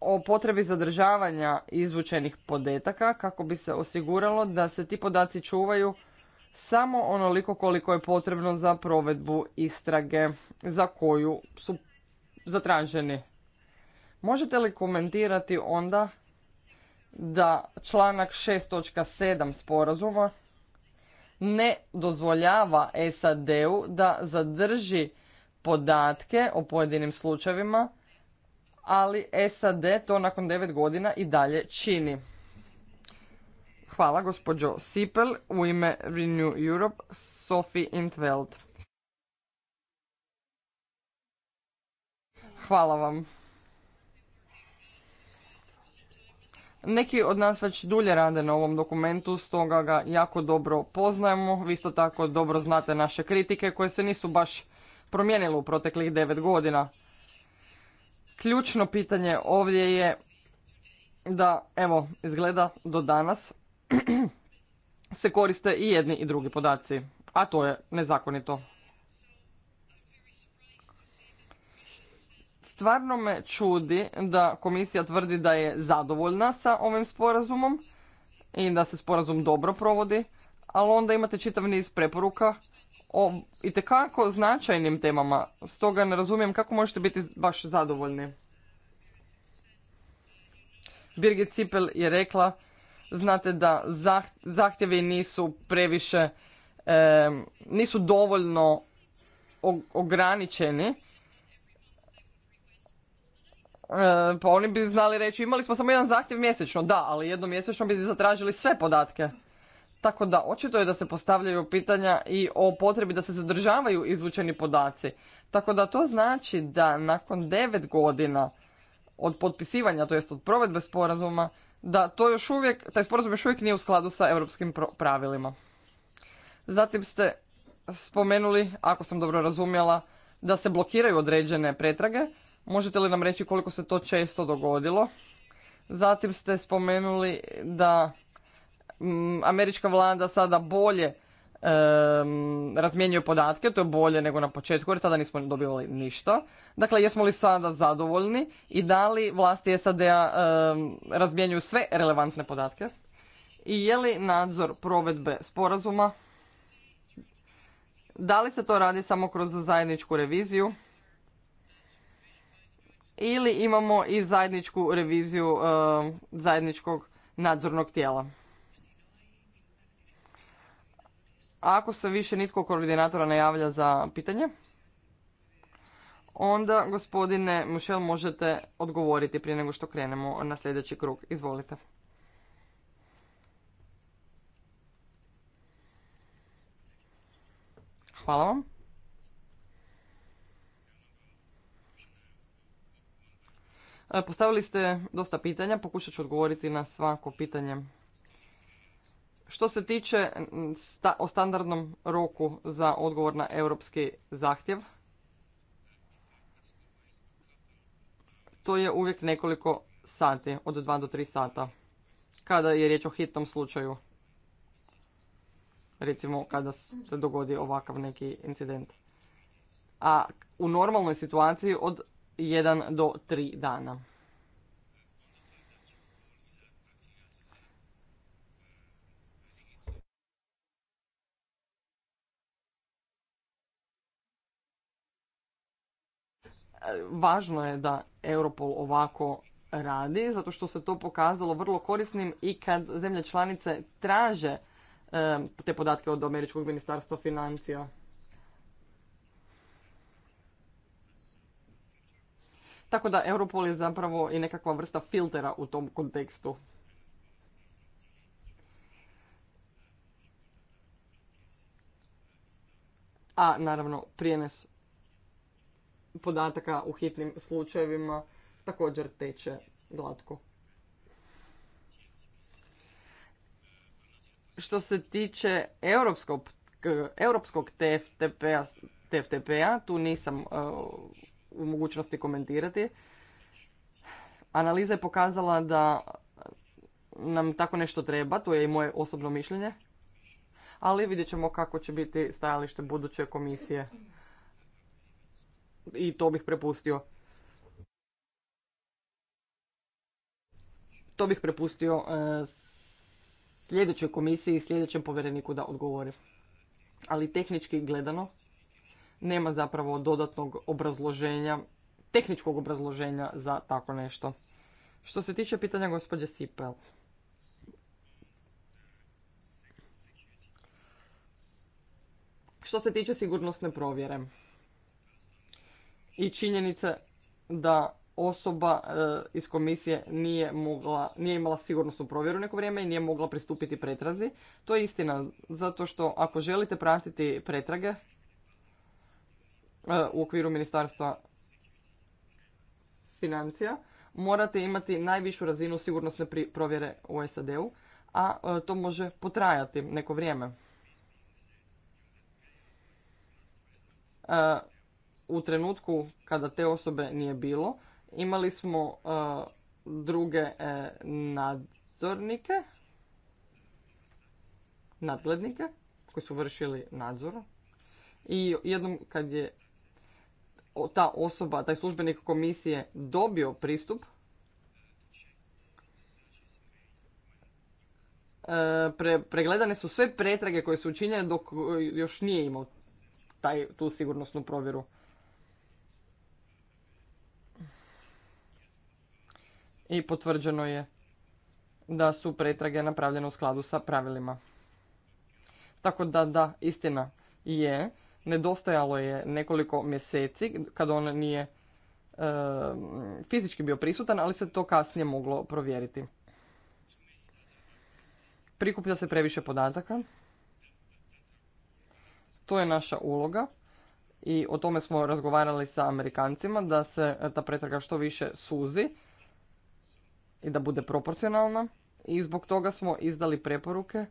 o potrebi zadržavanja izvučenih podataka kako bi se osiguralo da se ti podaci čuvaju samo onoliko koliko je potrebno za provedbu istrage za koju su zatraženi. Možete li komentirati onda da članak 6.7 sporazuma ne dozvoljava SAD-u da zadrži podatke o pojedinim slučajevima, ali SAD to nakon 9 godina i dalje čini. Hvala gospođo Sipel u ime Renew Europe, Sophie Intveld. Hvala vam. Neki od nas već dulje rade na ovom dokumentu, stoga ga jako dobro poznajemo. Vi isto tako dobro znate naše kritike koje se nisu baš promijenile u proteklih devet godina. Ključno pitanje ovdje je da, evo, izgleda do danas se koriste i jedni i drugi podaci, a to je nezakonito. Stvarno me čudi da komisija tvrdi da je zadovoljna sa ovim sporazumom i da se sporazum dobro provodi, ali onda imate čitav niz preporuka o itekako značajnim temama. Stoga ne razumijem kako možete biti baš zadovoljni. Birgit Cipel je rekla, znate da zahtjevi nisu previše, nisu dovoljno ograničeni E, pa oni bi znali reći imali smo samo jedan zahtjev mjesečno, da, ali jednom mjesečno bi zatražili sve podatke. Tako da, očito je da se postavljaju pitanja i o potrebi da se zadržavaju izvučeni podaci. Tako da to znači da nakon devet godina od potpisivanja, to jest od provedbe sporazuma, da to još uvijek, taj sporazum još uvijek nije u skladu sa europskim pravilima. Zatim ste spomenuli, ako sam dobro razumjela, da se blokiraju određene pretrage, Možete li nam reći koliko se to često dogodilo? Zatim ste spomenuli da mm, američka vlada sada bolje um, razmjenjuje podatke, to je bolje nego na početku jer tada nismo dobivali ništa. Dakle, jesmo li sada zadovoljni i da li vlasti SAD-a um, razmjenjuju sve relevantne podatke? I je li nadzor provedbe sporazuma? Da li se to radi samo kroz zajedničku reviziju? ili imamo i zajedničku reviziju e, zajedničkog nadzornog tijela. Ako se više nitko koordinatora ne javlja za pitanje, onda gospodine Mušel možete odgovoriti prije nego što krenemo na sljedeći krug. Izvolite. Hvala vam. E, postavili ste dosta pitanja, pokušat ću odgovoriti na svako pitanje. Što se tiče o standardnom roku za odgovor na europski zahtjev, to je uvijek nekoliko sati, od dva do tri sata, kada je riječ o hitnom slučaju. Recimo kada se dogodi ovakav neki incident. A u normalnoj situaciji od jedan do tri dana. Važno je da Europol ovako radi, zato što se to pokazalo vrlo korisnim i kad zemlje članice traže te podatke od Američkog ministarstva financija. Tako da Europol je zapravo i nekakva vrsta filtera u tom kontekstu. A naravno prijenes podataka u hitnim slučajevima također teče glatko. Što se tiče europskog, europskog TFTP-a, p-a, tu nisam e, u mogućnosti komentirati. Analiza je pokazala da nam tako nešto treba, to je i moje osobno mišljenje, ali vidjet ćemo kako će biti stajalište buduće komisije. I to bih prepustio. To bih prepustio e, sljedećoj komisiji i sljedećem povjereniku da odgovori. Ali tehnički gledano, nema zapravo dodatnog obrazloženja, tehničkog obrazloženja za tako nešto. Što se tiče pitanja gospođe Sipel, Što se tiče sigurnosne provjere i činjenice da osoba e, iz komisije nije, mogla, nije imala sigurnosnu provjeru neko vrijeme i nije mogla pristupiti pretrazi. To je istina, zato što ako želite pratiti pretrage, E, u okviru Ministarstva financija morate imati najvišu razinu sigurnosne provjere u SAD-u, a e, to može potrajati neko vrijeme. E, u trenutku kada te osobe nije bilo, imali smo druge nadzornike, nadglednike koji su vršili nadzor i jednom kad je ta osoba, taj službenik komisije dobio pristup e, pregledane su sve pretrage koje su učinjene dok još nije imao taj, tu sigurnosnu provjeru. I potvrđeno je da su pretrage napravljene u skladu sa pravilima. Tako da, da, istina je nedostajalo je nekoliko mjeseci kad on nije e, fizički bio prisutan, ali se to kasnije moglo provjeriti. Prikuplja se previše podataka. To je naša uloga i o tome smo razgovarali sa Amerikancima da se ta pretraga što više suzi i da bude proporcionalna i zbog toga smo izdali preporuke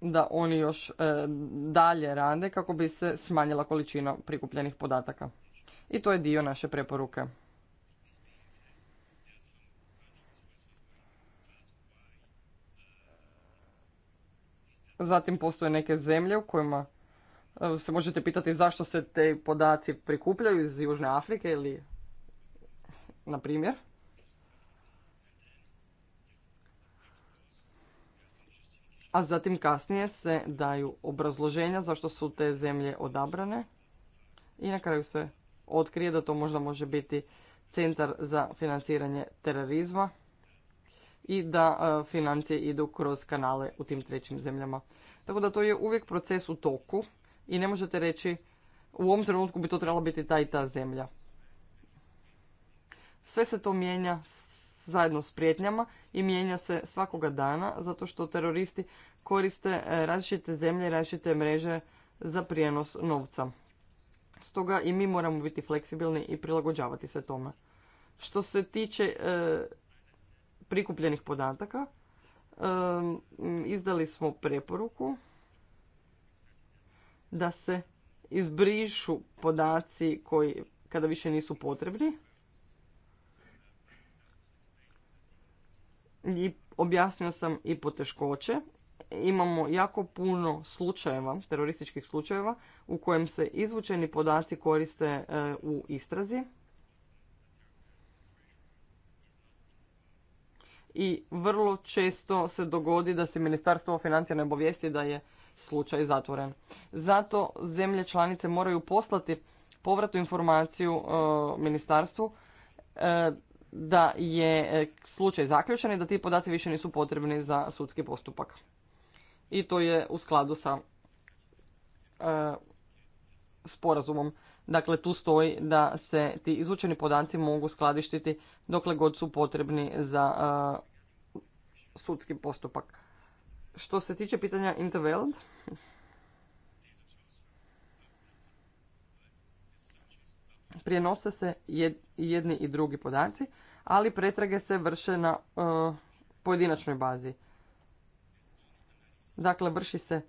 da oni još e, dalje rade kako bi se smanjila količina prikupljenih podataka. I to je dio naše preporuke. Zatim postoje neke zemlje u kojima e, se možete pitati zašto se te podaci prikupljaju iz Južne Afrike ili na primjer. a zatim kasnije se daju obrazloženja zašto su te zemlje odabrane i na kraju se otkrije da to možda može biti centar za financiranje terorizma i da e, financije idu kroz kanale u tim trećim zemljama. Tako da to je uvijek proces u toku i ne možete reći u ovom trenutku bi to trebala biti ta i ta zemlja. Sve se to mijenja zajedno s prijetnjama i mijenja se svakoga dana zato što teroristi koriste e, različite zemlje i različite mreže za prijenos novca. Stoga i mi moramo biti fleksibilni i prilagođavati se tome. Što se tiče e, prikupljenih podataka, e, izdali smo preporuku da se izbrišu podaci koji kada više nisu potrebni i objasnio sam i poteškoće. Imamo jako puno slučajeva, terorističkih slučajeva, u kojem se izvučeni podaci koriste e, u istrazi. I vrlo često se dogodi da se Ministarstvo financija ne obavijesti da je slučaj zatvoren. Zato zemlje članice moraju poslati povratnu informaciju e, ministarstvu e, da je e, slučaj zaključen i da ti podaci više nisu potrebni za sudski postupak. I to je u skladu sa e, sporazumom. Dakle, tu stoji da se ti izvučeni podaci mogu skladištiti dokle god su potrebni za e, sudski postupak. Što se tiče pitanja Interveld, prijenose se jedni i drugi podaci, ali pretrage se vrše na e, pojedinačnoj bazi. Dakle, vrši se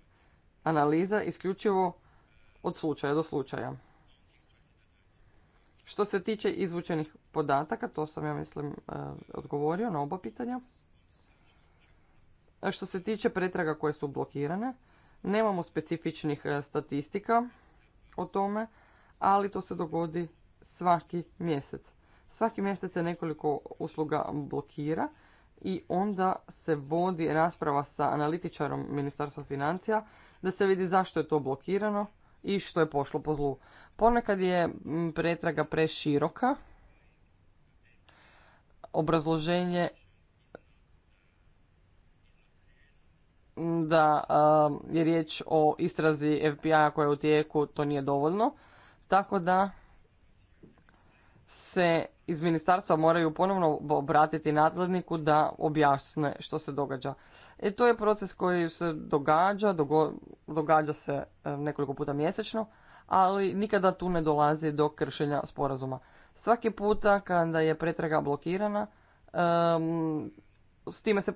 analiza isključivo od slučaja do slučaja. Što se tiče izvučenih podataka, to sam ja mislim e, odgovorio na oba pitanja. E, što se tiče pretraga koje su blokirane, nemamo specifičnih statistika o tome, ali to se dogodi svaki mjesec. Svaki mjesec se nekoliko usluga blokira i onda se vodi rasprava sa analitičarom Ministarstva financija da se vidi zašto je to blokirano i što je pošlo po zlu. Ponekad je pretraga preširoka, obrazloženje da je riječ o istrazi FBI koja je u tijeku, to nije dovoljno. Tako da se iz ministarstva moraju ponovno obratiti nakladniku da objasne što se događa. E to je proces koji se događa, događa se e, nekoliko puta mjesečno, ali nikada tu ne dolazi do kršenja sporazuma. Svaki puta kada je pretraga blokirana, s time se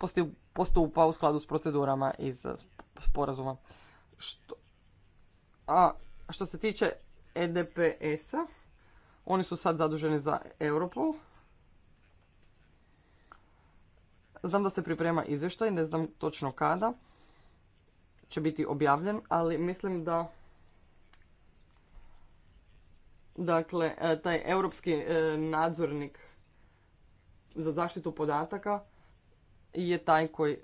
postupa u skladu s procedurama iz sporazuma. Što, a što se tiče EDPS-a. E Oni su sad zaduženi za Europol. Znam da se priprema izvještaj, ne znam točno kada će biti objavljen, ali mislim da dakle, e, taj europski e, nadzornik za zaštitu podataka je taj koji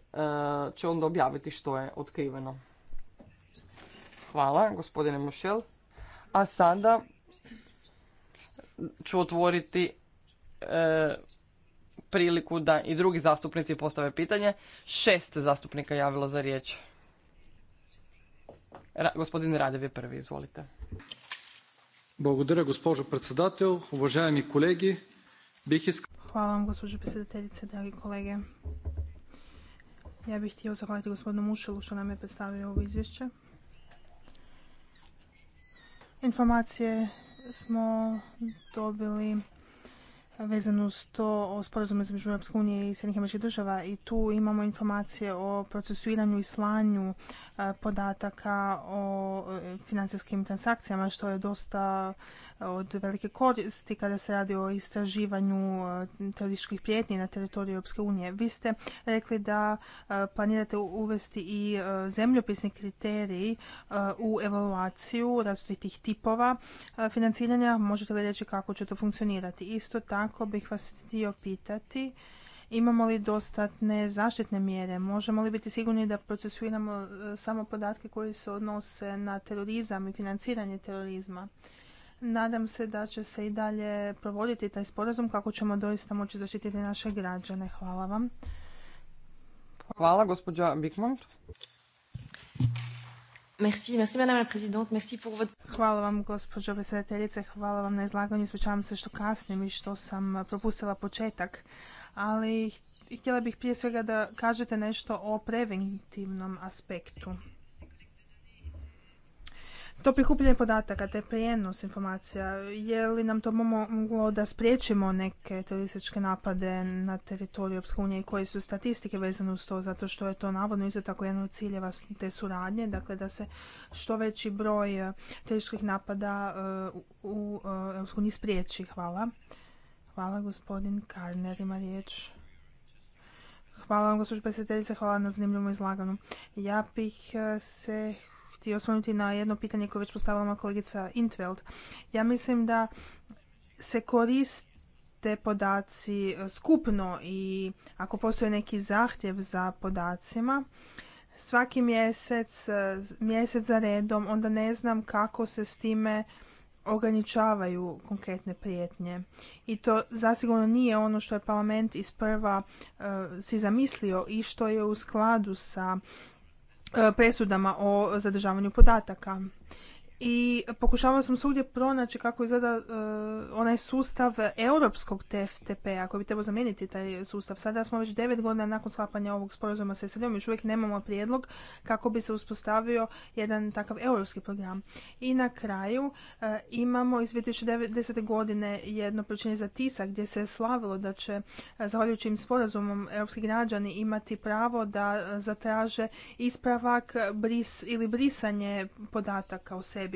će onda objaviti što je otkriveno. Hvala, gospodine Mošel. A sada ću otvoriti e, priliku da i drugi zastupnici postave pitanje. Šest zastupnika javilo za riječ. Gospodine gospodin Radev je prvi, izvolite. Bogodara, gospođo председател. Уважаеми kolegi. kolegi Hvala vam, gospođo predsjedateljice, dragi kolege. Ja bih htio zahvaliti gospodinu Mušelu što nam je predstavio ovo izvješće. Informacije smo dobili vezano uz to o sporazumu između Europske unije i Sjednih američkih država i tu imamo informacije o procesuiranju i slanju e, podataka o e, financijskim transakcijama što je dosta e, od velike koristi kada se radi o istraživanju terorističkih prijetnji na teritoriju Europske unije. Vi ste rekli da planirate uvesti i zemljopisni kriteriji u evaluaciju različitih tipova financiranja. Možete li reći kako će to funkcionirati? Isto tako tako bih vas htio pitati imamo li dostatne zaštitne mjere, možemo li biti sigurni da procesuiramo e, samo podatke koji se odnose na terorizam i financiranje terorizma. Nadam se da će se i dalje provoditi taj sporazum kako ćemo doista moći zaštititi naše građane. Hvala vam. Hvala, gospođa Bikmont. Hvala vam gospođo predsjedateljice, hvala vam na izlaganju, ispričavam se što kasnim i što sam propustila početak, ali htjela bih prije svega da kažete nešto o preventivnom aspektu to prikupljanje podataka, te prijenos informacija, je li nam to moglo da spriječimo neke terorističke napade na teritoriju Europske unije i koje su statistike vezane uz to, zato što je to navodno isto tako jedan od ciljeva te suradnje, dakle da se što veći broj e, terorističkih napada e, u e, Europsku uniji spriječi. Hvala. Hvala gospodin Karner, ima riječ. Hvala vam, gospođo predsjedateljice, hvala na zanimljivom izlaganu. Ja bih se htio osvrnuti na jedno pitanje koje već postavila moja kolegica Intveld. Ja mislim da se koriste podaci e, skupno i ako postoji neki zahtjev za podacima, svaki mjesec, e, mjesec za redom, onda ne znam kako se s time ograničavaju konkretne prijetnje. I to zasigurno nije ono što je parlament isprva prva e, si zamislio i što je u skladu sa E, presudama o zadržavanju podataka i pokušavao sam svugdje pronaći kako izgleda uh, onaj sustav europskog tftp ako bi trebao zamijeniti taj sustav. Sada smo već devet godina nakon sklapanja ovog sporazuma sa sed om još uvijek nemamo prijedlog kako bi se uspostavio jedan takav europski program. I na kraju e, imamo iz 2010. godine jedno pričanje za tisak gdje se slavilo da će uh, e, zahvaljujućim sporazumom europski građani imati pravo da zatraže ispravak bris ili brisanje podataka o sebi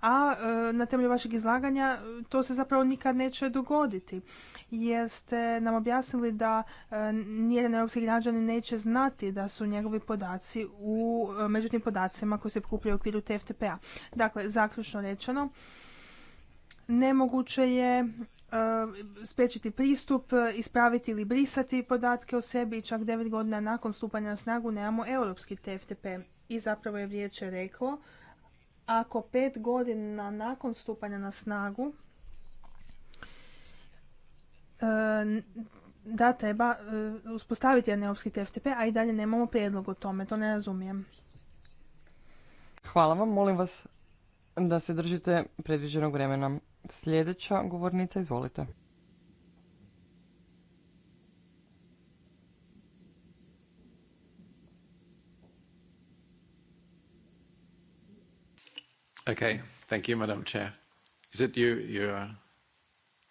a e, na temelju vašeg izlaganja e, to se zapravo nikad neće dogoditi. Jeste nam objasnili da e, nijedan europski građanin neće znati da su njegovi podaci u međutim podacima koji se prikupljaju u okviru TFTP-a. Dakle, zaključno rečeno, nemoguće je spriječiti pristup, ispraviti ili brisati podatke o sebi i čak devet godina nakon stupanja na snagu nemamo europski TFTP. I zapravo je vijeće reklo ako pet godina nakon stupanja na snagu e, da treba e, uspostaviti jedan europski TFTP, a i dalje nemamo prijedlog o tome, to ne razumijem. Hvala vam, molim vas da se držite predviđenog vremena. Sljedeća govornica, izvolite. Okay, thank you, Madam Chair. Is it you, you uh,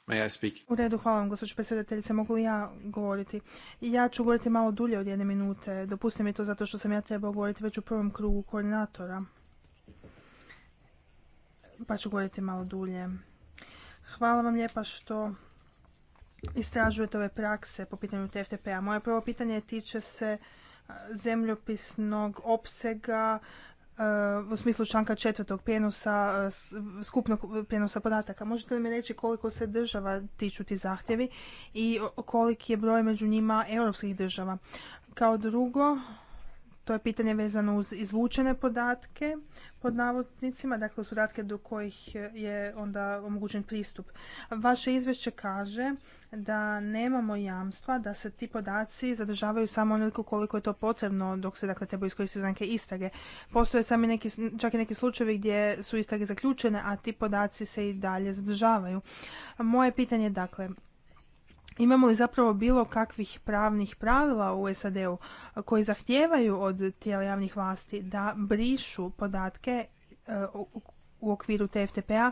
May I speak? U redu, hvala vam, gospođo predsjedateljice. Mogu li ja govoriti? Ja ću govoriti malo dulje od jedne minute. Dopustite mi to zato što sam ja trebao govoriti već u prvom krugu koordinatora. Pa ću govoriti malo dulje. Hvala vam lijepa što istražujete ove prakse po pitanju TFTP-a. Moje prvo pitanje tiče se zemljopisnog opsega u smislu članka četvrtog prijenosa, e, skupnog prijenosa podataka. Možete li mi reći koliko se država tiču ti zahtjevi i koliki je broj među njima europskih država? Kao drugo, to je pitanje vezano uz izvučene podatke pod navodnicima, dakle uz podatke do kojih je onda omogućen pristup. Vaše izvješće kaže da nemamo jamstva da se ti podaci zadržavaju samo onoliko koliko je to potrebno dok se dakle treba iskoristiti neke istrage. Postoje sami neki, čak i neki slučajevi gdje su istrage zaključene, a ti podaci se i dalje zadržavaju. Moje pitanje dakle, Imamo li zapravo bilo kakvih pravnih pravila u SAD-u koji zahtijevaju od tijela javnih vlasti da brišu podatke e, u okviru TFTP-a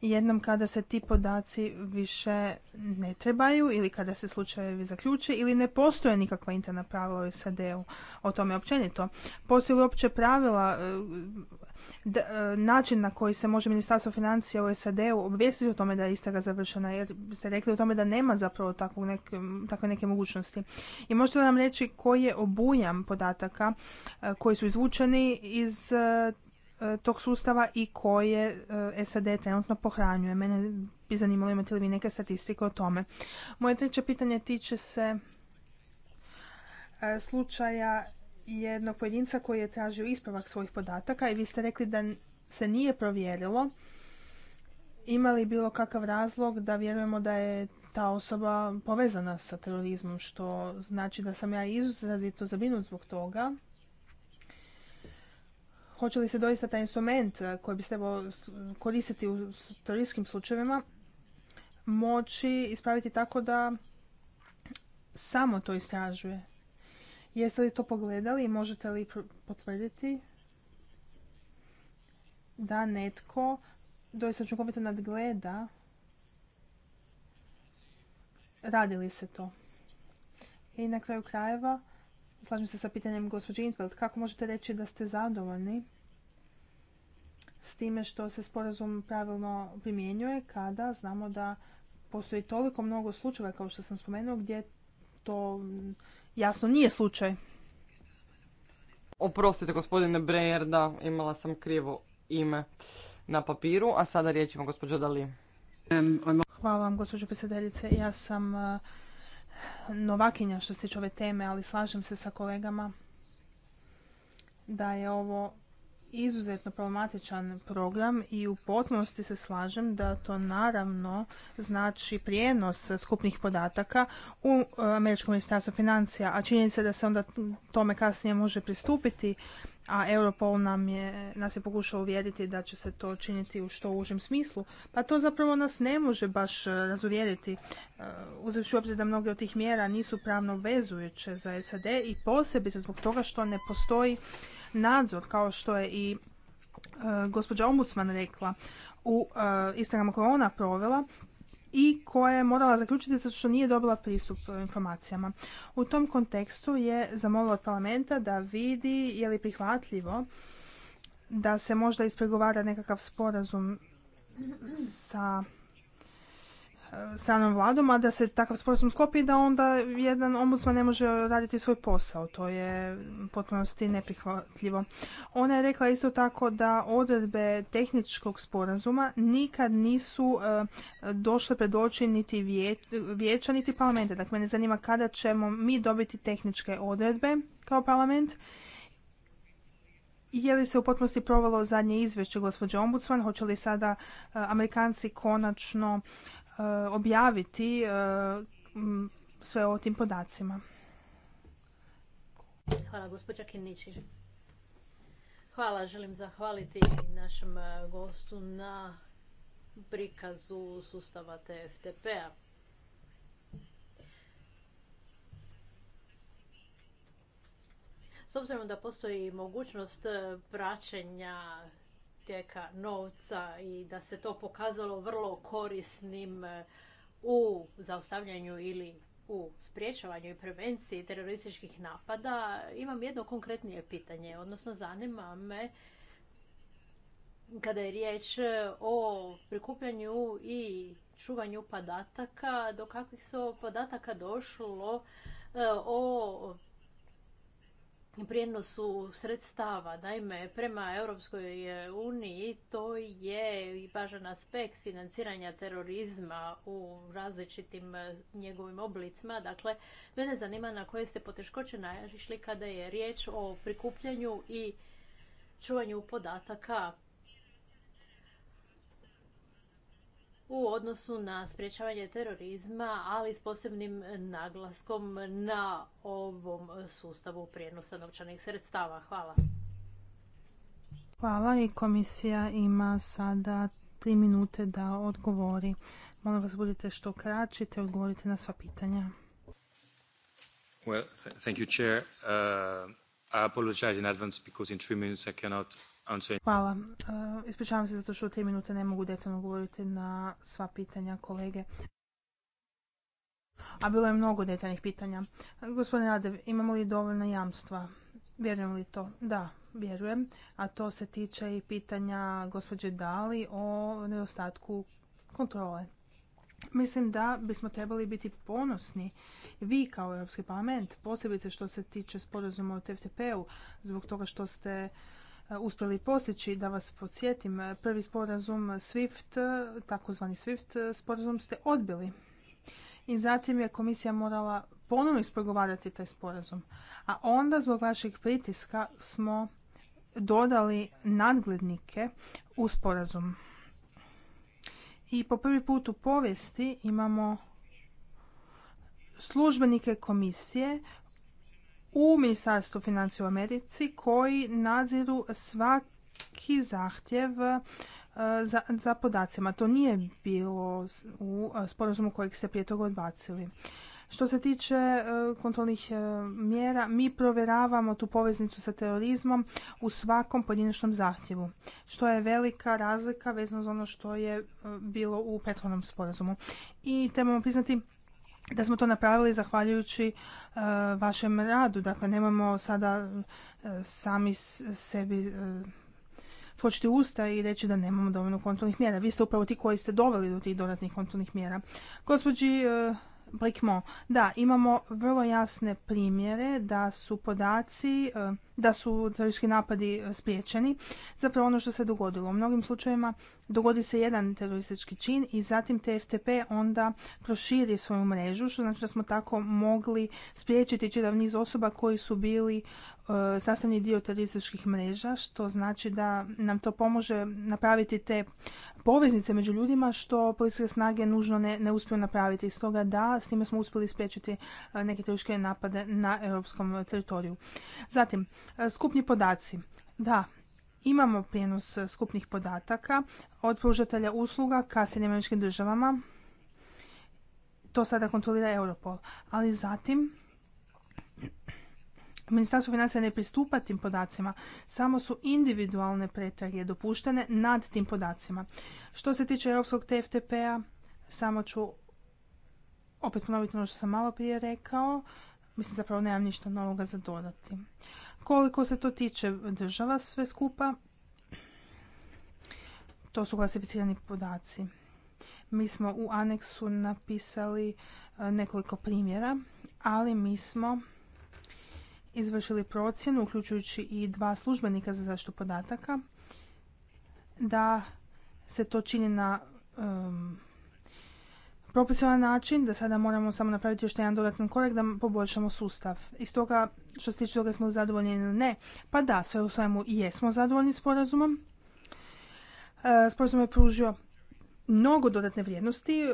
jednom kada se ti podaci više ne trebaju ili kada se slučajevi zaključe ili ne postoje nikakva interna pravila u SAD-u o tome općenito. Postoje li uopće pravila e, E, način na koji se može Ministarstvo financija u SAD-u obvijestiti o tome da je istraga završena, jer ste rekli o tome da nema zapravo takve neke mogućnosti. I možete li nam reći koji je obujam podataka e, koji su izvučeni iz e, tog sustava i koje SAD trenutno pohranjuje. Mene bi zanimalo imate li vi neke statistike o tome. Moje treće pitanje tiče se slučaja jednog pojedinca koji je tražio ispravak svojih podataka i vi ste rekli da se nije provjerilo Imali bilo kakav razlog da vjerujemo da je ta osoba povezana sa terorizmom, što znači da sam ja izrazito zabrinut zbog toga. Hoće li se doista taj instrument eh, koji bi se trebao koristiti u terorijskim slučajevima moći ispraviti tako da samo to istražuje? Jeste li to pogledali i možete li potvrditi da netko doista učinkovito nadgleda radi li se to? I na kraju krajeva, slažem se sa pitanjem gospođe Intveld, kako možete reći da ste zadovoljni s time što se sporazum pravilno primjenjuje kada znamo da postoji toliko mnogo slučajeva, kao što sam spomenuo, gdje to jasno nije slučaj. Oprostite gospodine Breyer, da imala sam krivo ime na papiru, a sada riječ ima gospođa Dali. Hvala vam gospođo predsjedateljice. Ja sam e, novakinja što se tiče ove teme, ali slažem se sa kolegama da je ovo izuzetno problematičan program i u potpunosti se slažem da to naravno znači prijenos skupnih podataka u e, Američkom ministarstvo financija, a činjenica da se onda tome kasnije može pristupiti, a Europol nam je, nas je pokušao uvjeriti da će se to činiti u što užem smislu, pa to zapravo nas ne može baš razuvjeriti, e, uzevši obzir da mnoge od tih mjera nisu pravno vezujuće za SAD i posebice zbog toga što ne postoji nadzor, kao što je i e, gospođa ombudsman rekla u e, istragama koje ona provela i koja je morala zaključiti zato što nije dobila pristup e, informacijama. U tom kontekstu je zamolila od parlamenta da vidi je li prihvatljivo da se možda ispregovara nekakav sporazum sa stranom vladom, a da se takav sporazum sklopi da onda jedan ombudsman ne može raditi svoj posao. To je potpunosti neprihvatljivo. Ona je rekla isto tako da odredbe tehničkog sporazuma nikad nisu e, došle pred oči niti vijeća niti parlamenta. Dakle, mene zanima kada ćemo mi dobiti tehničke odredbe kao parlament je li se u potpunosti provalo zadnje izvješće gospođe Ombudsman? Hoće li sada e, Amerikanci konačno Eh, objaviti eh, sve o tim podacima. Hvala gospođa Kinići. Hvala, želim zahvaliti našem eh, gostu na prikazu sustava TFTP-a. S obzirom da postoji mogućnost praćenja tijeka novca i da se to pokazalo vrlo korisnim e, u zaustavljanju ili u spriječavanju i prevenciji terorističkih napada, imam jedno konkretnije pitanje, odnosno zanima me kada je riječ e, o prikupljanju i čuvanju podataka, do kakvih su podataka došlo e, o prijenosu sredstava. Naime, prema Europskoj e, uniji to je i važan aspekt financiranja terorizma u različitim e, njegovim oblicima. Dakle, mene zanima na koje ste poteškoće naišli kada je riječ o prikupljanju i čuvanju podataka u odnosu na sprječavanje terorizma, ali s posebnim naglaskom na ovom sustavu prijenosa novčanih sredstava. Hvala. Hvala i komisija ima sada tri minute da odgovori. Molim vas budite što kraći te odgovorite na sva pitanja. Well, thank you, Chair. Uh, I apologize in advance because in three minutes I cannot Hvala. E, ispričavam se zato što u tri minute ne mogu detaljno govoriti na sva pitanja kolege. A bilo je mnogo detaljnih pitanja. Gospodine Radev, imamo li dovoljna jamstva? Vjerujem li to? Da, vjerujem. A to se tiče i pitanja gospođe Dali o nedostatku kontrole. Mislim da bismo trebali biti ponosni, vi kao Europski parlament, posebice što se tiče sporazuma o TFTP-u, zbog toga što ste Uh, uspjeli postići. Da vas podsjetim, uh, prvi sporazum SWIFT, uh, takozvani SWIFT sporazum ste odbili. I zatim je komisija morala ponovno ispregovarati taj sporazum. A onda zbog vašeg pritiska smo dodali nadglednike u sporazum. I po prvi put u povijesti imamo službenike komisije u Ministarstvu financija u Americi koji nadziru svaki zahtjev e, za, podacima. To nije bilo u e, sporazumu kojeg ste prije toga odbacili. Što se tiče e, kontrolnih mjera, mi provjeravamo tu poveznicu sa terorizmom u svakom pojedinačnom zahtjevu, što je velika razlika vezano za ono što je bilo u prethodnom sporazumu. I trebamo priznati da smo to napravili zahvaljujući e, vašem radu. Dakle, nemamo sada e, sami sebi uh, usta i reći da nemamo dovoljno kontrolnih mjera. Vi ste upravo ti koji ste doveli do tih dodatnih kontrolnih mjera. Gospođi Brikmo, da, imamo vrlo jasne primjere da su podaci da su teroristički napadi e, spriječeni. Zapravo ono što se dogodilo. U mnogim slučajevima dogodi se jedan teroristički čin i zatim TFTP onda proširi svoju mrežu, što znači da smo tako mogli spriječiti čitav niz osoba koji su bili e, sastavni dio terorističkih mreža, što znači da nam to pomože napraviti te poveznice među ljudima što policijske snage nužno ne, ne uspiju napraviti. Stoga da, s time smo uspjeli spriječiti e, neke terorističke napade na europskom teritoriju. Zatim, E, skupni podaci. Da, imamo prijenos e, skupnih podataka od pružatelja usluga ka američkim državama. To sada kontrolira Europol. Ali zatim Ministarstvo financija ne pristupa tim podacima, samo su individualne pretrage dopuštene nad tim podacima. Što se tiče europskog TFTP-a, samo ću opet ponoviti ono što sam malo prije rekao. Mislim, zapravo nemam ništa novoga za dodati. Koliko se to tiče država sve skupa, to su klasificirani podaci. Mi smo u aneksu napisali e, nekoliko primjera, ali mi smo izvršili procjenu, uključujući i dva službenika za zaštitu podataka, da se to čini na na način, da sada moramo samo napraviti još jedan dodatni korak da poboljšamo sustav. I stoga, što se tiče toga smo zadovoljni ili ne, pa da, sve u svemu i jesmo zadovoljni sporazumom. E, sporazum je pružio mnogo dodatne vrijednosti e,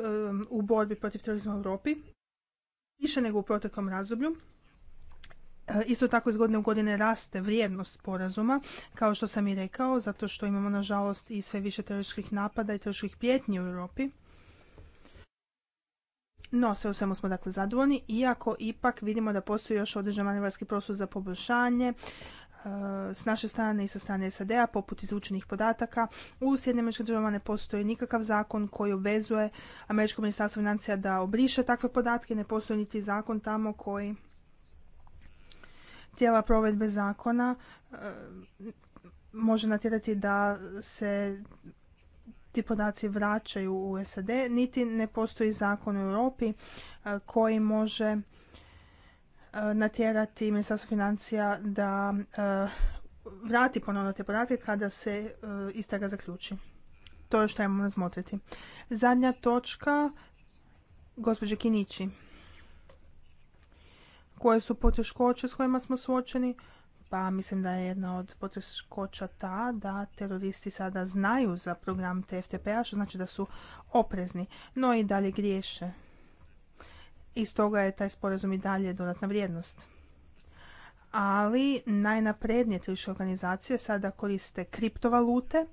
u borbi protiv terorizma u Europi, više nego u proteklom razdoblju. E, isto tako iz godine u godine raste vrijednost sporazuma, kao što sam i rekao, zato što imamo nažalost i sve više terorističkih napada i terorističkih prijetnji u Europi. No, sve u svemu smo dakle zadovoljni, iako ipak vidimo da postoji još određen manevarski prostor za poboljšanje e, s naše strane i sa strane SAD-a, poput izvučenih podataka. U Sjedinjenim država ne postoji nikakav zakon koji obvezuje Američko ministarstvo financija da obriše takve podatke, ne postoji niti zakon tamo koji tijela provedbe zakona e, može natjerati da se ti podaci vraćaju u SAD, niti ne postoji zakon u Europi e, koji može e, natjerati Ministarstvo financija da e, vrati ponovno te podatke kada se istraga zaključi. To je što imamo razmotriti. Zadnja točka, gospođe Kinići. Koje su poteškoće s kojima smo suočeni? Pa mislim da je jedna od poteškoća ta da teroristi sada znaju za program TFTP-a, što znači da su oprezni, no i dalje griješe. I stoga je taj sporazum i dalje dodatna vrijednost. Ali najnaprednije tržiške organizacije sada koriste kriptovalute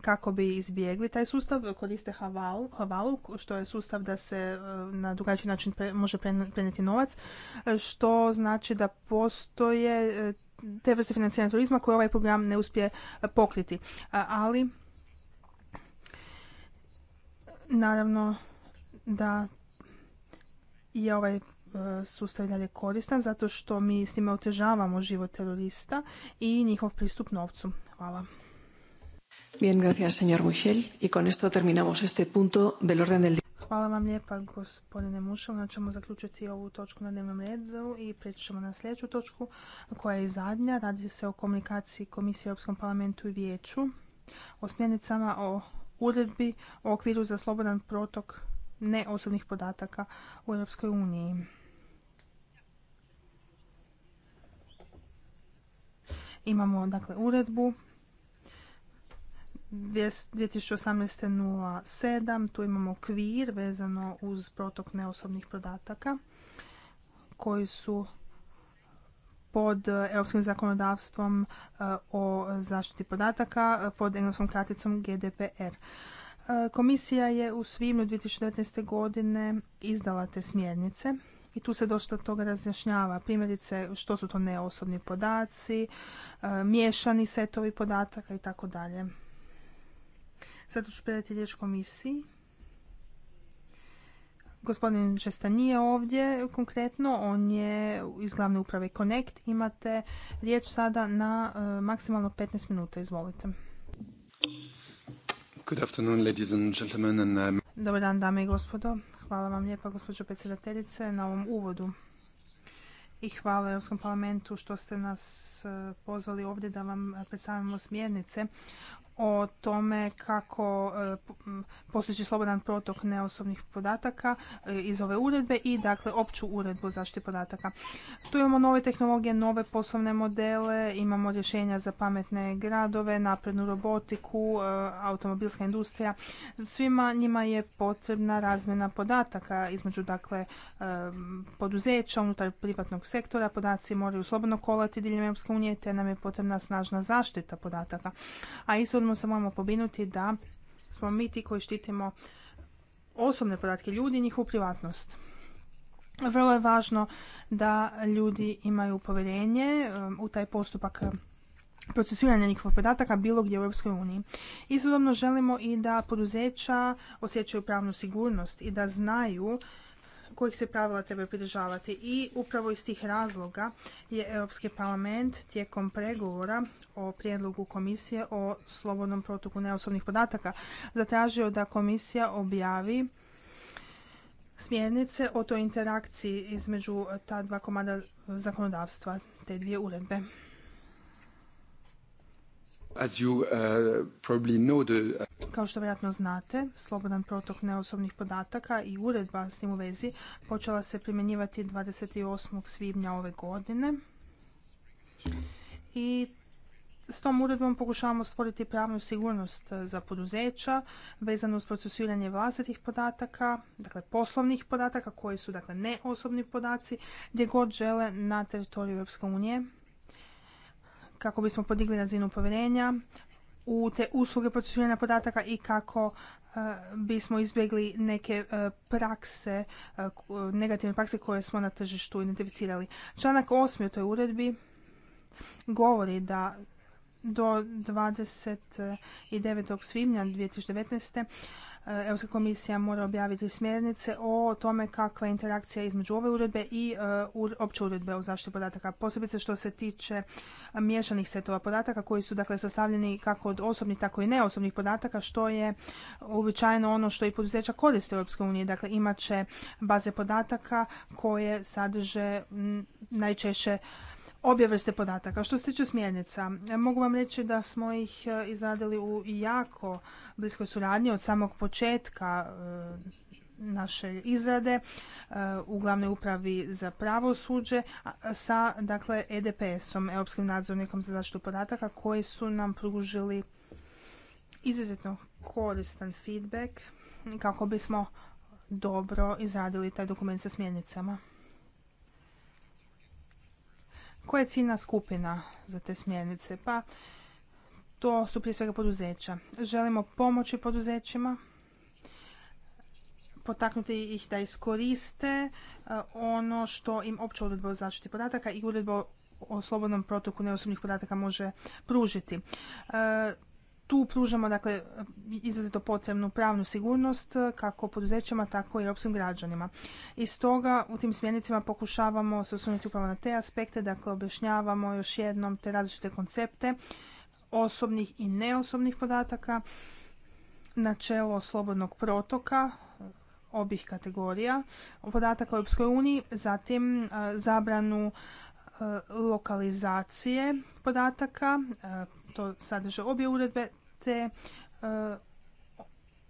kako bi izbjegli taj sustav. Koriste Havalu, što je sustav da se e, na drugačiji način može prenijeti novac, što znači da postoje e, te vrste financiranja turizma koje ovaj program ne uspije e, pokriti. E, ali, naravno da je ovaj e, sustav dalje koristan zato što mi s njima otežavamo život terorista i njihov pristup novcu. Hvala. Bien, gracias, señor Y con esto terminamos este punto del orden del Hvala vam lijepa gospodine Mušel. Na ćemo zaključiti ovu točku na dnevnom redu i preći ćemo na sljedeću točku koja je zadnja. Radi se o komunikaciji Komisije Europskom parlamentu i vijeću, o smjernicama o uredbi o okviru za slobodan protok neosobnih podataka u Europskoj uniji. Imamo dakle uredbu 2018.07. Tu imamo kvir vezano uz protok neosobnih podataka koji su pod europskim zakonodavstvom eh, o zaštiti podataka eh, pod engleskom kraticom GDPR. Eh, komisija je u svibnju 2019. godine izdala te smjernice i tu se dosta toga razjašnjava. Primjerice što su to neosobni podaci, miješani setovi podataka i tako dalje. Zato ću predati riječ komisiji. Gospodin česta nije ovdje konkretno, on je iz glavne uprave Connect. Imate riječ sada na e, maksimalno 15 minuta, izvolite. Good um, Dobar dan, dame i gospodo. Hvala vam lijepa, gospođo predsjedateljice, na ovom uvodu. I hvala Europskom parlamentu što ste nas e, pozvali ovdje da vam predstavimo smjernice o tome kako e, postići slobodan protok neosobnih podataka e, iz ove uredbe i dakle opću uredbu o zaštiti podataka. Tu imamo nove tehnologije, nove poslovne modele, imamo rješenja za pametne gradove, naprednu robotiku, e, automobilska industrija. Svima njima je potrebna razmjena podataka između dakle poduzeća unutar privatnog sektora. Podaci moraju slobodno kolati diljem EU te nam je potrebna snažna zaštita podataka. A isto istodobno se moramo pobinuti da smo mi ti koji štitimo osobne podatke ljudi i njihovu privatnost. Vrlo je važno da ljudi imaju povjerenje um, u taj postupak um, procesiranja njihovih podataka bilo gdje u Europskoj uniji. Istodobno želimo i da poduzeća osjećaju pravnu sigurnost i da znaju kojih se pravila trebaju pridržavati. I upravo iz tih razloga je Europski parlament tijekom pregovora o prijedlogu komisije o slobodnom protoku neosobnih podataka zatražio da komisija objavi smjernice o toj interakciji između ta dva komada zakonodavstva, te dvije uredbe. Uh, uh, Kao što vjerojatno znate, slobodan protok neosobnih podataka i uredba s njim u vezi počela se primjenjivati 28. svibnja ove godine. I s tom uredbom pokušavamo stvoriti pravnu sigurnost uh, za poduzeća vezano uz procesiranje vlastitih podataka, dakle poslovnih podataka koji su dakle neosobni podaci gdje god žele na teritoriju Europske unije kako bismo podigli razinu povjerenja u te usluge procesiranja podataka i kako e, bismo izbjegli neke e, prakse, e, negativne prakse koje smo na tržištu identificirali. Članak 8. u toj uredbi govori da do 29. svibnja 2019. E, Europska komisija mora objaviti smjernice o tome kakva je interakcija između ove uredbe i e, opće uredbe o zaštiti podataka. Posebice što se tiče miješanih setova podataka koji su dakle sastavljeni kako od osobnih tako i neosobnih podataka što je uobičajeno ono što i poduzeća koriste u unije. Dakle, imat će baze podataka koje sadrže najčešće obje vrste podataka. Što se tiče smjernica, e, mogu vam reći da smo ih e, izradili u jako bliskoj suradnji od samog početka e, naše izrade u glavnoj upravi za pravosuđe sa dakle EDPS-om, Europskim nadzornikom za zaštitu podataka koji su nam pružili izuzetno koristan feedback kako bismo dobro izradili taj dokument sa smjernicama. Koja je ciljna skupina za te smjernice? Pa to su prije svega poduzeća. Želimo pomoći poduzećima, potaknuti ih da iskoriste e, ono što im opća uredba o zaštiti podataka i uredba o slobodnom protoku neosobnih podataka može pružiti. E, tu pružamo dakle, izrazito potrebnu pravnu sigurnost eh, kako poduzećima, tako i opsim građanima. I stoga u tim smjernicama pokušavamo se osvrnuti upravo na te aspekte, dakle objašnjavamo još jednom te različite koncepte osobnih i neosobnih podataka, načelo slobodnog protoka eh, obih kategorija podataka u EU, zatim eh, zabranu lokalizacije podataka, to sadrže obje uredbe, te e,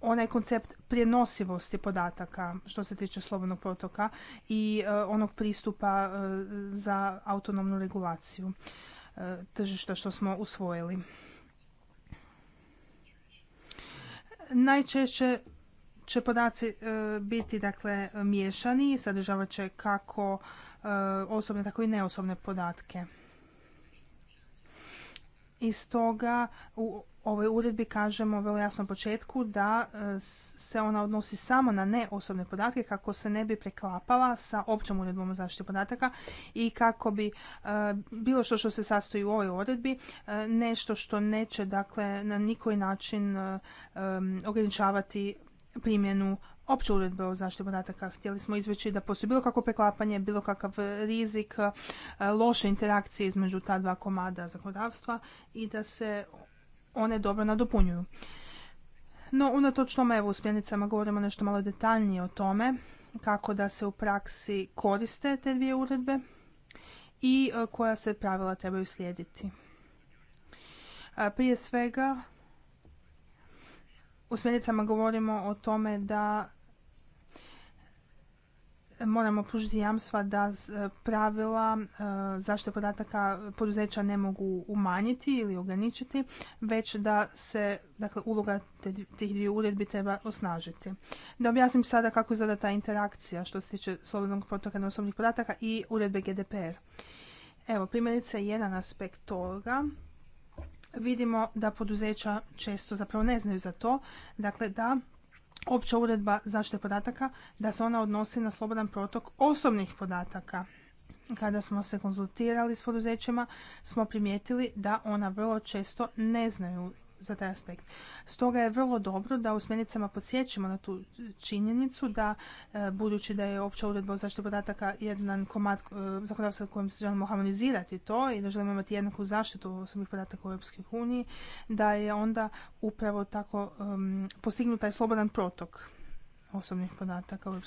onaj koncept prijenosivosti podataka što se tiče slobodnog protoka i e, onog pristupa e, za autonomnu regulaciju tržišta što smo usvojili. Najčešće će podaci biti dakle miješani, sadržavat će kako osobne tako i neosobne podatke. I stoga u ovoj uredbi kažemo vrlo jasno na početku da e, se ona odnosi samo na neosobne podatke kako se ne bi preklapala sa općom uredbom o zaštiti podataka i kako bi e, bilo što što se sastoji u ovoj uredbi e, nešto što neće dakle na nikoj način ograničavati primjenu opće uredbe o zaštiti podataka. Htjeli smo izveći da postoji bilo kakvo preklapanje, bilo kakav rizik, loše interakcije između ta dva komada zakonodavstva i da se one dobro nadopunjuju. No, unatoč tome, evo u smjernicama govorimo nešto malo detaljnije o tome kako da se u praksi koriste te dvije uredbe i e, koja se pravila trebaju slijediti. E, prije svega, u smjernicama govorimo o tome da moramo pružiti jamstva da e, pravila e, zaštite podataka poduzeća ne mogu umanjiti ili ograničiti, već da se dakle, uloga tih dvije uredbi treba osnažiti. Da objasnim sada kako izgleda ta interakcija što se tiče slobodnog protoka osobnih podataka i uredbe GDPR. Evo, primjerice, jedan aspekt toga vidimo da poduzeća često zapravo ne znaju za to, dakle da opća uredba zaštite podataka da se ona odnosi na slobodan protok osobnih podataka. Kada smo se konzultirali s poduzećima smo primijetili da ona vrlo često ne znaju za taj aspekt. Stoga je vrlo dobro da u smjernicama podsjećamo na tu činjenicu da e, budući da je opća uredba o zaštiti podataka jedan komad e, zakonodavstva kojim se želimo harmonizirati to i da želimo imati jednaku zaštitu osobnih podataka u EU, da je onda upravo tako postignut taj slobodan protok osobnih podataka u EU.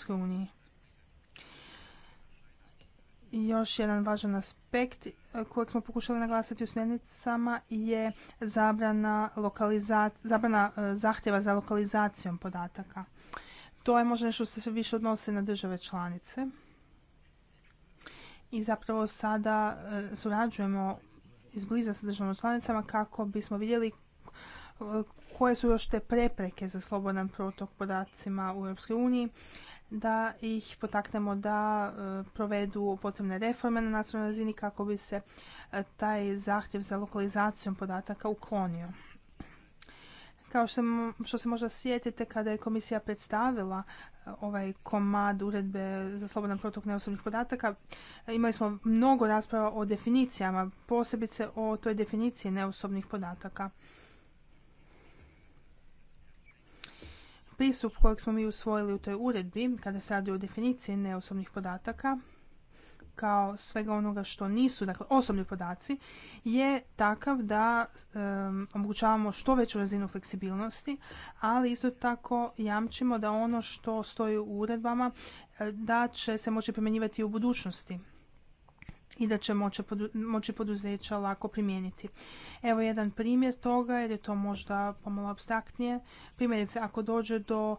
Još jedan važan aspekt e, kojeg smo pokušali naglasiti u smjernicama je zabrana, zabrana e, zahtjeva za lokalizacijom podataka. To je možda nešto što se više odnosi na države članice. I zapravo sada e, surađujemo izbliza sa državama članicama kako bismo vidjeli koje su još te prepreke za slobodan protok podacima u EU da ih potaknemo da e, provedu potrebne reforme na nacionalnoj razini kako bi se e, taj zahtjev za lokalizacijom podataka uklonio. Kao što, što se možda sjetite, kada je komisija predstavila e, ovaj komad uredbe za slobodan protok neosobnih podataka, imali smo mnogo rasprava o definicijama, posebice o toj definiciji neosobnih podataka. pristup kojeg smo mi usvojili u toj uredbi kada se radi o definiciji neosobnih podataka kao svega onoga što nisu dakle osobni podaci je takav da omogućavamo što veću razinu fleksibilnosti ali isto tako jamčimo da ono što stoji u uredbama e, da će se moći primjenjivati u budućnosti i da će moći poduzeća lako primijeniti. Evo jedan primjer toga, jer je to možda pomalo abstraktnije. Primjerice, ako dođe do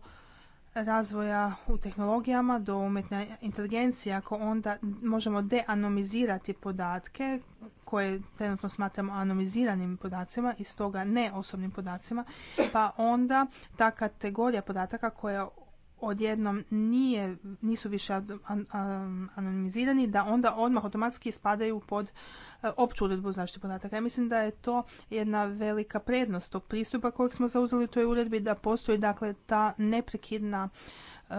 razvoja u tehnologijama do umjetne inteligencije, ako onda možemo deanomizirati podatke koje trenutno smatramo anomiziranim podacima i stoga ne osobnim podacima, pa onda ta kategorija podataka koja odjednom nije, nisu više anonimizirani, da onda odmah automatski spadaju pod e, opću uredbu zaštite podataka. Ja mislim da je to jedna velika prednost tog pristupa kojeg smo zauzeli u toj uredbi, da postoji dakle ta neprekidna e,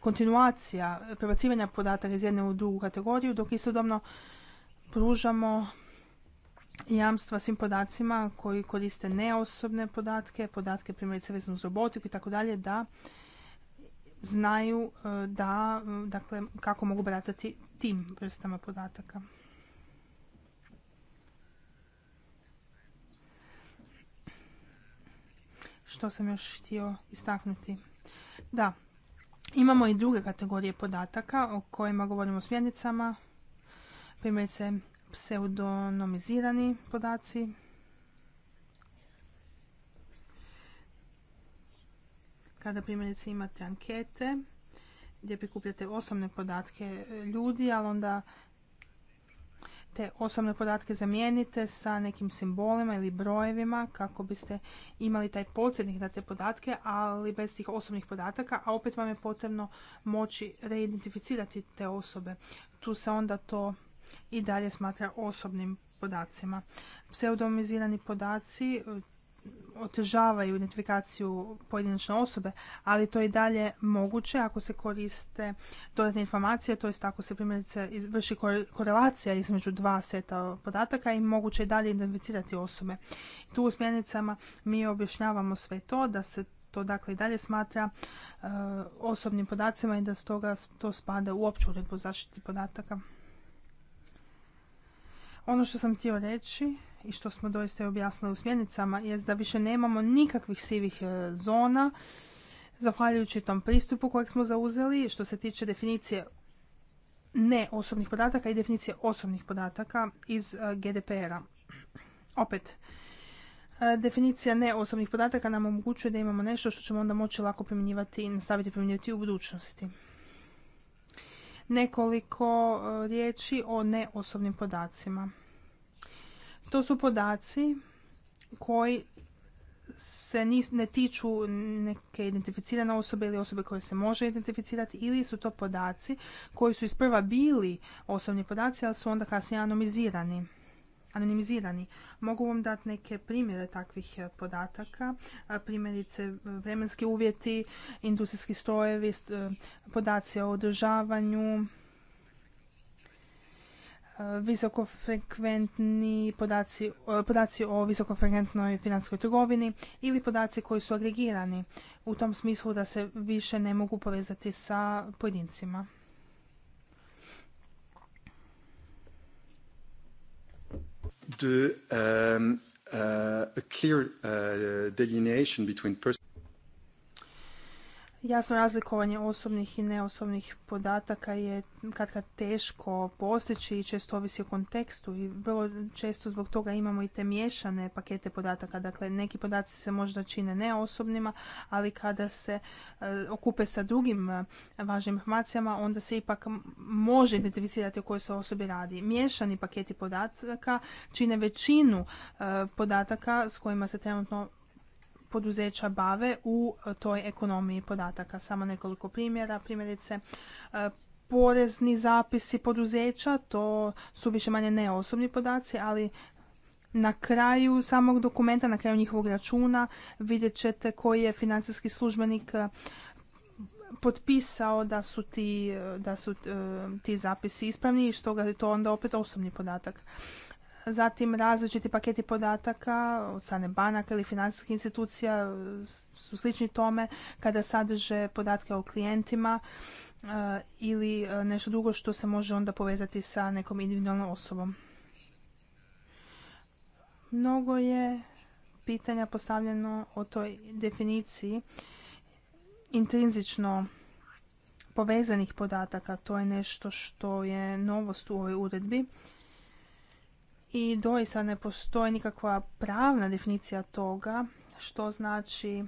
kontinuacija prebacivanja podataka iz jedne u drugu kategoriju, dok istodobno pružamo jamstva svim podacima koji koriste neosobne podatke, podatke primjerice vezano uz robotiku i tako dalje, da znaju e, da, dakle, kako mogu baratati tim vrstama podataka. Što sam još htio istaknuti? Da, imamo i druge kategorije podataka o kojima govorimo o smjernicama. Primjerice, pseudonomizirani podaci, kada primjerice imate ankete gdje prikupljate osobne podatke e, ljudi, ali onda te osobne podatke zamijenite sa nekim simbolima ili brojevima kako biste imali taj podsjednik na te podatke, ali bez tih osobnih podataka, a opet vam je potrebno moći reidentificirati te osobe. Tu se onda to i dalje smatra osobnim podacima. Pseudomizirani podaci, e, otežavaju identifikaciju pojedinačne osobe, ali to je i dalje moguće ako se koriste dodatne informacije, to jest ako se primjerice vrši korelacija između dva seta podataka i moguće je dalje identificirati osobe. Tu u smjernicama mi objašnjavamo sve to da se to dakle i dalje smatra e, osobnim podacima i da stoga to spada u opću uredbu zaštiti podataka. Ono što sam htio reći i što smo doista objasnili u smjernicama je da više nemamo nikakvih sivih e, zona zahvaljujući tom pristupu kojeg smo zauzeli što se tiče definicije ne osobnih podataka i definicije osobnih podataka iz e, GDPR-a. Opet, e, definicija ne osobnih podataka nam omogućuje da imamo nešto što ćemo onda moći lako primjenjivati i nastaviti primjenjivati u budućnosti. Nekoliko e, riječi o neosobnim podacima. To su podaci koji se ne tiču neke identificirane osobe ili osobe koje se može identificirati ili su to podaci koji su isprva bili osobni podaci, ali su onda kasnije anomizirani anonimizirani. Mogu vam dati neke primjere takvih e, podataka, e, primjerice vremenski uvjeti, industrijski strojevi, e, podaci o održavanju, visokofrekventni podaci, podaci o visokofrekventnoj financijskoj trgovini ili podaci koji su agregirani u tom smislu da se više ne mogu povezati sa pojedincima. the um, uh, a clear uh, delineation between personal Jasno razlikovanje osobnih i neosobnih podataka je kad kad teško postići i često ovisi o kontekstu i vrlo često zbog toga imamo i te miješane pakete podataka. Dakle, neki podaci se možda čine neosobnima, ali kada se e, okupe sa drugim e, važnim informacijama, onda se ipak može identificirati o kojoj se osobi radi. Miješani paketi podataka čine većinu e, podataka s kojima se trenutno poduzeća bave u e, toj ekonomiji podataka. Samo nekoliko primjera. Primjerice, e, porezni zapisi poduzeća, to su više manje ne osobni podaci, ali na kraju samog dokumenta, na kraju njihovog računa vidjet ćete koji je financijski službenik e, potpisao da su ti, da su, ti zapisi ispravni i što ga je to onda opet osobni podatak. Zatim različiti paketi podataka od strane banaka ili financijskih institucija su slični tome kada sadrže podatke o klijentima eh, ili eh, nešto drugo što se može onda povezati sa nekom individualnom osobom. Mnogo je pitanja postavljeno o toj definiciji intrinzično povezanih podataka. To je nešto što je novost u ovoj uredbi i doista ne postoji nikakva pravna definicija toga što znači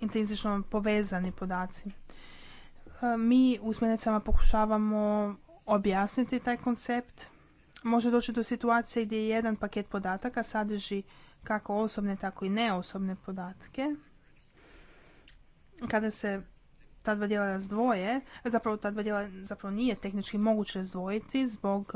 intenzično povezani podaci. E, mi u smjernicama pokušavamo objasniti taj koncept. Može doći do situacije gdje jedan paket podataka sadrži kako osobne, tako i neosobne podatke. Kada se ta dva dijela razdvoje, zapravo ta dva dijela zapravo nije tehnički moguće razdvojiti zbog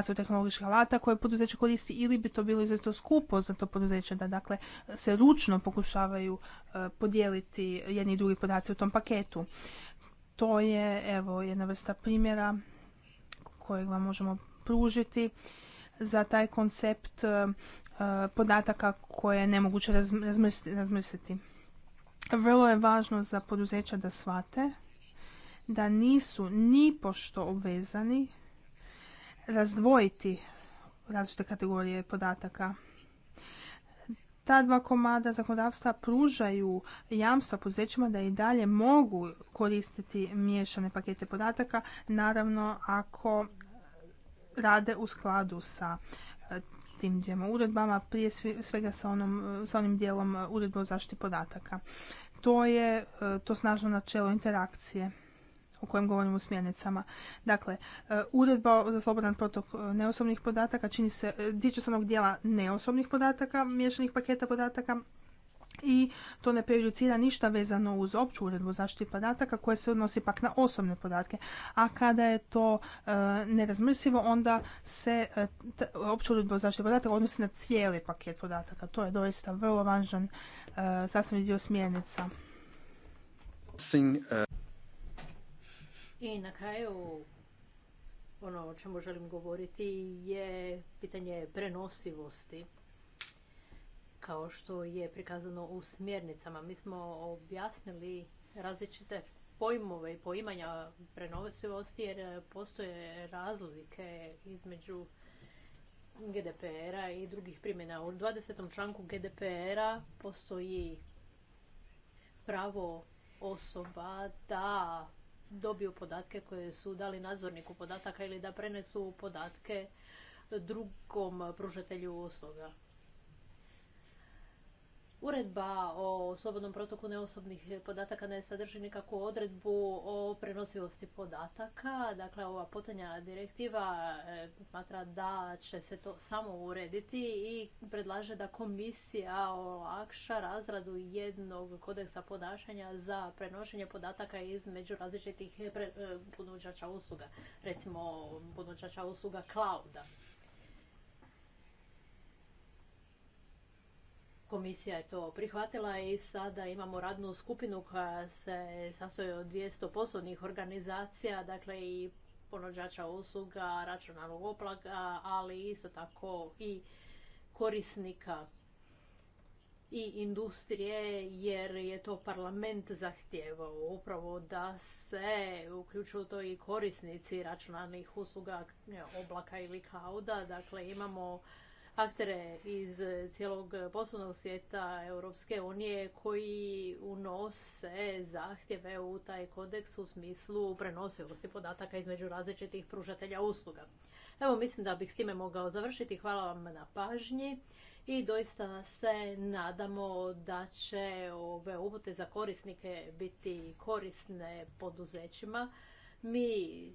e, o tehnoloških alata koje poduzeće koristi ili bi to bilo izuzetno skupo za to poduzeće da dakle se ručno pokušavaju e, podijeliti jedni i drugi podaci u tom paketu. To je evo jedna vrsta primjera kojeg vam možemo pružiti za taj koncept e, podataka koje je nemoguće razmrsiti. Vrlo je važno za poduzeća da shvate da nisu ni pošto obvezani razdvojiti različite kategorije podataka. Ta dva komada zakonodavstva pružaju jamstva poduzećima da i dalje mogu koristiti miješane pakete podataka, naravno ako rade u skladu sa tim dvijema uredbama, prije svega sa, onom, sa onim dijelom e, uredbe o zaštiti podataka. To je e, to snažno načelo interakcije o kojem govorimo u smjernicama. Dakle, e, uredba za slobodan protok neosobnih podataka čini se, tiče se onog dijela neosobnih podataka, miješanih paketa podataka, i to ne prejudicira ništa vezano uz opću uredbu zaštiti podataka koja se odnosi pak na osobne podatke. A kada je to e, nerazmrsivo, onda se e, opću uredbu zaštiti podataka odnosi na cijeli paket podataka. To je doista vrlo važan sasvim e, sastavni dio smjernica. I na kraju ono o čemu želim govoriti je pitanje prenosivosti kao što je prikazano u smjernicama. Mi smo objasnili različite pojmove i poimanja prenosivosti jer postoje razlike između GDPR-a i drugih primjena. U 20. članku GDPR-a postoji pravo osoba da dobiju podatke koje su dali nadzorniku podataka ili da prenesu podatke drugom pružatelju usluga. Uredba o slobodnom protoku neosobnih podataka ne sadrži nikakvu odredbu o prenosivosti podataka. Dakle, ova potanja direktiva e, smatra da će se to samo urediti i predlaže da komisija olakša razradu jednog kodeksa ponašanja za prenošenje podataka između različitih e, e, ponuđača usluga, recimo ponuđača usluga klauda. Komisija je to prihvatila i sada imamo radnu skupinu koja se sastoji od 200 poslovnih organizacija, dakle i ponuđača usluga, računalnog oblaka, ali isto tako i korisnika i industrije, jer je to parlament zahtijevao upravo da se uključuju to i korisnici računalnih usluga, oblaka ili kauda. Dakle, imamo aktere iz e, cijelog e, poslovnog svijeta Europske unije koji unose zahtjeve u taj kodeks u smislu prenosivosti podataka između različitih pružatelja usluga. Evo, mislim da bih s time mogao završiti. Hvala vam na pažnji i doista se nadamo da će ove upute za korisnike biti korisne poduzećima. Mi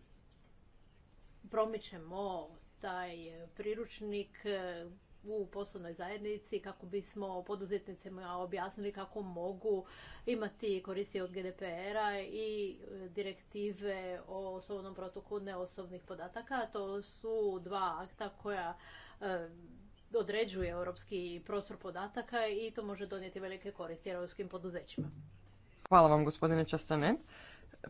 promičemo taj e, priručnik e, u poslovnoj zajednici kako bismo poduzetnicima objasnili kako mogu imati koristi od GDPR-a i e, direktive o osobnom protoku neosobnih podataka. To su dva akta koja određuje europski prostor podataka i to može donijeti velike koristi europskim poduzećima. Hvala vam gospodine Častanen.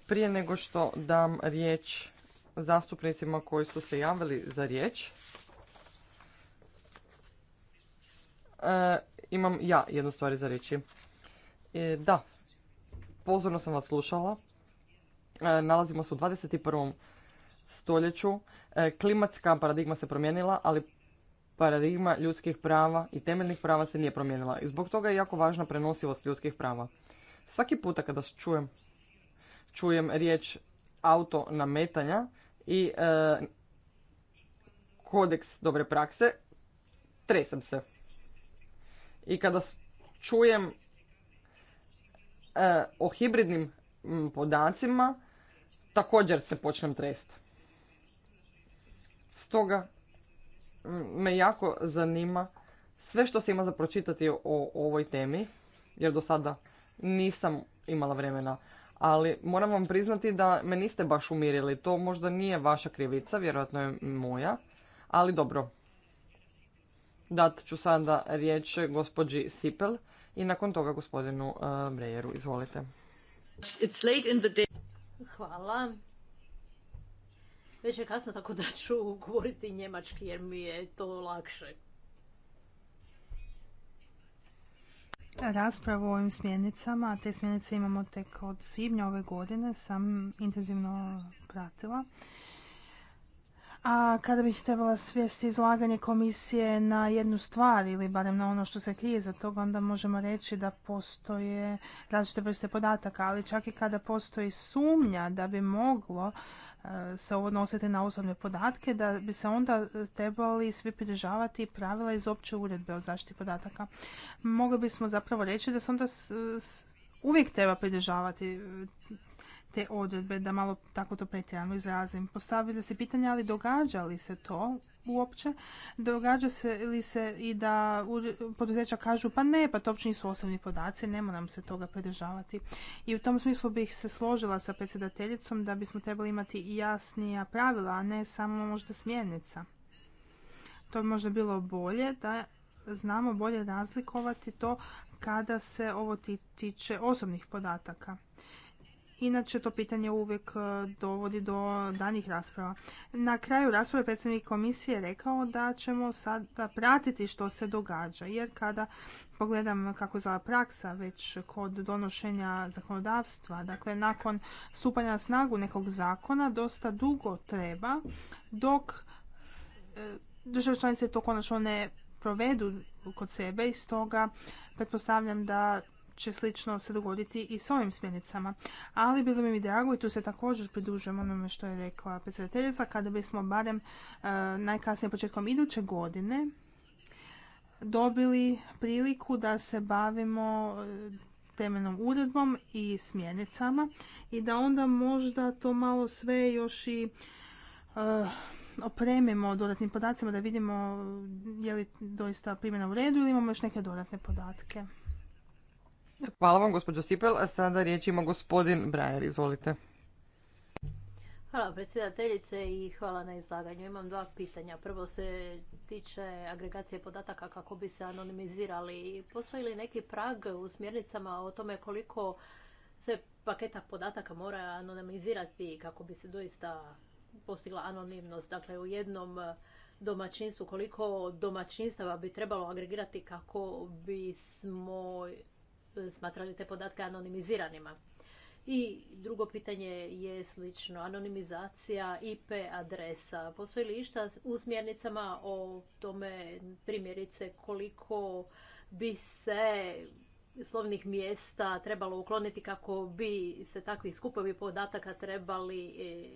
Prije nego što dam riječ zastupnicima koji su se javili za riječ. E, imam ja jednu stvar za reći. E, da, pozorno sam vas slušala. E, nalazimo se u 21. stoljeću. Klimatska paradigma se promijenila, ali paradigma ljudskih prava i temeljnih prava se nije promijenila. I zbog toga je jako važna prenosivost ljudskih prava. Svaki puta kada čujem, čujem riječ auto nametanja, i e, kodeks dobre prakse, tresem se. I kada čujem e, o hibridnim podacima, također se počnem tresti. Stoga me jako zanima sve što se ima za pročitati o ovoj temi, jer do sada nisam imala vremena ali moram vam priznati da me niste baš umirili. To možda nije vaša krivica, vjerojatno je moja, ali dobro. Dat ću sada riječ gospođi Sipel i nakon toga gospodinu e, Brejeru. Izvolite. Hvala. Već je kasno tako da ću govoriti njemački jer mi je to lakše. raspravu o ovim smjernicama, te smjernice imamo tek od svibnja ove godine, sam intenzivno pratila. A kada bih trebala svijesti izlaganje komisije na jednu stvar ili barem na ono što se krije za toga, onda možemo reći da postoje različite vrste podataka, ali čak i kada postoji sumnja da bi moglo E, se odnositi na osobne podatke, da bi se onda trebali svi pridržavati pravila iz opće uredbe o zaštiti podataka. Mogli bismo zapravo reći da se onda uvijek treba pridržavati e, te odredbe, da malo tako to pretjerano izrazim. Postavili se pitanje, ali događa li se to uopće? Događa se li se i da poduzeća kažu pa ne, pa to uopće nisu osobni podaci, ne moram se toga pridržavati. I u tom smislu bih se složila sa predsjedateljicom da bismo trebali imati jasnija pravila, a ne samo možda smjernica. To bi možda bilo bolje da znamo bolje razlikovati to kada se ovo tiče osobnih podataka. Inače, to pitanje uvijek e, dovodi do danih rasprava. Na kraju rasprave predsjednik komisije rekao da ćemo sada pratiti što se događa, jer kada pogledam kako je praksa već kod donošenja zakonodavstva, dakle nakon stupanja na snagu nekog zakona dosta dugo treba dok e, države članice to konačno ne provedu kod sebe i stoga pretpostavljam da će slično se dogoditi i s ovim smjernicama. Ali bilo bi mi drago i tu se također pridružujem onome što je rekla predsjedateljica kada bismo barem e, najkasnije početkom iduće godine dobili priliku da se bavimo e, temeljnom uredbom i smjernicama i da onda možda to malo sve još i e, opremimo dodatnim podacima da vidimo je li doista primjena u redu ili imamo još neke dodatne podatke. Hvala vam, gospođo Sipel. A sada riječ ima gospodin Brajer, izvolite. Hvala predsjedateljice i hvala na izlaganju. Imam dva pitanja. Prvo se tiče agregacije podataka kako bi se anonimizirali. Postoji li neki prag u smjernicama o tome koliko se paketa podataka mora anonimizirati kako bi se doista postigla anonimnost? Dakle, u jednom domaćinstvu, koliko domaćinstava bi trebalo agregirati kako bismo smatrali te podatke anonimiziranima. I drugo pitanje je slično, anonimizacija IP adresa. Postoji li išta u smjernicama o tome primjerice koliko bi se slovnih mjesta trebalo ukloniti kako bi se takvi skupovi podataka trebali, e,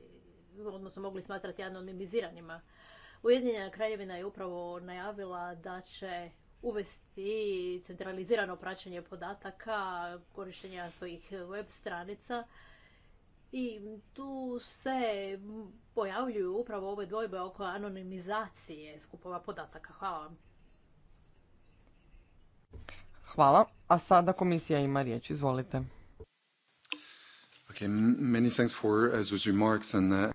odnosno mogli smatrati anonimiziranima. Ujedinjena kraljevina je upravo najavila da će uvesti centralizirano praćenje podataka, korištenja svojih web stranica. I tu se pojavljuju upravo ove dvojbe oko anonimizacije skupova podataka. Hvala vam. Hvala. A sada komisija ima riječ. Izvolite. Okay, uh, uh,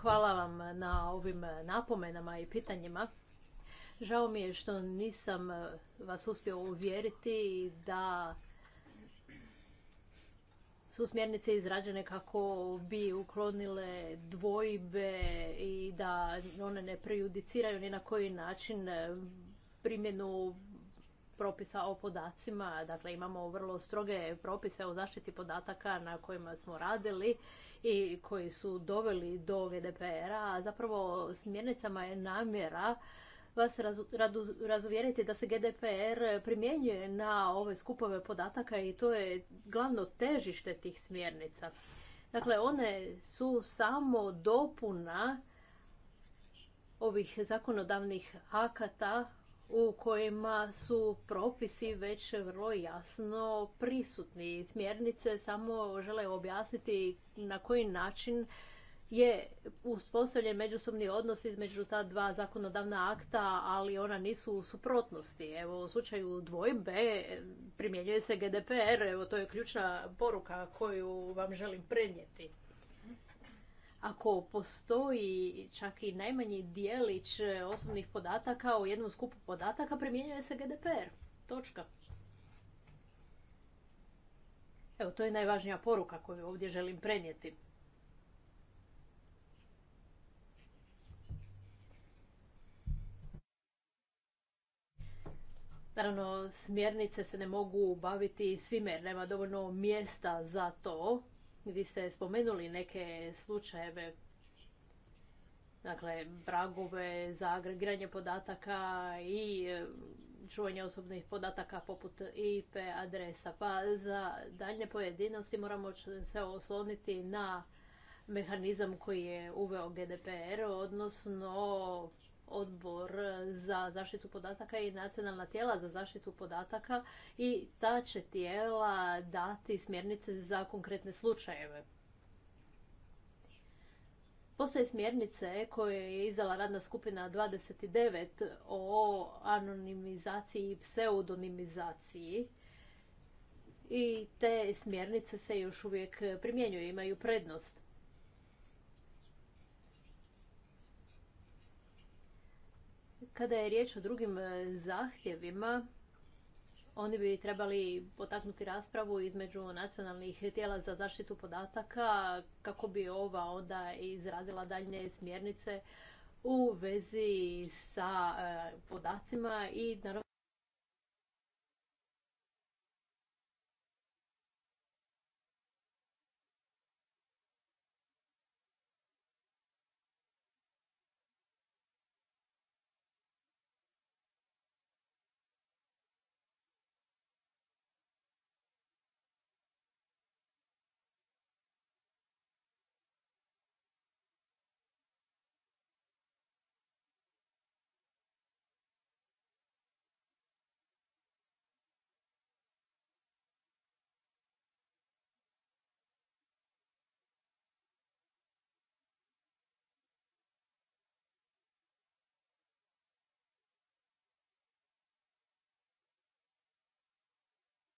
Hvala vam na ovim napomenama i pitanjima. Žao mi je što nisam e, vas uspio uvjeriti da su smjernice izrađene kako bi uklonile dvojbe i da one ne prejudiciraju ni na koji način e, primjenu propisa o podacima. Dakle, imamo vrlo stroge propise o zaštiti podataka na kojima smo radili i koji su doveli do GDPR-a. Zapravo, smjernicama je namjera vas razuvjeriti da se GDPR primjenjuje na ove skupove podataka i to je glavno težište tih smjernica. Dakle, one su samo dopuna ovih zakonodavnih akata u kojima su propisi već vrlo jasno prisutni. Smjernice samo žele objasniti na koji način je uspostavljen međusobni odnos između ta dva zakonodavna akta, ali ona nisu u suprotnosti. Evo, u slučaju dvojbe e, primjenjuje se GDPR, evo, to je ključna poruka koju vam želim prenijeti. Ako postoji čak i najmanji dijelić e, osobnih podataka u jednom skupu podataka, primjenjuje se GDPR. Točka. Evo, to je najvažnija poruka koju ovdje želim prenijeti. Naravno, smjernice se ne mogu baviti svime nema dovoljno mjesta za to. Vi ste spomenuli neke slučajeve, dakle, bragove za agregiranje podataka i e, čuvanje osobnih podataka poput IP adresa. Pa za dalje pojedinosti moramo se osloniti na mehanizam koji je uveo GDPR, odnosno odbor za zaštitu podataka i nacionalna tijela za zaštitu podataka i ta će tijela dati smjernice za konkretne slučajeve. Postoje smjernice koje je izdala radna skupina 29 o anonimizaciji i pseudonimizaciji. I te smjernice se još uvijek primjenjuju, imaju prednost. Kada je riječ o drugim e, zahtjevima, oni bi trebali potaknuti raspravu između nacionalnih tijela za zaštitu podataka kako bi ova onda izradila daljnje smjernice u vezi sa e, podacima i naravno